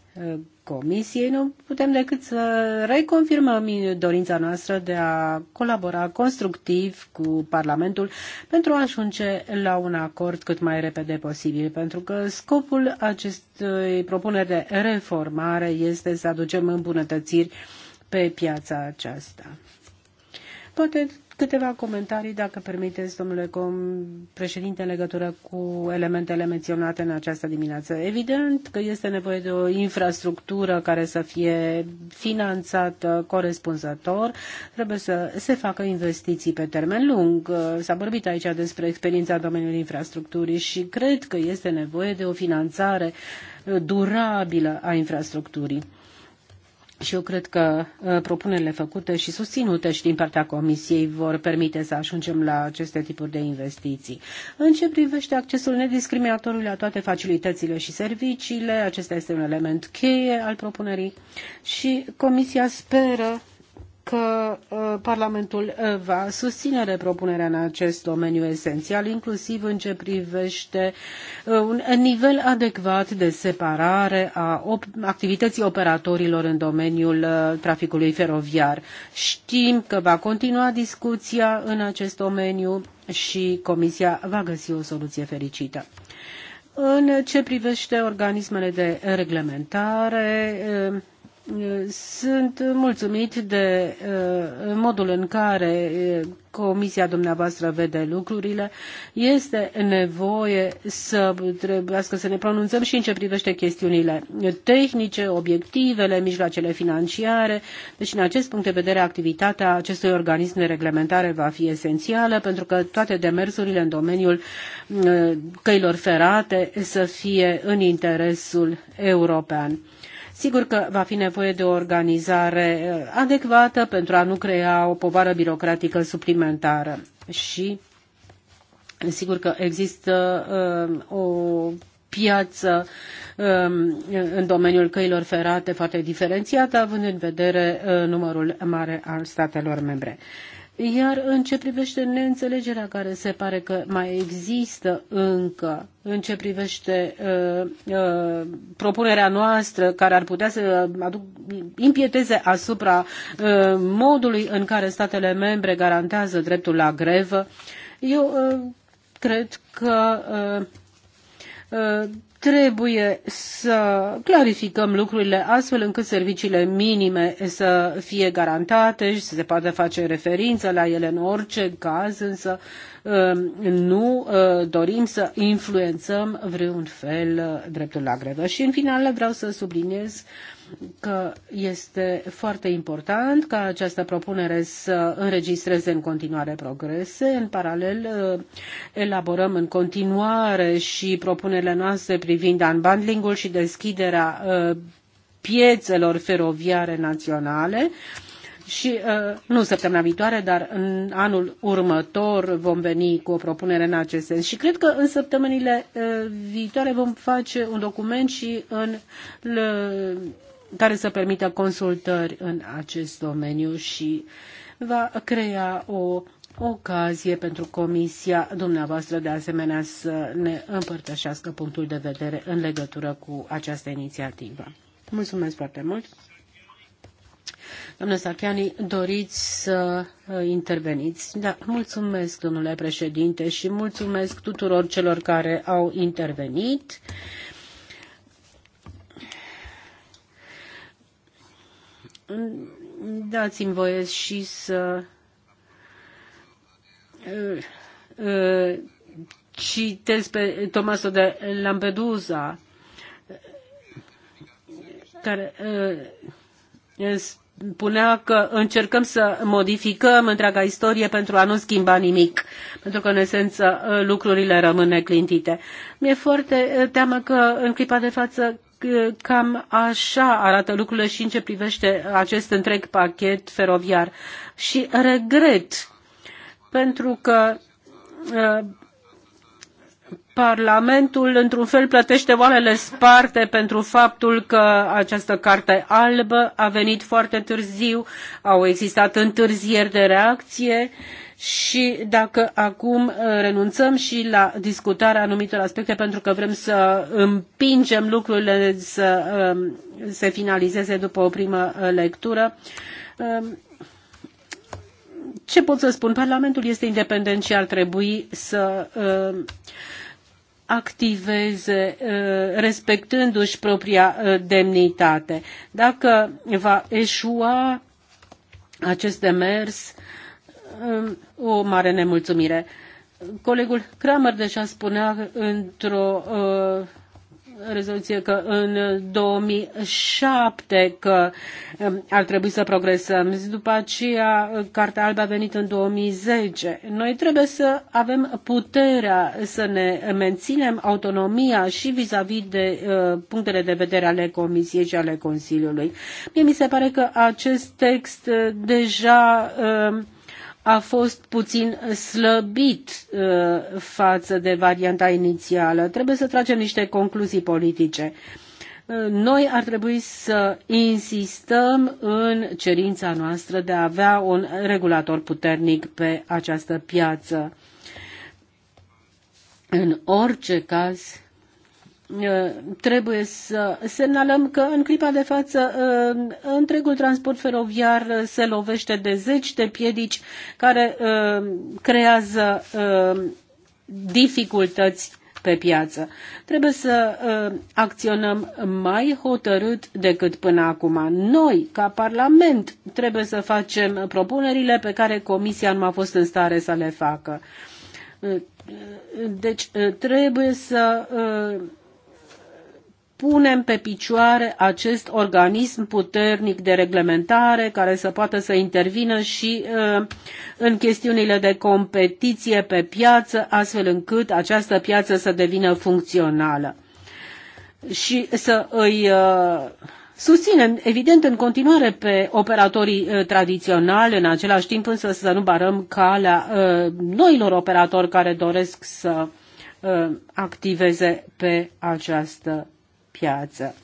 Comisiei, nu putem decât să reconfirmăm dorința noastră de a colabora constructiv cu Parlamentul pentru a ajunge la un acord cât mai repede posibil, pentru că scopul acestei propuneri de reformare este să aducem îmbunătățiri pe piața aceasta. Poate Câteva comentarii, dacă permiteți, domnule com, președinte, în legătură cu elementele menționate în această dimineață. Evident că este nevoie de o infrastructură care să fie finanțată corespunzător. Trebuie să se facă investiții pe termen lung. S-a vorbit aici despre experiența domeniului infrastructurii și cred că este nevoie de o finanțare durabilă a infrastructurii. Și eu cred că uh, propunerile făcute și susținute și din partea Comisiei vor permite să ajungem la aceste tipuri de investiții. În ce privește accesul nediscriminatoriu la toate facilitățile și serviciile, acesta este un element cheie al propunerii și Comisia speră că uh, Parlamentul uh, va susține repropunerea în acest domeniu esențial, inclusiv în ce privește uh, un nivel adecvat de separare a activității operatorilor în domeniul traficului feroviar. Știm că va continua discuția în acest domeniu și Comisia va găsi o soluție fericită. În ce privește organismele de reglementare, sunt mulțumit de uh, modul în care uh, comisia dumneavoastră vede lucrurile. Este nevoie să trebuiască să ne pronunțăm și în ce privește chestiunile tehnice, obiectivele, mijloacele financiare. Deci, în acest punct de vedere, activitatea acestui organism de reglementare va fi esențială pentru că toate demersurile în domeniul uh, căilor ferate să fie în interesul european Sigur că va fi nevoie de o organizare uh, adecvată pentru a nu crea o povară birocratică suplimentară și sigur că există uh, o piață um, în domeniul căilor ferate foarte diferențiată, având în vedere uh, numărul mare al statelor membre. Uh, iar în ce privește neînțelegerea care se pare că mai există încă, în ce privește uh, uh, propunerea noastră care ar putea să aduc, impieteze asupra uh, modului în care statele membre garantează dreptul la grevă, eu uh, cred că uh, uh trebuie să clarificăm lucrurile astfel încât serviciile minime să fie garantate și să se poată face referință la ele în orice caz, însă um, nu uh, dorim să influențăm vreun fel uh, dreptul la grevă. Și în final vreau să subliniez uh, că este foarte important ca această propunere să înregistreze în continuare progrese. În paralel, eh, elaborăm în continuare și propunerile noastre privind unbundling-ul și deschiderea eh, piețelor feroviare naționale și eh, nu săptămâna viitoare, dar în anul următor vom veni cu o propunere în acest sens. Și cred că în săptămânile viitoare vom face un document și în care să permită consultări în acest domeniu și va crea o ocazie pentru comisia dumneavoastră de asemenea să ne împărtășească punctul de vedere în legătură cu această inițiativă. Mulțumesc foarte mult! Domnule Sacchiani, doriți să uh, interveniți? Da, mulțumesc, domnule președinte, și mulțumesc tuturor celor care au intervenit. dați-mi voie și să uh, uh, citez pe Tomaso de Lampedusa, care uh, spunea că încercăm să modificăm întreaga istorie pentru a nu schimba nimic, pentru că, în esență, lucrurile rămân neclintite. Mi-e foarte teamă că, în clipa de față, cam așa arată lucrurile și în ce privește acest întreg pachet feroviar. Și regret, pentru că uh, Parlamentul, într-un fel, plătește oalele sparte pentru faptul că această carte albă a venit foarte târziu, au existat întârzieri de reacție uh, și dacă acum uh, renunțăm și la discutarea anumitor aspecte pentru că vrem să împingem lucrurile să um, se finalizeze după o primă uh, lectură, um, ce pot să spun? Parlamentul este independent și ar trebui să um, activeze uh, respectându-și propria demnitate. Dacă va eșua acest demers, uh, o mare nemulțumire. Colegul Kramer deja spunea într-o uh, rezoluție că în 2007 că um, ar trebui să progresăm. După aceea, uh, Cartea Albă a venit în 2010. Noi trebuie să avem puterea să ne menținem autonomia și vis-a-vis de uh, punctele de vedere ale Comisiei și ale Consiliului. Mie mi se pare că acest text uh, deja uh, a fost puțin slăbit uh, față de varianta inițială. Trebuie să tragem niște concluzii politice. Uh, noi ar trebui să insistăm în cerința noastră de a avea un regulator puternic pe această piață. În orice caz, trebuie să semnalăm că în clipa de față întregul transport feroviar se lovește de zeci de piedici care creează dificultăți pe piață. Trebuie să acționăm mai hotărât decât până acum. Noi, ca Parlament, trebuie să facem propunerile pe care Comisia nu a fost în stare să le facă. Deci trebuie să punem pe picioare acest organism puternic de reglementare care să poată să intervină și uh, în chestiunile de competiție pe piață, astfel încât această piață să devină funcțională. Și să îi uh, Susținem, evident, în continuare pe operatorii uh, tradiționali, în același timp însă să nu barăm calea uh, noilor operatori care doresc să uh, activeze pe această piață.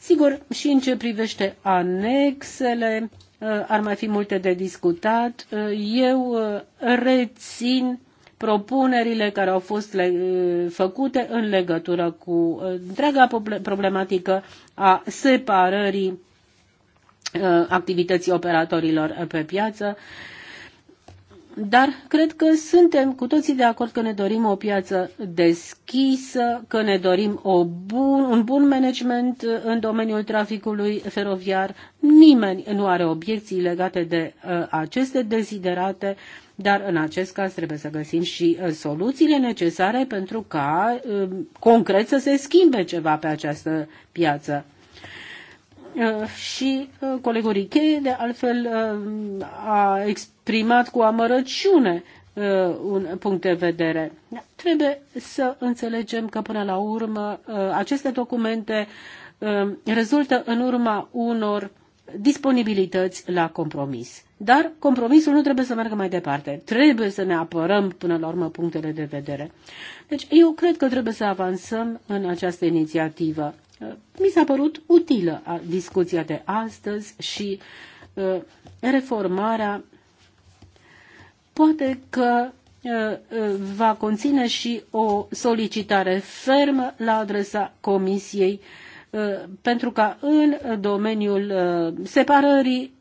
Sigur, și în ce privește anexele, uh, ar mai fi multe de discutat. Uh, eu uh, rețin propunerile care au fost făcute în legătură cu întreaga problematică a separării activității operatorilor pe piață dar cred că suntem cu toții de acord că ne dorim o piață deschisă, că ne dorim o bun, un bun management în domeniul traficului feroviar. Nimeni nu are obiecții legate de uh, aceste deziderate, dar în acest caz trebuie să găsim și uh, soluțiile necesare pentru ca uh, concret să se schimbe ceva pe această piață. Uh, și uh, colegul Riche, de altfel, uh, a exprimat cu amărăciune un punct de vedere. Trebuie să înțelegem că, până la urmă, aceste documente rezultă în urma unor disponibilități la compromis. Dar compromisul nu trebuie să meargă mai departe. Trebuie să ne apărăm până la urmă punctele de vedere. Deci eu cred că trebuie să avansăm în această inițiativă. Mi s-a părut utilă discuția de astăzi și uh, reformarea poate că uh, uh, va conține și o solicitare fermă la adresa Comisiei pentru ca în domeniul separării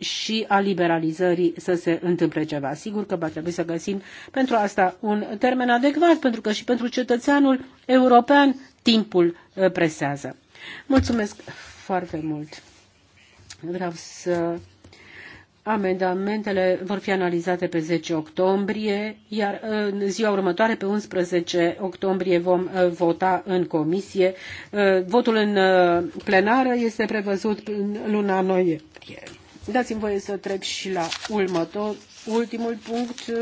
și, a liberalizării să se întâmple ceva. Sigur că va trebui să găsim pentru asta un termen adecvat, pentru că și pentru cetățeanul european timpul presează. Mulțumesc foarte mult. Vreau să Amendamentele vor fi analizate pe 10 octombrie, iar în uh, ziua următoare, pe 11 octombrie, vom uh, vota în comisie. Uh, votul în plenară este prevăzut în luna noiembrie. Dați-mi voie să trec și la următor, ultimul punct uh,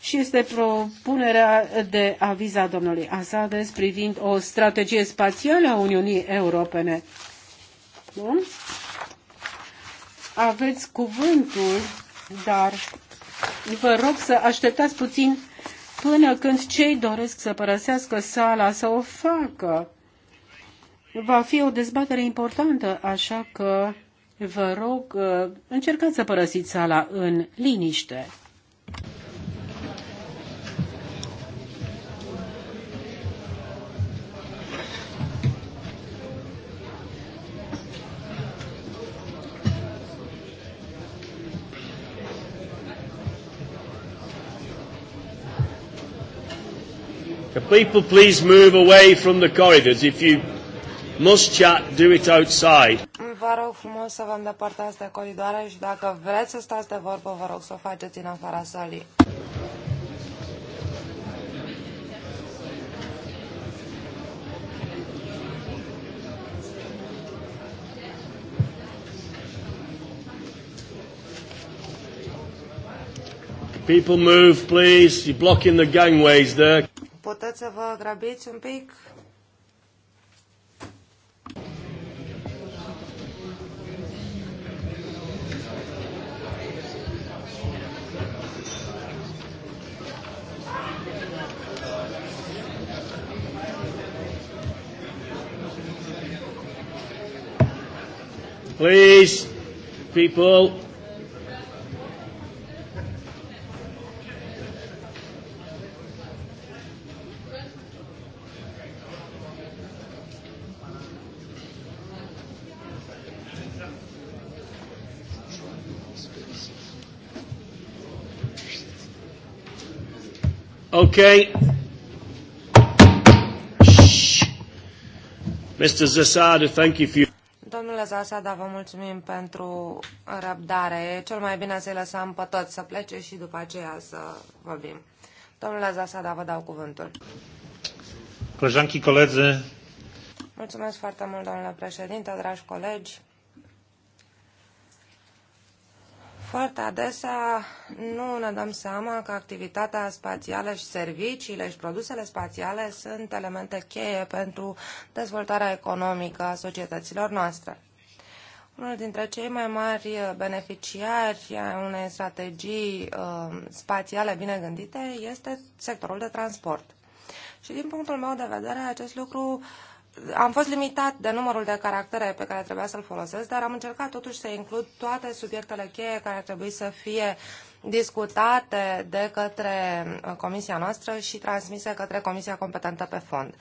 și este propunerea de aviz a domnului Asades privind o strategie spațială a Uniunii Europene. Bun? Aveți cuvântul, dar vă rog să așteptați puțin până când cei doresc să părăsească sala să o facă. Va fi o dezbatere importantă, așa că Vă rog, uh, încercați să părăsiți sala în liniște. people please move away from the corridors? If you must chat, do it outside. Vă rog frumos să vă îndepărtați de coridoare și dacă vreți să stați de vorbă, vă rog să o faceți în afara sălii. People move, please. You're blocking the gangways there. Puteți să vă grăbiți un pic? Please, people. Okay. Shh. Mr. Zasada, thank you for your caz asta, dar vă mulțumim pentru răbdare. E cel mai bine să-i lăsăm pe toți să plece și după aceea să vorbim. Domnule Zasada, vă dau cuvântul. Colegi, colegi. Mulțumesc foarte mult, domnule președinte, dragi colegi. Foarte adesea nu ne dăm seama că activitatea spațială și serviciile și produsele spațiale sunt elemente cheie pentru dezvoltarea economică a societăților noastre. Unul dintre cei mai mari uh, beneficiari a unei strategii uh, spațiale bine gândite este sectorul de transport. Și din punctul meu de vedere, acest lucru am fost limitat de numărul de caractere pe care trebuia să-l folosesc, dar am încercat totuși să includ toate subiectele cheie care ar trebui să fie discutate de către uh, comisia noastră și transmise către comisia competentă pe fond.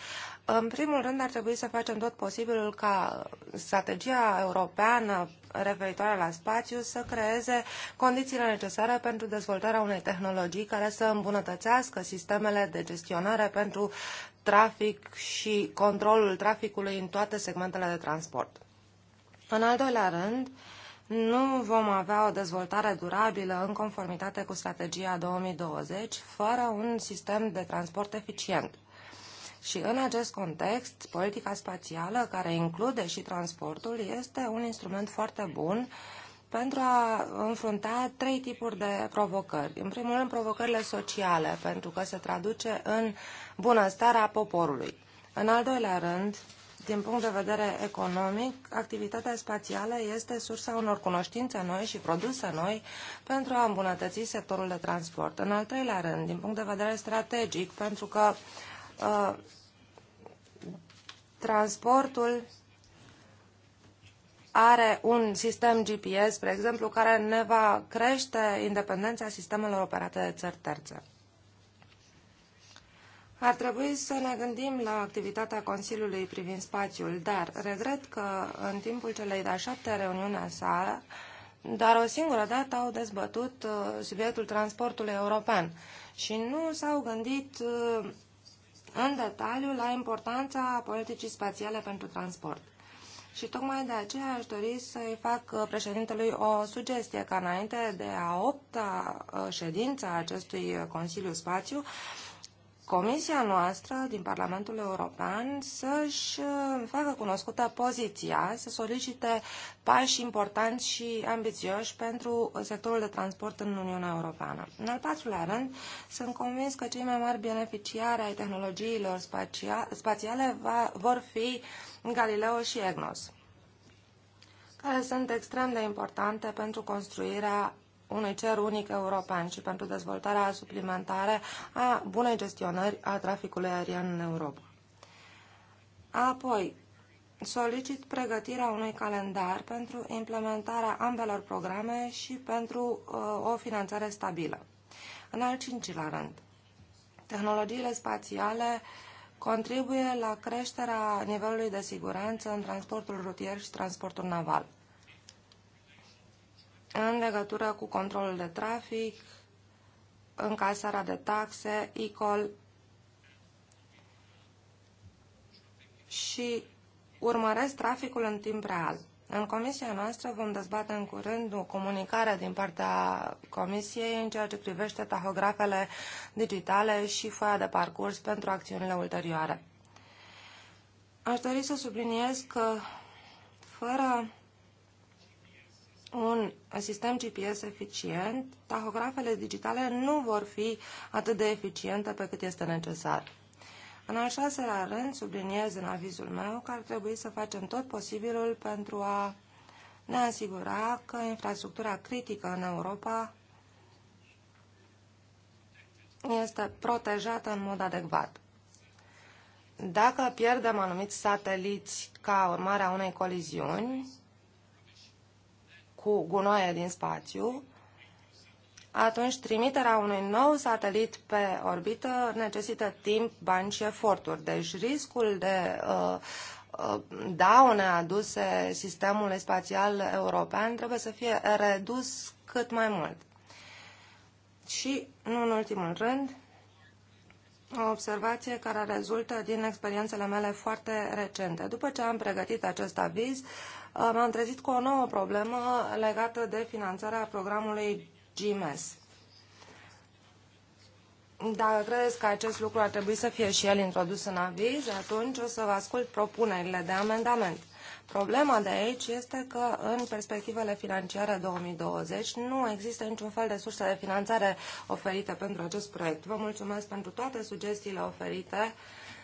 În primul rând, ar trebui să facem tot posibilul ca strategia europeană referitoare la spațiu să creeze condițiile necesare pentru dezvoltarea unei tehnologii care să îmbunătățească sistemele de gestionare pentru trafic și controlul traficului în toate segmentele de transport. În al doilea rând, nu vom avea o dezvoltare durabilă în conformitate cu strategia 2020 fără un sistem de transport eficient. Și în acest context, politica spațială, care include și transportul, este un instrument foarte bun pentru a înfrunta trei tipuri de provocări. În primul rând, provocările sociale, pentru că se traduce în bunăstarea poporului. În al doilea rând, din punct de vedere economic, activitatea spațială este sursa unor cunoștințe noi și produse noi pentru a îmbunătăți sectorul de transport. În al treilea rând, din punct de vedere strategic, pentru că uh, transportul are un sistem GPS, spre exemplu, care ne va crește independența sistemelor operate de țări terțe. Ar trebui să ne gândim la activitatea Consiliului privind spațiul, dar regret că în timpul celei de-a șapte reuniune a sa, doar o singură dată au dezbătut uh, subiectul transportului european și nu s-au gândit uh, în detaliu la importanța politicii spațiale pentru transport. Și tocmai de aceea aș dori să-i fac uh, președintelui o sugestie ca înainte de a opta uh, ședință a acestui uh, Consiliu Spațiu Comisia noastră din Parlamentul European să-și uh, facă cunoscută poziția, să solicite pași importanți și ambițioși pentru sectorul de transport în Uniunea Europeană. În al patrulea rând, sunt convins că cei mai mari beneficiari ai tehnologiilor spațiale va, vor fi Galileo și EGNOS care sunt extrem de importante pentru construirea unui cer unic european și pentru dezvoltarea suplimentare a bunei gestionări a traficului aerian în Europa. Apoi, solicit pregătirea unui calendar pentru implementarea ambelor programe și pentru uh, o finanțare stabilă. În al cincilea rând, tehnologiile spațiale contribuie la creșterea nivelului de siguranță în transportul rutier și transportul naval în legătură cu controlul de trafic, încasarea de taxe, ICOL și urmăresc traficul în timp real. În comisia noastră vom dezbate în curând o comunicare din partea comisiei în ceea ce privește tahografele digitale și foaia de parcurs pentru acțiunile ulterioare. Aș dori să subliniez că fără un sistem GPS eficient, tahografele digitale nu vor fi atât de eficiente pe cât este necesar. În al șaselea rând, subliniez în avizul meu că ar trebui să facem tot posibilul pentru a ne asigura că infrastructura critică în Europa este protejată în mod adecvat. Dacă pierdem anumiți sateliți ca urmare a unei coliziuni, cu gunoaie din spațiu, atunci trimiterea unui nou satelit pe orbită necesită timp, bani și eforturi. Deci riscul de uh, uh, daune aduse sistemului spațial european trebuie să fie redus cât mai mult. Și, nu în ultimul rând, o observație care rezultă din experiențele mele foarte recente. După ce am pregătit acest aviz, uh, m-am trezit cu o nouă problemă legată de finanțarea programului GMS. Dacă credeți că acest lucru ar trebui să fie și el introdus în aviz, atunci o să vă ascult propunerile de amendament. Problema de aici este că în perspectivele financiare 2020 nu există niciun fel de sursă de finanțare oferită pentru acest proiect. Vă mulțumesc pentru toate sugestiile oferite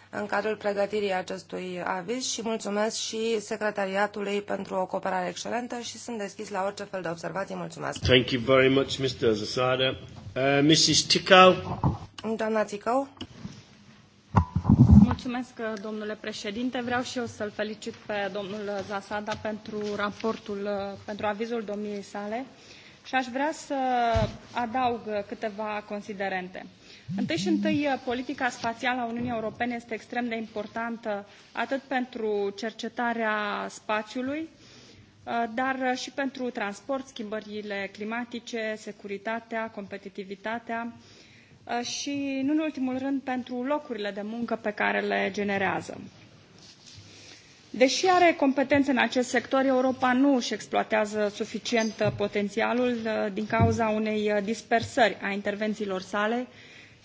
în cadrul pregătirii acestui aviz și mulțumesc și secretariatului pentru o cooperare excelentă și sunt deschis la orice fel de observații. Mulțumesc. Thank you very much, Mr. Zasada. Uh, Mrs. Ticau. Doamna Ticau. Mulțumesc, domnule președinte. Vreau și eu să-l felicit pe domnul Zasada pentru raportul, pentru avizul domniei sale și aș vrea să adaug câteva considerente. Uh, Întâi și întâi, politica spațială a Uniunii Europene este extrem de importantă atât pentru cercetarea spațiului, uh, dar și pentru transport, schimbările climatice, securitatea, competitivitatea uh, și, nu în ultimul rând, pentru locurile de muncă pe care le generează. Deși are competențe în acest sector, Europa nu își exploatează suficient uh, potențialul din cauza unei dispersări a intervențiilor sale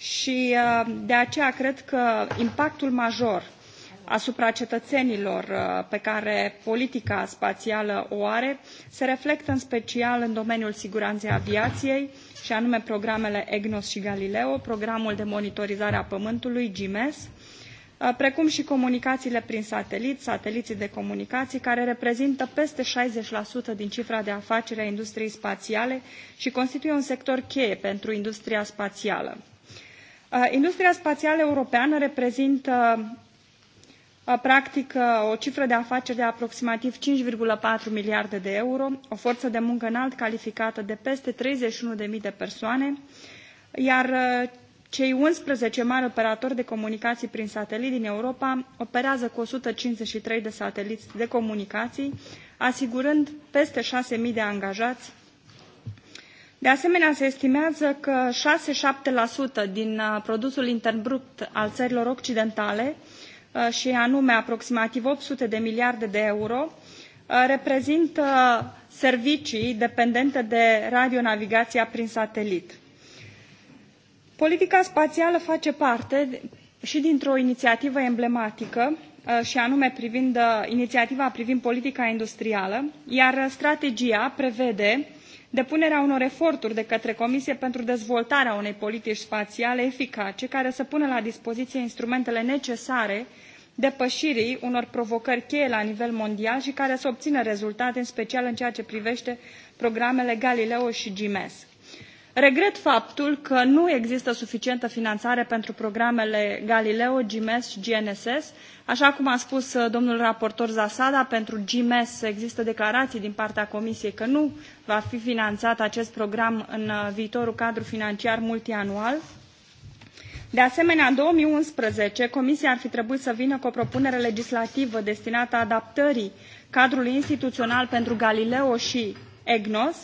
și uh, de aceea cred că impactul major asupra cetățenilor uh, pe care politica spațială o are se reflectă în special în domeniul siguranței aviației și anume programele EGNOS și Galileo, programul de monitorizare a Pământului, GMS, uh, precum și comunicațiile prin satelit, sateliții de comunicații, care reprezintă peste 60% din cifra de afaceri a industriei spațiale și constituie un sector cheie pentru industria spațială Uh, industria spațială europeană reprezintă uh, practic uh, o cifră de afaceri de aproximativ 5,4 miliarde de euro, o forță de muncă înalt calificată de peste zero de persoane, iar cei 11 mari operatori de comunicații prin satelit din Europa operează cu 153 de sateliți de comunicații, asigurând peste zero de angajați de asemenea, se estimează că 6-7% din uh, produsul intern brut al țărilor occidentale, uh, și anume aproximativ 800 de miliarde de euro, uh, reprezintă servicii dependente de radionavigația prin satelit. Politica spațială face parte și dintr-o inițiativă emblematică, și anume privind inițiativa privind politica industrială, iar strategia prevede depunerea unor eforturi de către comisie pentru dezvoltarea unei politici spațiale eficace care să pună la dispoziție instrumentele necesare depăirii unor provocări cheie la nivel mondial și care să obțină rezultate în special în ceea ce privește programele galileo și gmes regret faptul că nu există suficientă finanțare pentru programele galileo gmes și gnss așa cum a spus uh, domnul raportor zasada pentru gmes există declarații din partea comisiei că nu va fi finanțat acest program în uh, viitorul cadru financiar multianual de asemenea în două mii unsprezece comisia ar fi trebuit să vină cu o propunere legislativă destinată adaptării cadrului instituțional pentru galileo și egnos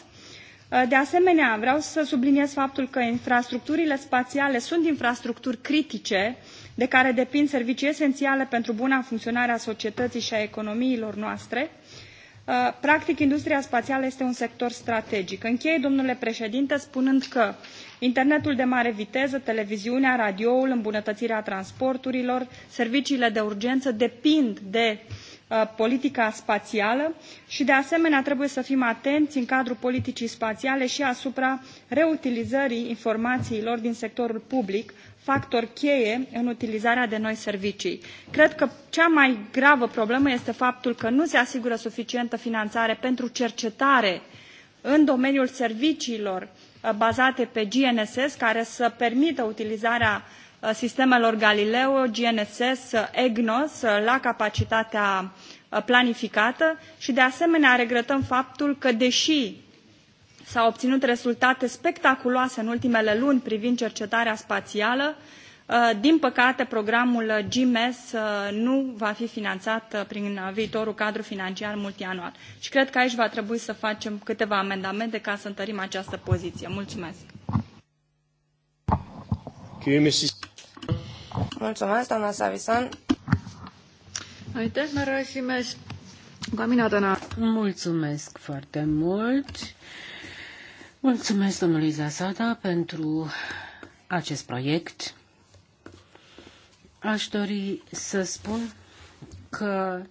Uh, de asemenea, vreau să subliniez faptul că infrastructurile spațiale sunt infrastructuri critice de care depind servicii esențiale pentru buna funcționare a societății și a economiilor noastre. Uh, practic, industria spațială este un sector strategic. Închei, domnule președinte, spunând că internetul de mare viteză, televiziunea, radioul, îmbunătățirea transporturilor, serviciile de urgență depind de Uh, politica spațială și, de asemenea, trebuie să fim atenți în cadrul politicii spațiale și asupra reutilizării informațiilor din sectorul public, factor cheie în utilizarea de noi servicii. Cred că cea mai gravă problemă este faptul că nu se asigură suficientă finanțare pentru cercetare în domeniul serviciilor uh, bazate pe GNSS, care să permită utilizarea Uh, sistemelor Galileo, GNSS, uh, EGNOS uh, la capacitatea planificată și de asemenea regretăm faptul că deși s-au obținut rezultate spectaculoase în ultimele luni privind cercetarea spațială, din păcate programul GMES nu va fi finanțat prin viitorul cadru financiar multianual. Și cred că aici va trebui să facem câteva amendamente ca să întărim această poziție. Mulțumesc! Mulțumesc, doamna Savisan. Aitäh, härra esimees. Ka mina Mulțumesc foarte mult. Mulțumesc domnului Zasada pentru acest proiect. Aș dori să spun că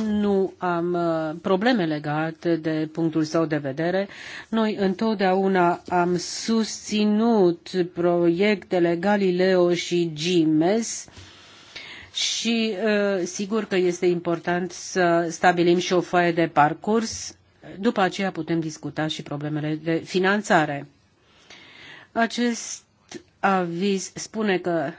nu am uh, probleme legate de punctul său de vedere. Noi întotdeauna am susținut proiectele Galileo și GMES și uh, sigur că este important să stabilim și o foaie de parcurs. După aceea putem discuta și problemele de finanțare. Acest aviz spune că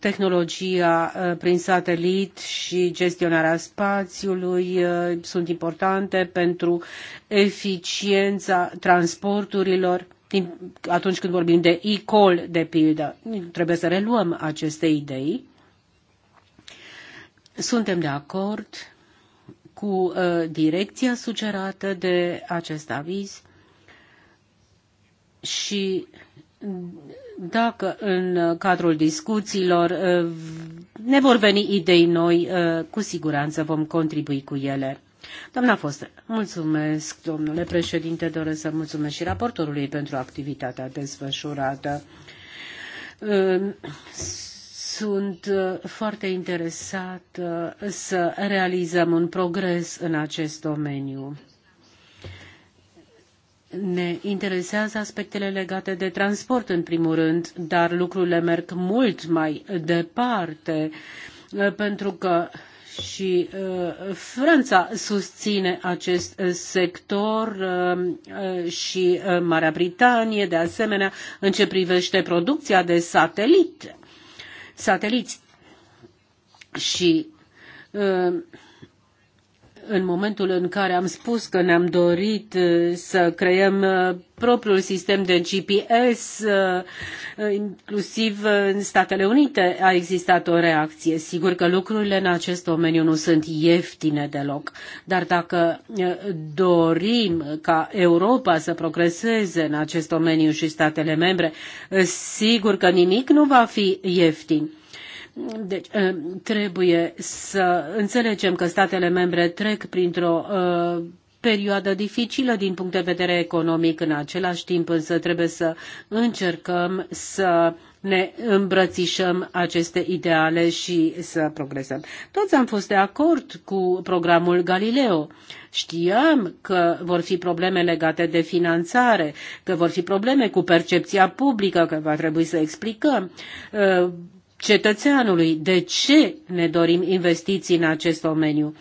tehnologia uh, prin satelit și gestionarea spațiului uh, sunt importante pentru eficiența transporturilor. Atunci când vorbim de e-call, de pildă, trebuie să reluăm aceste idei. Suntem de acord cu uh, direcția sugerată de acest aviz și dacă în uh, cadrul discuțiilor uh, ne vor veni idei noi, uh, cu siguranță vom contribui cu ele. Doamna Foster, mulțumesc, domnule președinte, doresc să mulțumesc și raportorului pentru activitatea desfășurată. Sunt foarte interesat să realizăm un progres în acest domeniu ne interesează aspectele legate de transport, în primul rând, dar lucrurile merg mult mai departe, uh, pentru că și uh, Franța susține acest sector uh, și Marea Britanie, de asemenea, în ce privește producția de satelit, sateliți. Și uh, în momentul în care am spus că ne-am dorit uh, să creăm uh, propriul sistem de GPS, uh, inclusiv în Statele Unite a existat o reacție. Sigur că lucrurile în acest domeniu nu sunt ieftine deloc, dar dacă dorim ca Europa să progreseze în acest domeniu și statele membre, sigur că nimic nu va fi ieftin deci, eh, trebuie să înțelegem că statele membre trec printr-o eh, perioadă dificilă din punct de vedere economic, în același timp însă trebuie să încercăm să ne îmbrățișăm aceste ideale și să progresăm. Toți am fost de acord cu programul Galileo. Știam că vor fi probleme legate de finanțare, că vor fi probleme cu percepția publică, că va trebui să explicăm eh, cetățeanului. De ce ne dorim investiții în acest domeniu?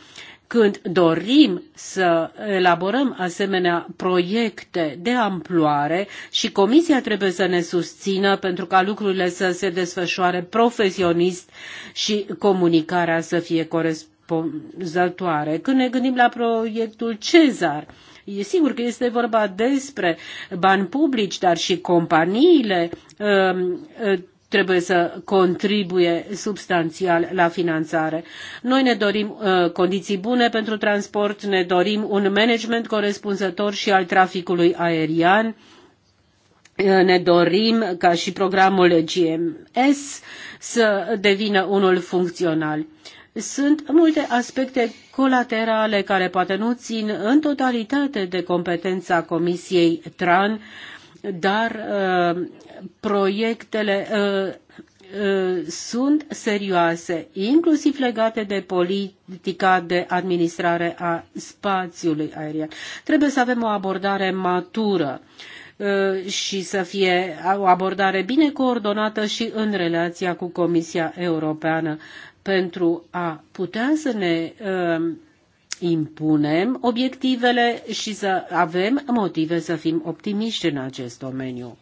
Când dorim să elaborăm asemenea proiecte de amploare și Comisia trebuie să ne susțină pentru ca lucrurile să se desfășoare profesionist și comunicarea să fie corespunzătoare. Când ne gândim la proiectul Cezar, E sigur că este vorba despre bani publici, dar și companiile um, trebuie să contribuie substanțial la finanțare. Noi ne dorim uh, condiții bune pentru transport, ne dorim un management corespunzător și al traficului aerian. Uh, ne dorim ca și programul GMS să devină unul funcțional. Sunt multe aspecte colaterale care poate nu țin în totalitate de competența Comisiei TRAN, dar uh, proiectele uh, uh, sunt serioase, inclusiv legate de politica de administrare a spațiului aerian. Trebuie să avem o abordare matură uh, și să fie o abordare bine coordonată și în relația cu Comisia Europeană pentru a putea să ne impunem obiectivele și să avem motive să fim optimiști în acest domeniu.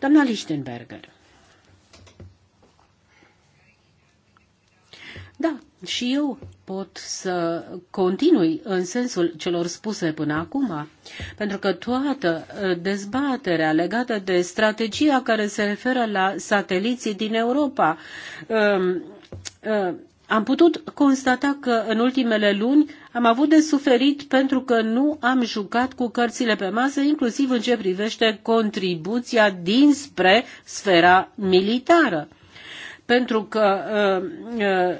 Doamna Lichtenberger. Da, și eu pot să continui în sensul celor spuse până acum, pentru că toată uh, dezbaterea legată de strategia care se referă la sateliții din Europa um, uh, am putut constata că în ultimele luni am avut de suferit pentru că nu am jucat cu cărțile pe masă, inclusiv în ce privește contribuția dinspre sfera militară. Pentru că uh, uh,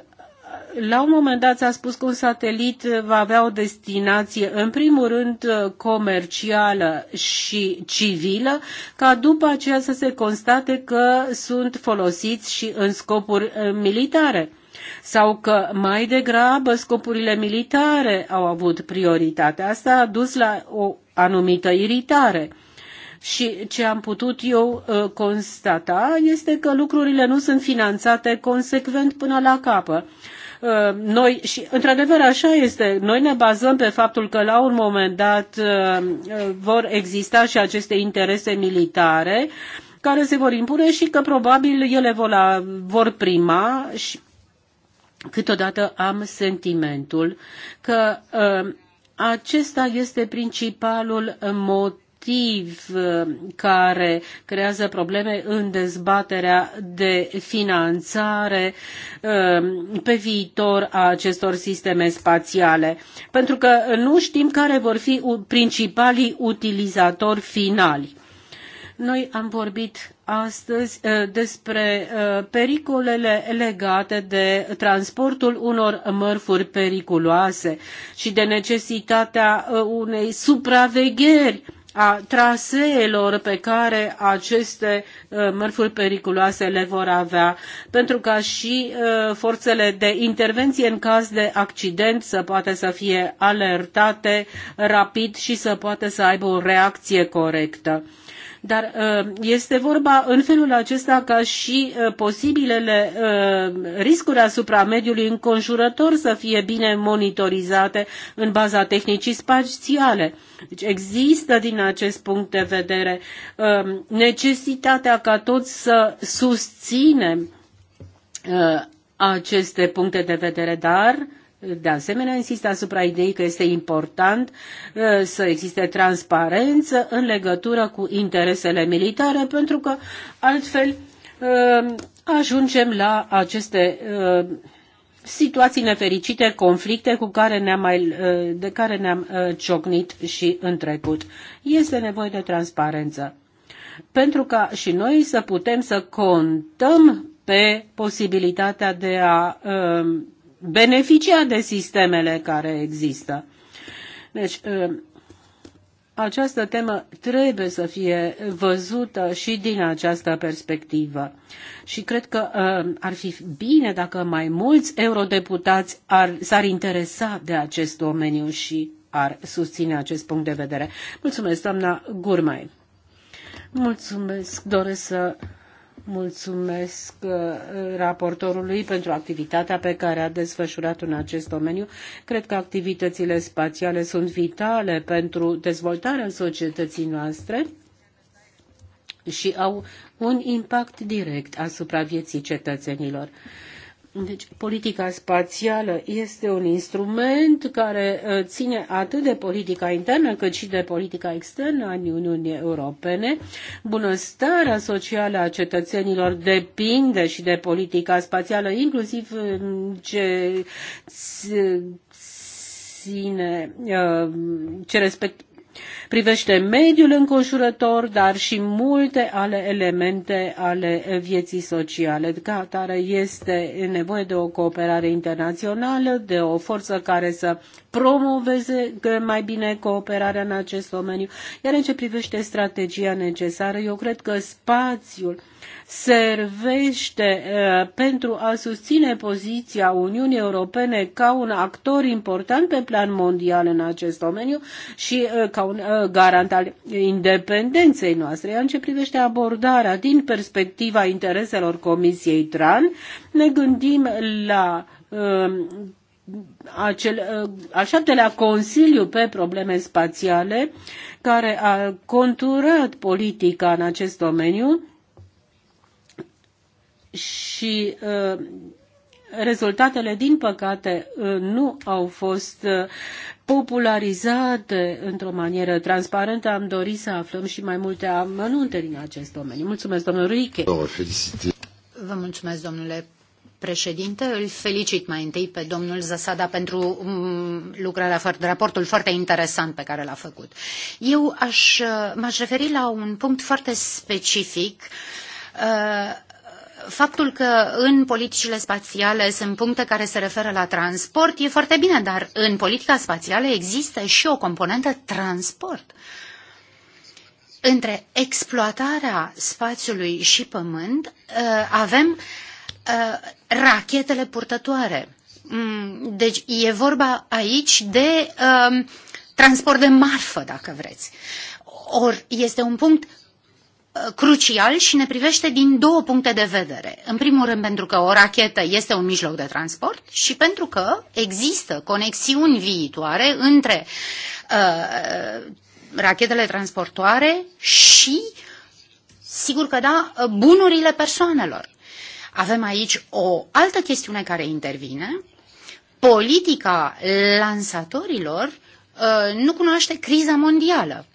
la un moment dat s-a spus că un satelit va avea o destinație în primul rând uh, comercială și civilă, ca după aceea să se constate că sunt folosiți și în scopuri militare sau că mai degrabă scopurile militare au avut prioritate. Asta a dus la o anumită iritare. Și ce am putut eu uh, constata este că lucrurile nu sunt finanțate consecvent până la capă. Uh, noi și într adevăr așa este noi ne bazăm pe faptul că la un moment dat uh, vor exista și aceste interese militare care se vor impune și că probabil ele vor, la vor prima și câteodată am sentimentul că uh, acesta este principalul motiv uh, care creează probleme în dezbaterea de finanțare uh, pe viitor a acestor sisteme spațiale, pentru că nu știm care vor fi principalii utilizatori finali. Noi am vorbit astăzi uh, despre uh, pericolele legate de transportul unor mărfuri periculoase și de necesitatea uh, unei supravegheri a traseelor pe care aceste mărfuri periculoase le vor avea, pentru ca și forțele de intervenție în caz de accident să poată să fie alertate rapid și să poată să aibă o reacție corectă dar uh, este vorba în felul acesta ca și uh, posibilele uh, riscuri asupra mediului înconjurător să fie bine monitorizate în baza tehnicii spațiale. Deci există din acest punct de vedere necesitatea ca toți să susținem aceste puncte de vedere, dar de asemenea, insist asupra ideii că este important uh, să existe transparență în legătură cu interesele militare, pentru că altfel uh, ajungem la aceste uh, situații nefericite, conflicte cu care ne-am mai, de care ne-am ciocnit și în trecut. Este nevoie de transparență. Pentru ca și noi să putem să contăm pe posibilitatea de a beneficia de sistemele care există. Deci, ă, această temă trebuie să fie văzută și din această perspectivă. Și cred că ă, ar fi bine dacă mai mulți eurodeputați ar, s-ar interesa de acest domeniu și ar susține acest punct de vedere. Mulțumesc, doamna Gurmai. Mulțumesc, doresc să Mulțumesc uh, raportorului pentru activitatea pe care a desfășurat-o în acest domeniu. Cred că activitățile spațiale sunt vitale pentru dezvoltarea societății noastre și au un impact direct asupra vieții cetățenilor. Deci, politica spațială este un instrument care uh, ține atât de politica internă cât și de politica externă a Uniunii Europene. Bunăstarea socială a cetățenilor depinde și de politica spațială, inclusiv ce ține, uh, ce respect privește mediul înconjurător, dar și multe ale elemente ale vieții sociale. Ca atare este nevoie de o cooperare internațională, de o forță care să promoveze mai bine cooperarea în acest domeniu. Iar în ce privește strategia necesară, eu cred că spațiul servește uh, pentru a susține poziția Uniunii Europene ca un actor important pe plan mondial în acest domeniu și uh, ca un uh, garant al independenței noastre. Iar în ce privește abordarea din perspectiva intereselor Comisiei TRAN, ne gândim la um, acel, uh, al șaptelea Consiliu pe probleme spațiale, care a conturat politica în acest domeniu și uh, rezultatele, din păcate, uh, nu au fost uh, popularizate într-o manieră transparentă. Am dorit să aflăm și mai multe amănunte din acest domeniu. Mulțumesc, domnul Riche. Vă mulțumesc, domnule președinte. Îl felicit mai întâi pe domnul Zasada pentru mm, lucrarea, raportul foarte interesant pe care l-a făcut. Eu aș, m-aș referi la un punct foarte specific uh, faptul că în politicile spațiale sunt puncte care se referă la transport e foarte bine, dar în politica spațială există și o componentă transport. Între exploatarea spațiului și pământ uh, avem uh, rachetele purtătoare. Mm, deci e vorba aici de um, transport de marfă, dacă vreți. Or, este un punct crucial și ne privește din două puncte de vedere. În primul rând pentru că o rachetă este un mijloc de transport și pentru că există conexiuni viitoare între uh, rachetele transportoare și, sigur că da, bunurile persoanelor. Avem aici o altă chestiune care intervine. Politica lansatorilor uh, nu cunoaște criza mondială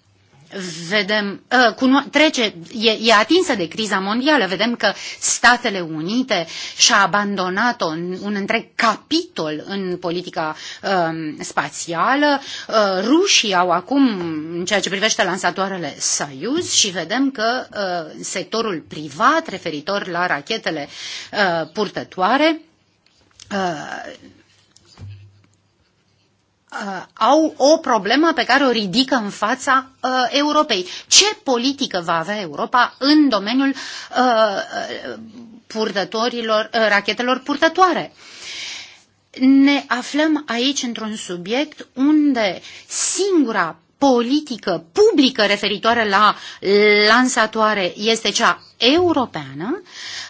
vedem, uh, trece, e, e atinsă de criza mondială. Vedem că Statele Unite și-a abandonat un, un întreg capitol în politica um, spațială. Uh, rușii au acum, în ceea ce privește lansatoarele Soyuz, și vedem că uh, sectorul privat referitor la rachetele uh, purtătoare uh, Uh, au o problemă pe care o ridică în fața uh, Europei. Ce politică va avea Europa în domeniul uh, purtătorilor, uh, rachetelor purtătoare? Ne aflăm aici într-un subiect unde singura politică publică referitoare la lansatoare este cea europeană.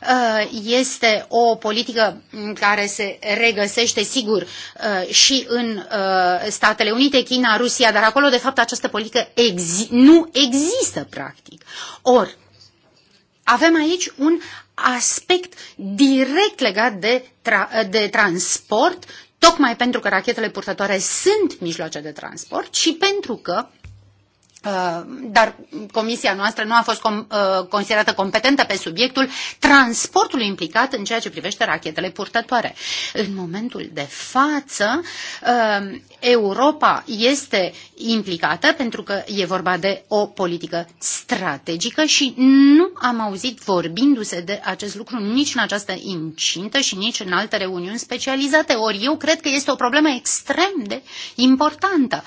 Uh, este o politică care se regăsește, sigur, uh, și în uh, Statele Unite, China, Rusia, dar acolo, de fapt, această politică exi- nu există, practic. Ori, avem aici un aspect direct legat de, tra- de transport, tocmai pentru că rachetele purtătoare sunt mijloace de transport și pentru că Uh, dar comisia noastră nu a fost uh, considerată competentă pe subiectul transportului implicat în ceea ce privește rachetele purtătoare. În momentul de față, uh, Europa este implicată pentru că e vorba de o politică strategică și nu am auzit vorbindu-se de acest lucru nici în această incintă și nici în alte reuniuni specializate. Ori eu cred că este o problemă extrem de importantă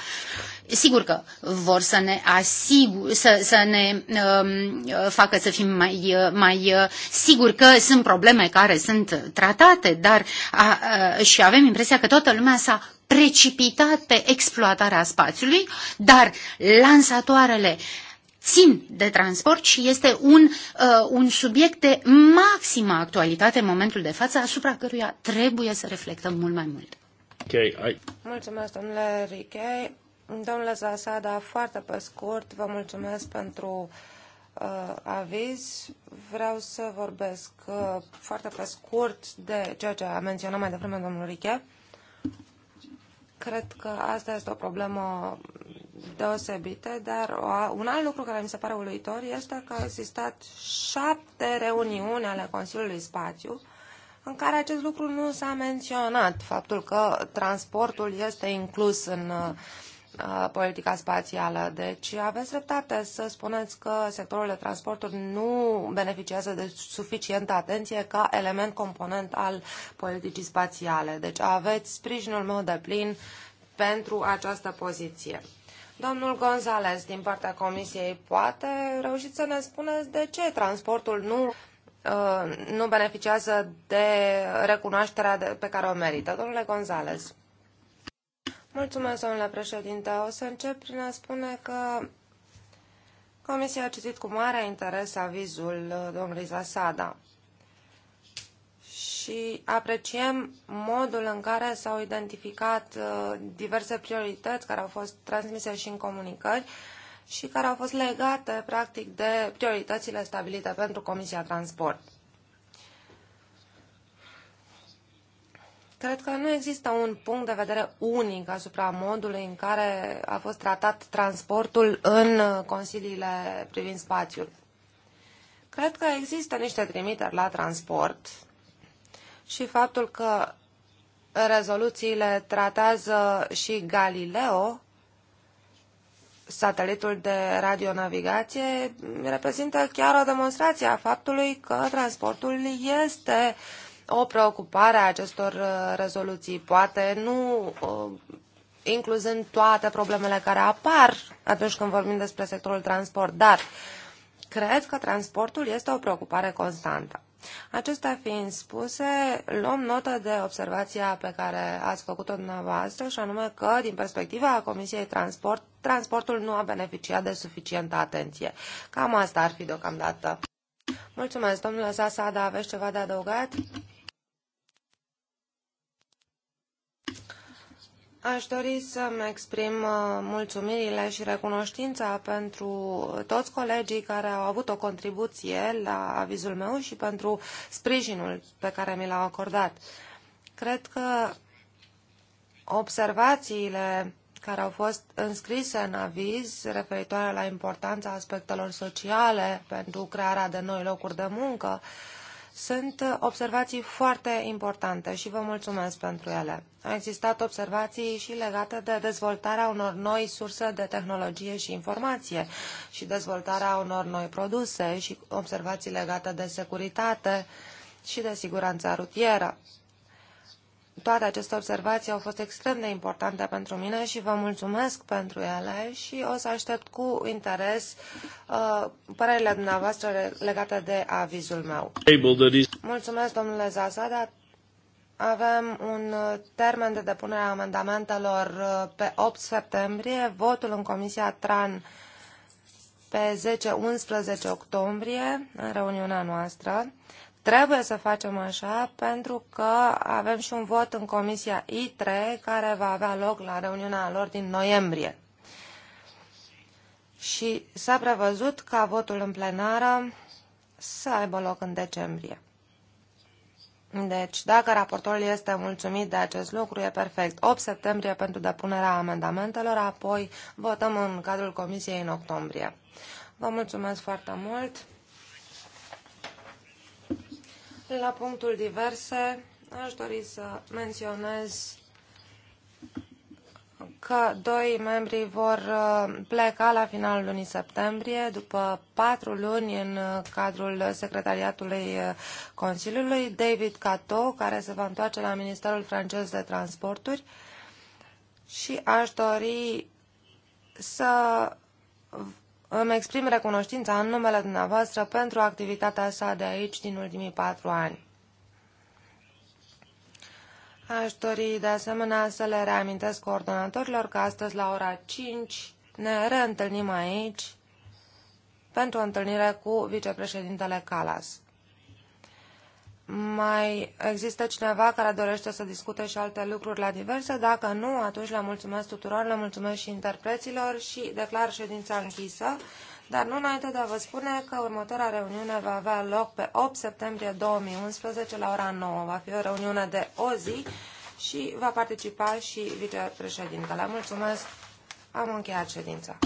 sigur că vor să ne asigur, să, să ne um, facă să fim mai, mai siguri că sunt probleme care sunt tratate, dar a, a, și avem impresia că toată lumea s-a precipitat pe exploatarea spațiului, dar lansatoarele țin de transport și este un, uh, un subiect de maximă actualitate în momentul de față, asupra căruia trebuie să reflectăm mult mai mult. Okay, I... Mulțumesc, domnule Riche. Domnule Zasada, foarte pe scurt, vă mulțumesc pentru uh, aviz. Vreau să vorbesc uh, foarte pe scurt de ceea ce a menționat mai devreme domnul Riche. Cred că asta este o problemă deosebită, dar o, un alt lucru care mi se pare uluitor este că au existat șapte reuniuni ale Consiliului Spațiu în care acest lucru nu s-a menționat, faptul că transportul este inclus în uh, Uh, politica spațială. Deci aveți dreptate să spuneți că sectorul de transporturi nu beneficiază de suficientă atenție ca element component al politicii spațiale. Deci aveți sprijinul meu de plin pentru această poziție. Domnul Gonzales, din partea Comisiei, poate reușiți să ne spuneți de ce transportul nu uh, nu beneficiază de recunoașterea de, pe care o merită. Domnule Gonzales. Mulțumesc, domnule președinte. O să încep prin a spune că Comisia a citit cu mare interes avizul uh, domnului Zasada și apreciem modul în care s-au identificat uh, diverse priorități care au fost transmise și în comunicări și care au fost legate, practic, de prioritățile stabilite pentru Comisia Transport. Cred că nu există un punct de vedere unic asupra modului în care a fost tratat transportul în consiliile privind spațiul. Cred că există niște trimiteri la transport și faptul că rezoluțiile tratează și Galileo, satelitul de radionavigație, reprezintă chiar o demonstrație a faptului că transportul este uh, o preocupare a acestor uh, rezoluții, poate nu uh, incluzând toate problemele care apar atunci când vorbim despre sectorul transport, dar cred că transportul este o preocupare constantă. Acestea fiind spuse, luăm notă de observația pe care ați făcut-o dumneavoastră și anume că, din perspectiva Comisiei Transport, transportul nu a beneficiat de suficientă atenție. Cam asta ar fi deocamdată. Mulțumesc, domnule Sasa, da, aveți ceva de adăugat? Aș dori să-mi exprim uh, mulțumirile și recunoștința pentru toți colegii care au avut o contribuție la avizul meu și pentru sprijinul pe care mi l-au acordat. Cred că observațiile care au fost înscrise în aviz referitoare la importanța aspectelor sociale pentru crearea de noi locuri de muncă, uh, sunt observații foarte importante și vă mulțumesc pentru ele. A existat observații și legate de dezvoltarea unor noi surse de tehnologie și informație și dezvoltarea unor noi produse și observații legate de securitate și de siguranța rutieră. Toate aceste observații au fost extrem de importante pentru mine și vă mulțumesc pentru ele și o să aștept cu interes uh, părerile dumneavoastră legate de avizul meu. Mulțumesc, domnule dar Avem un uh, termen de depunere a amendamentelor uh, pe 8 septembrie, votul în Comisia TRAN pe 10-11 octombrie, în reuniunea noastră. Trebuie să facem așa pentru că avem și un vot în Comisia I-3, care va avea loc la reuniunea lor din noiembrie. Și s-a prevăzut ca votul în plenară să aibă loc în decembrie. Deci, dacă raportorul este mulțumit de acest lucru, e perfect. 8 septembrie pentru depunerea amendamentelor, apoi votăm în cadrul comisiei în octombrie. Vă mulțumesc foarte mult! La punctul diverse, aș dori să menționez că doi membri vor uh, pleca la finalul lunii septembrie, după patru luni în cadrul secretariatului uh, Consiliului, David Cato, care se va întoarce la Ministerul francez de Transporturi și aș dori să îmi exprim recunoștința în numele dumneavoastră pentru activitatea sa de aici din ultimii patru ani. Aș dori de asemenea să le reamintesc coordonatorilor că astăzi la ora 5 ne reîntâlnim aici pentru o întâlnire cu vicepreședintele Calas. Mai există cineva care dorește să discute și alte lucruri la diverse? Dacă nu, atunci le mulțumesc tuturor, le mulțumesc și interpreților și declar ședința închisă. Dar nu înainte de a vă spune că următoarea reuniune va avea loc pe 8 septembrie 2011 la ora 9. Va fi o reuniune de o zi și va participa și vicepreședintele. Mulțumesc, am încheiat ședința.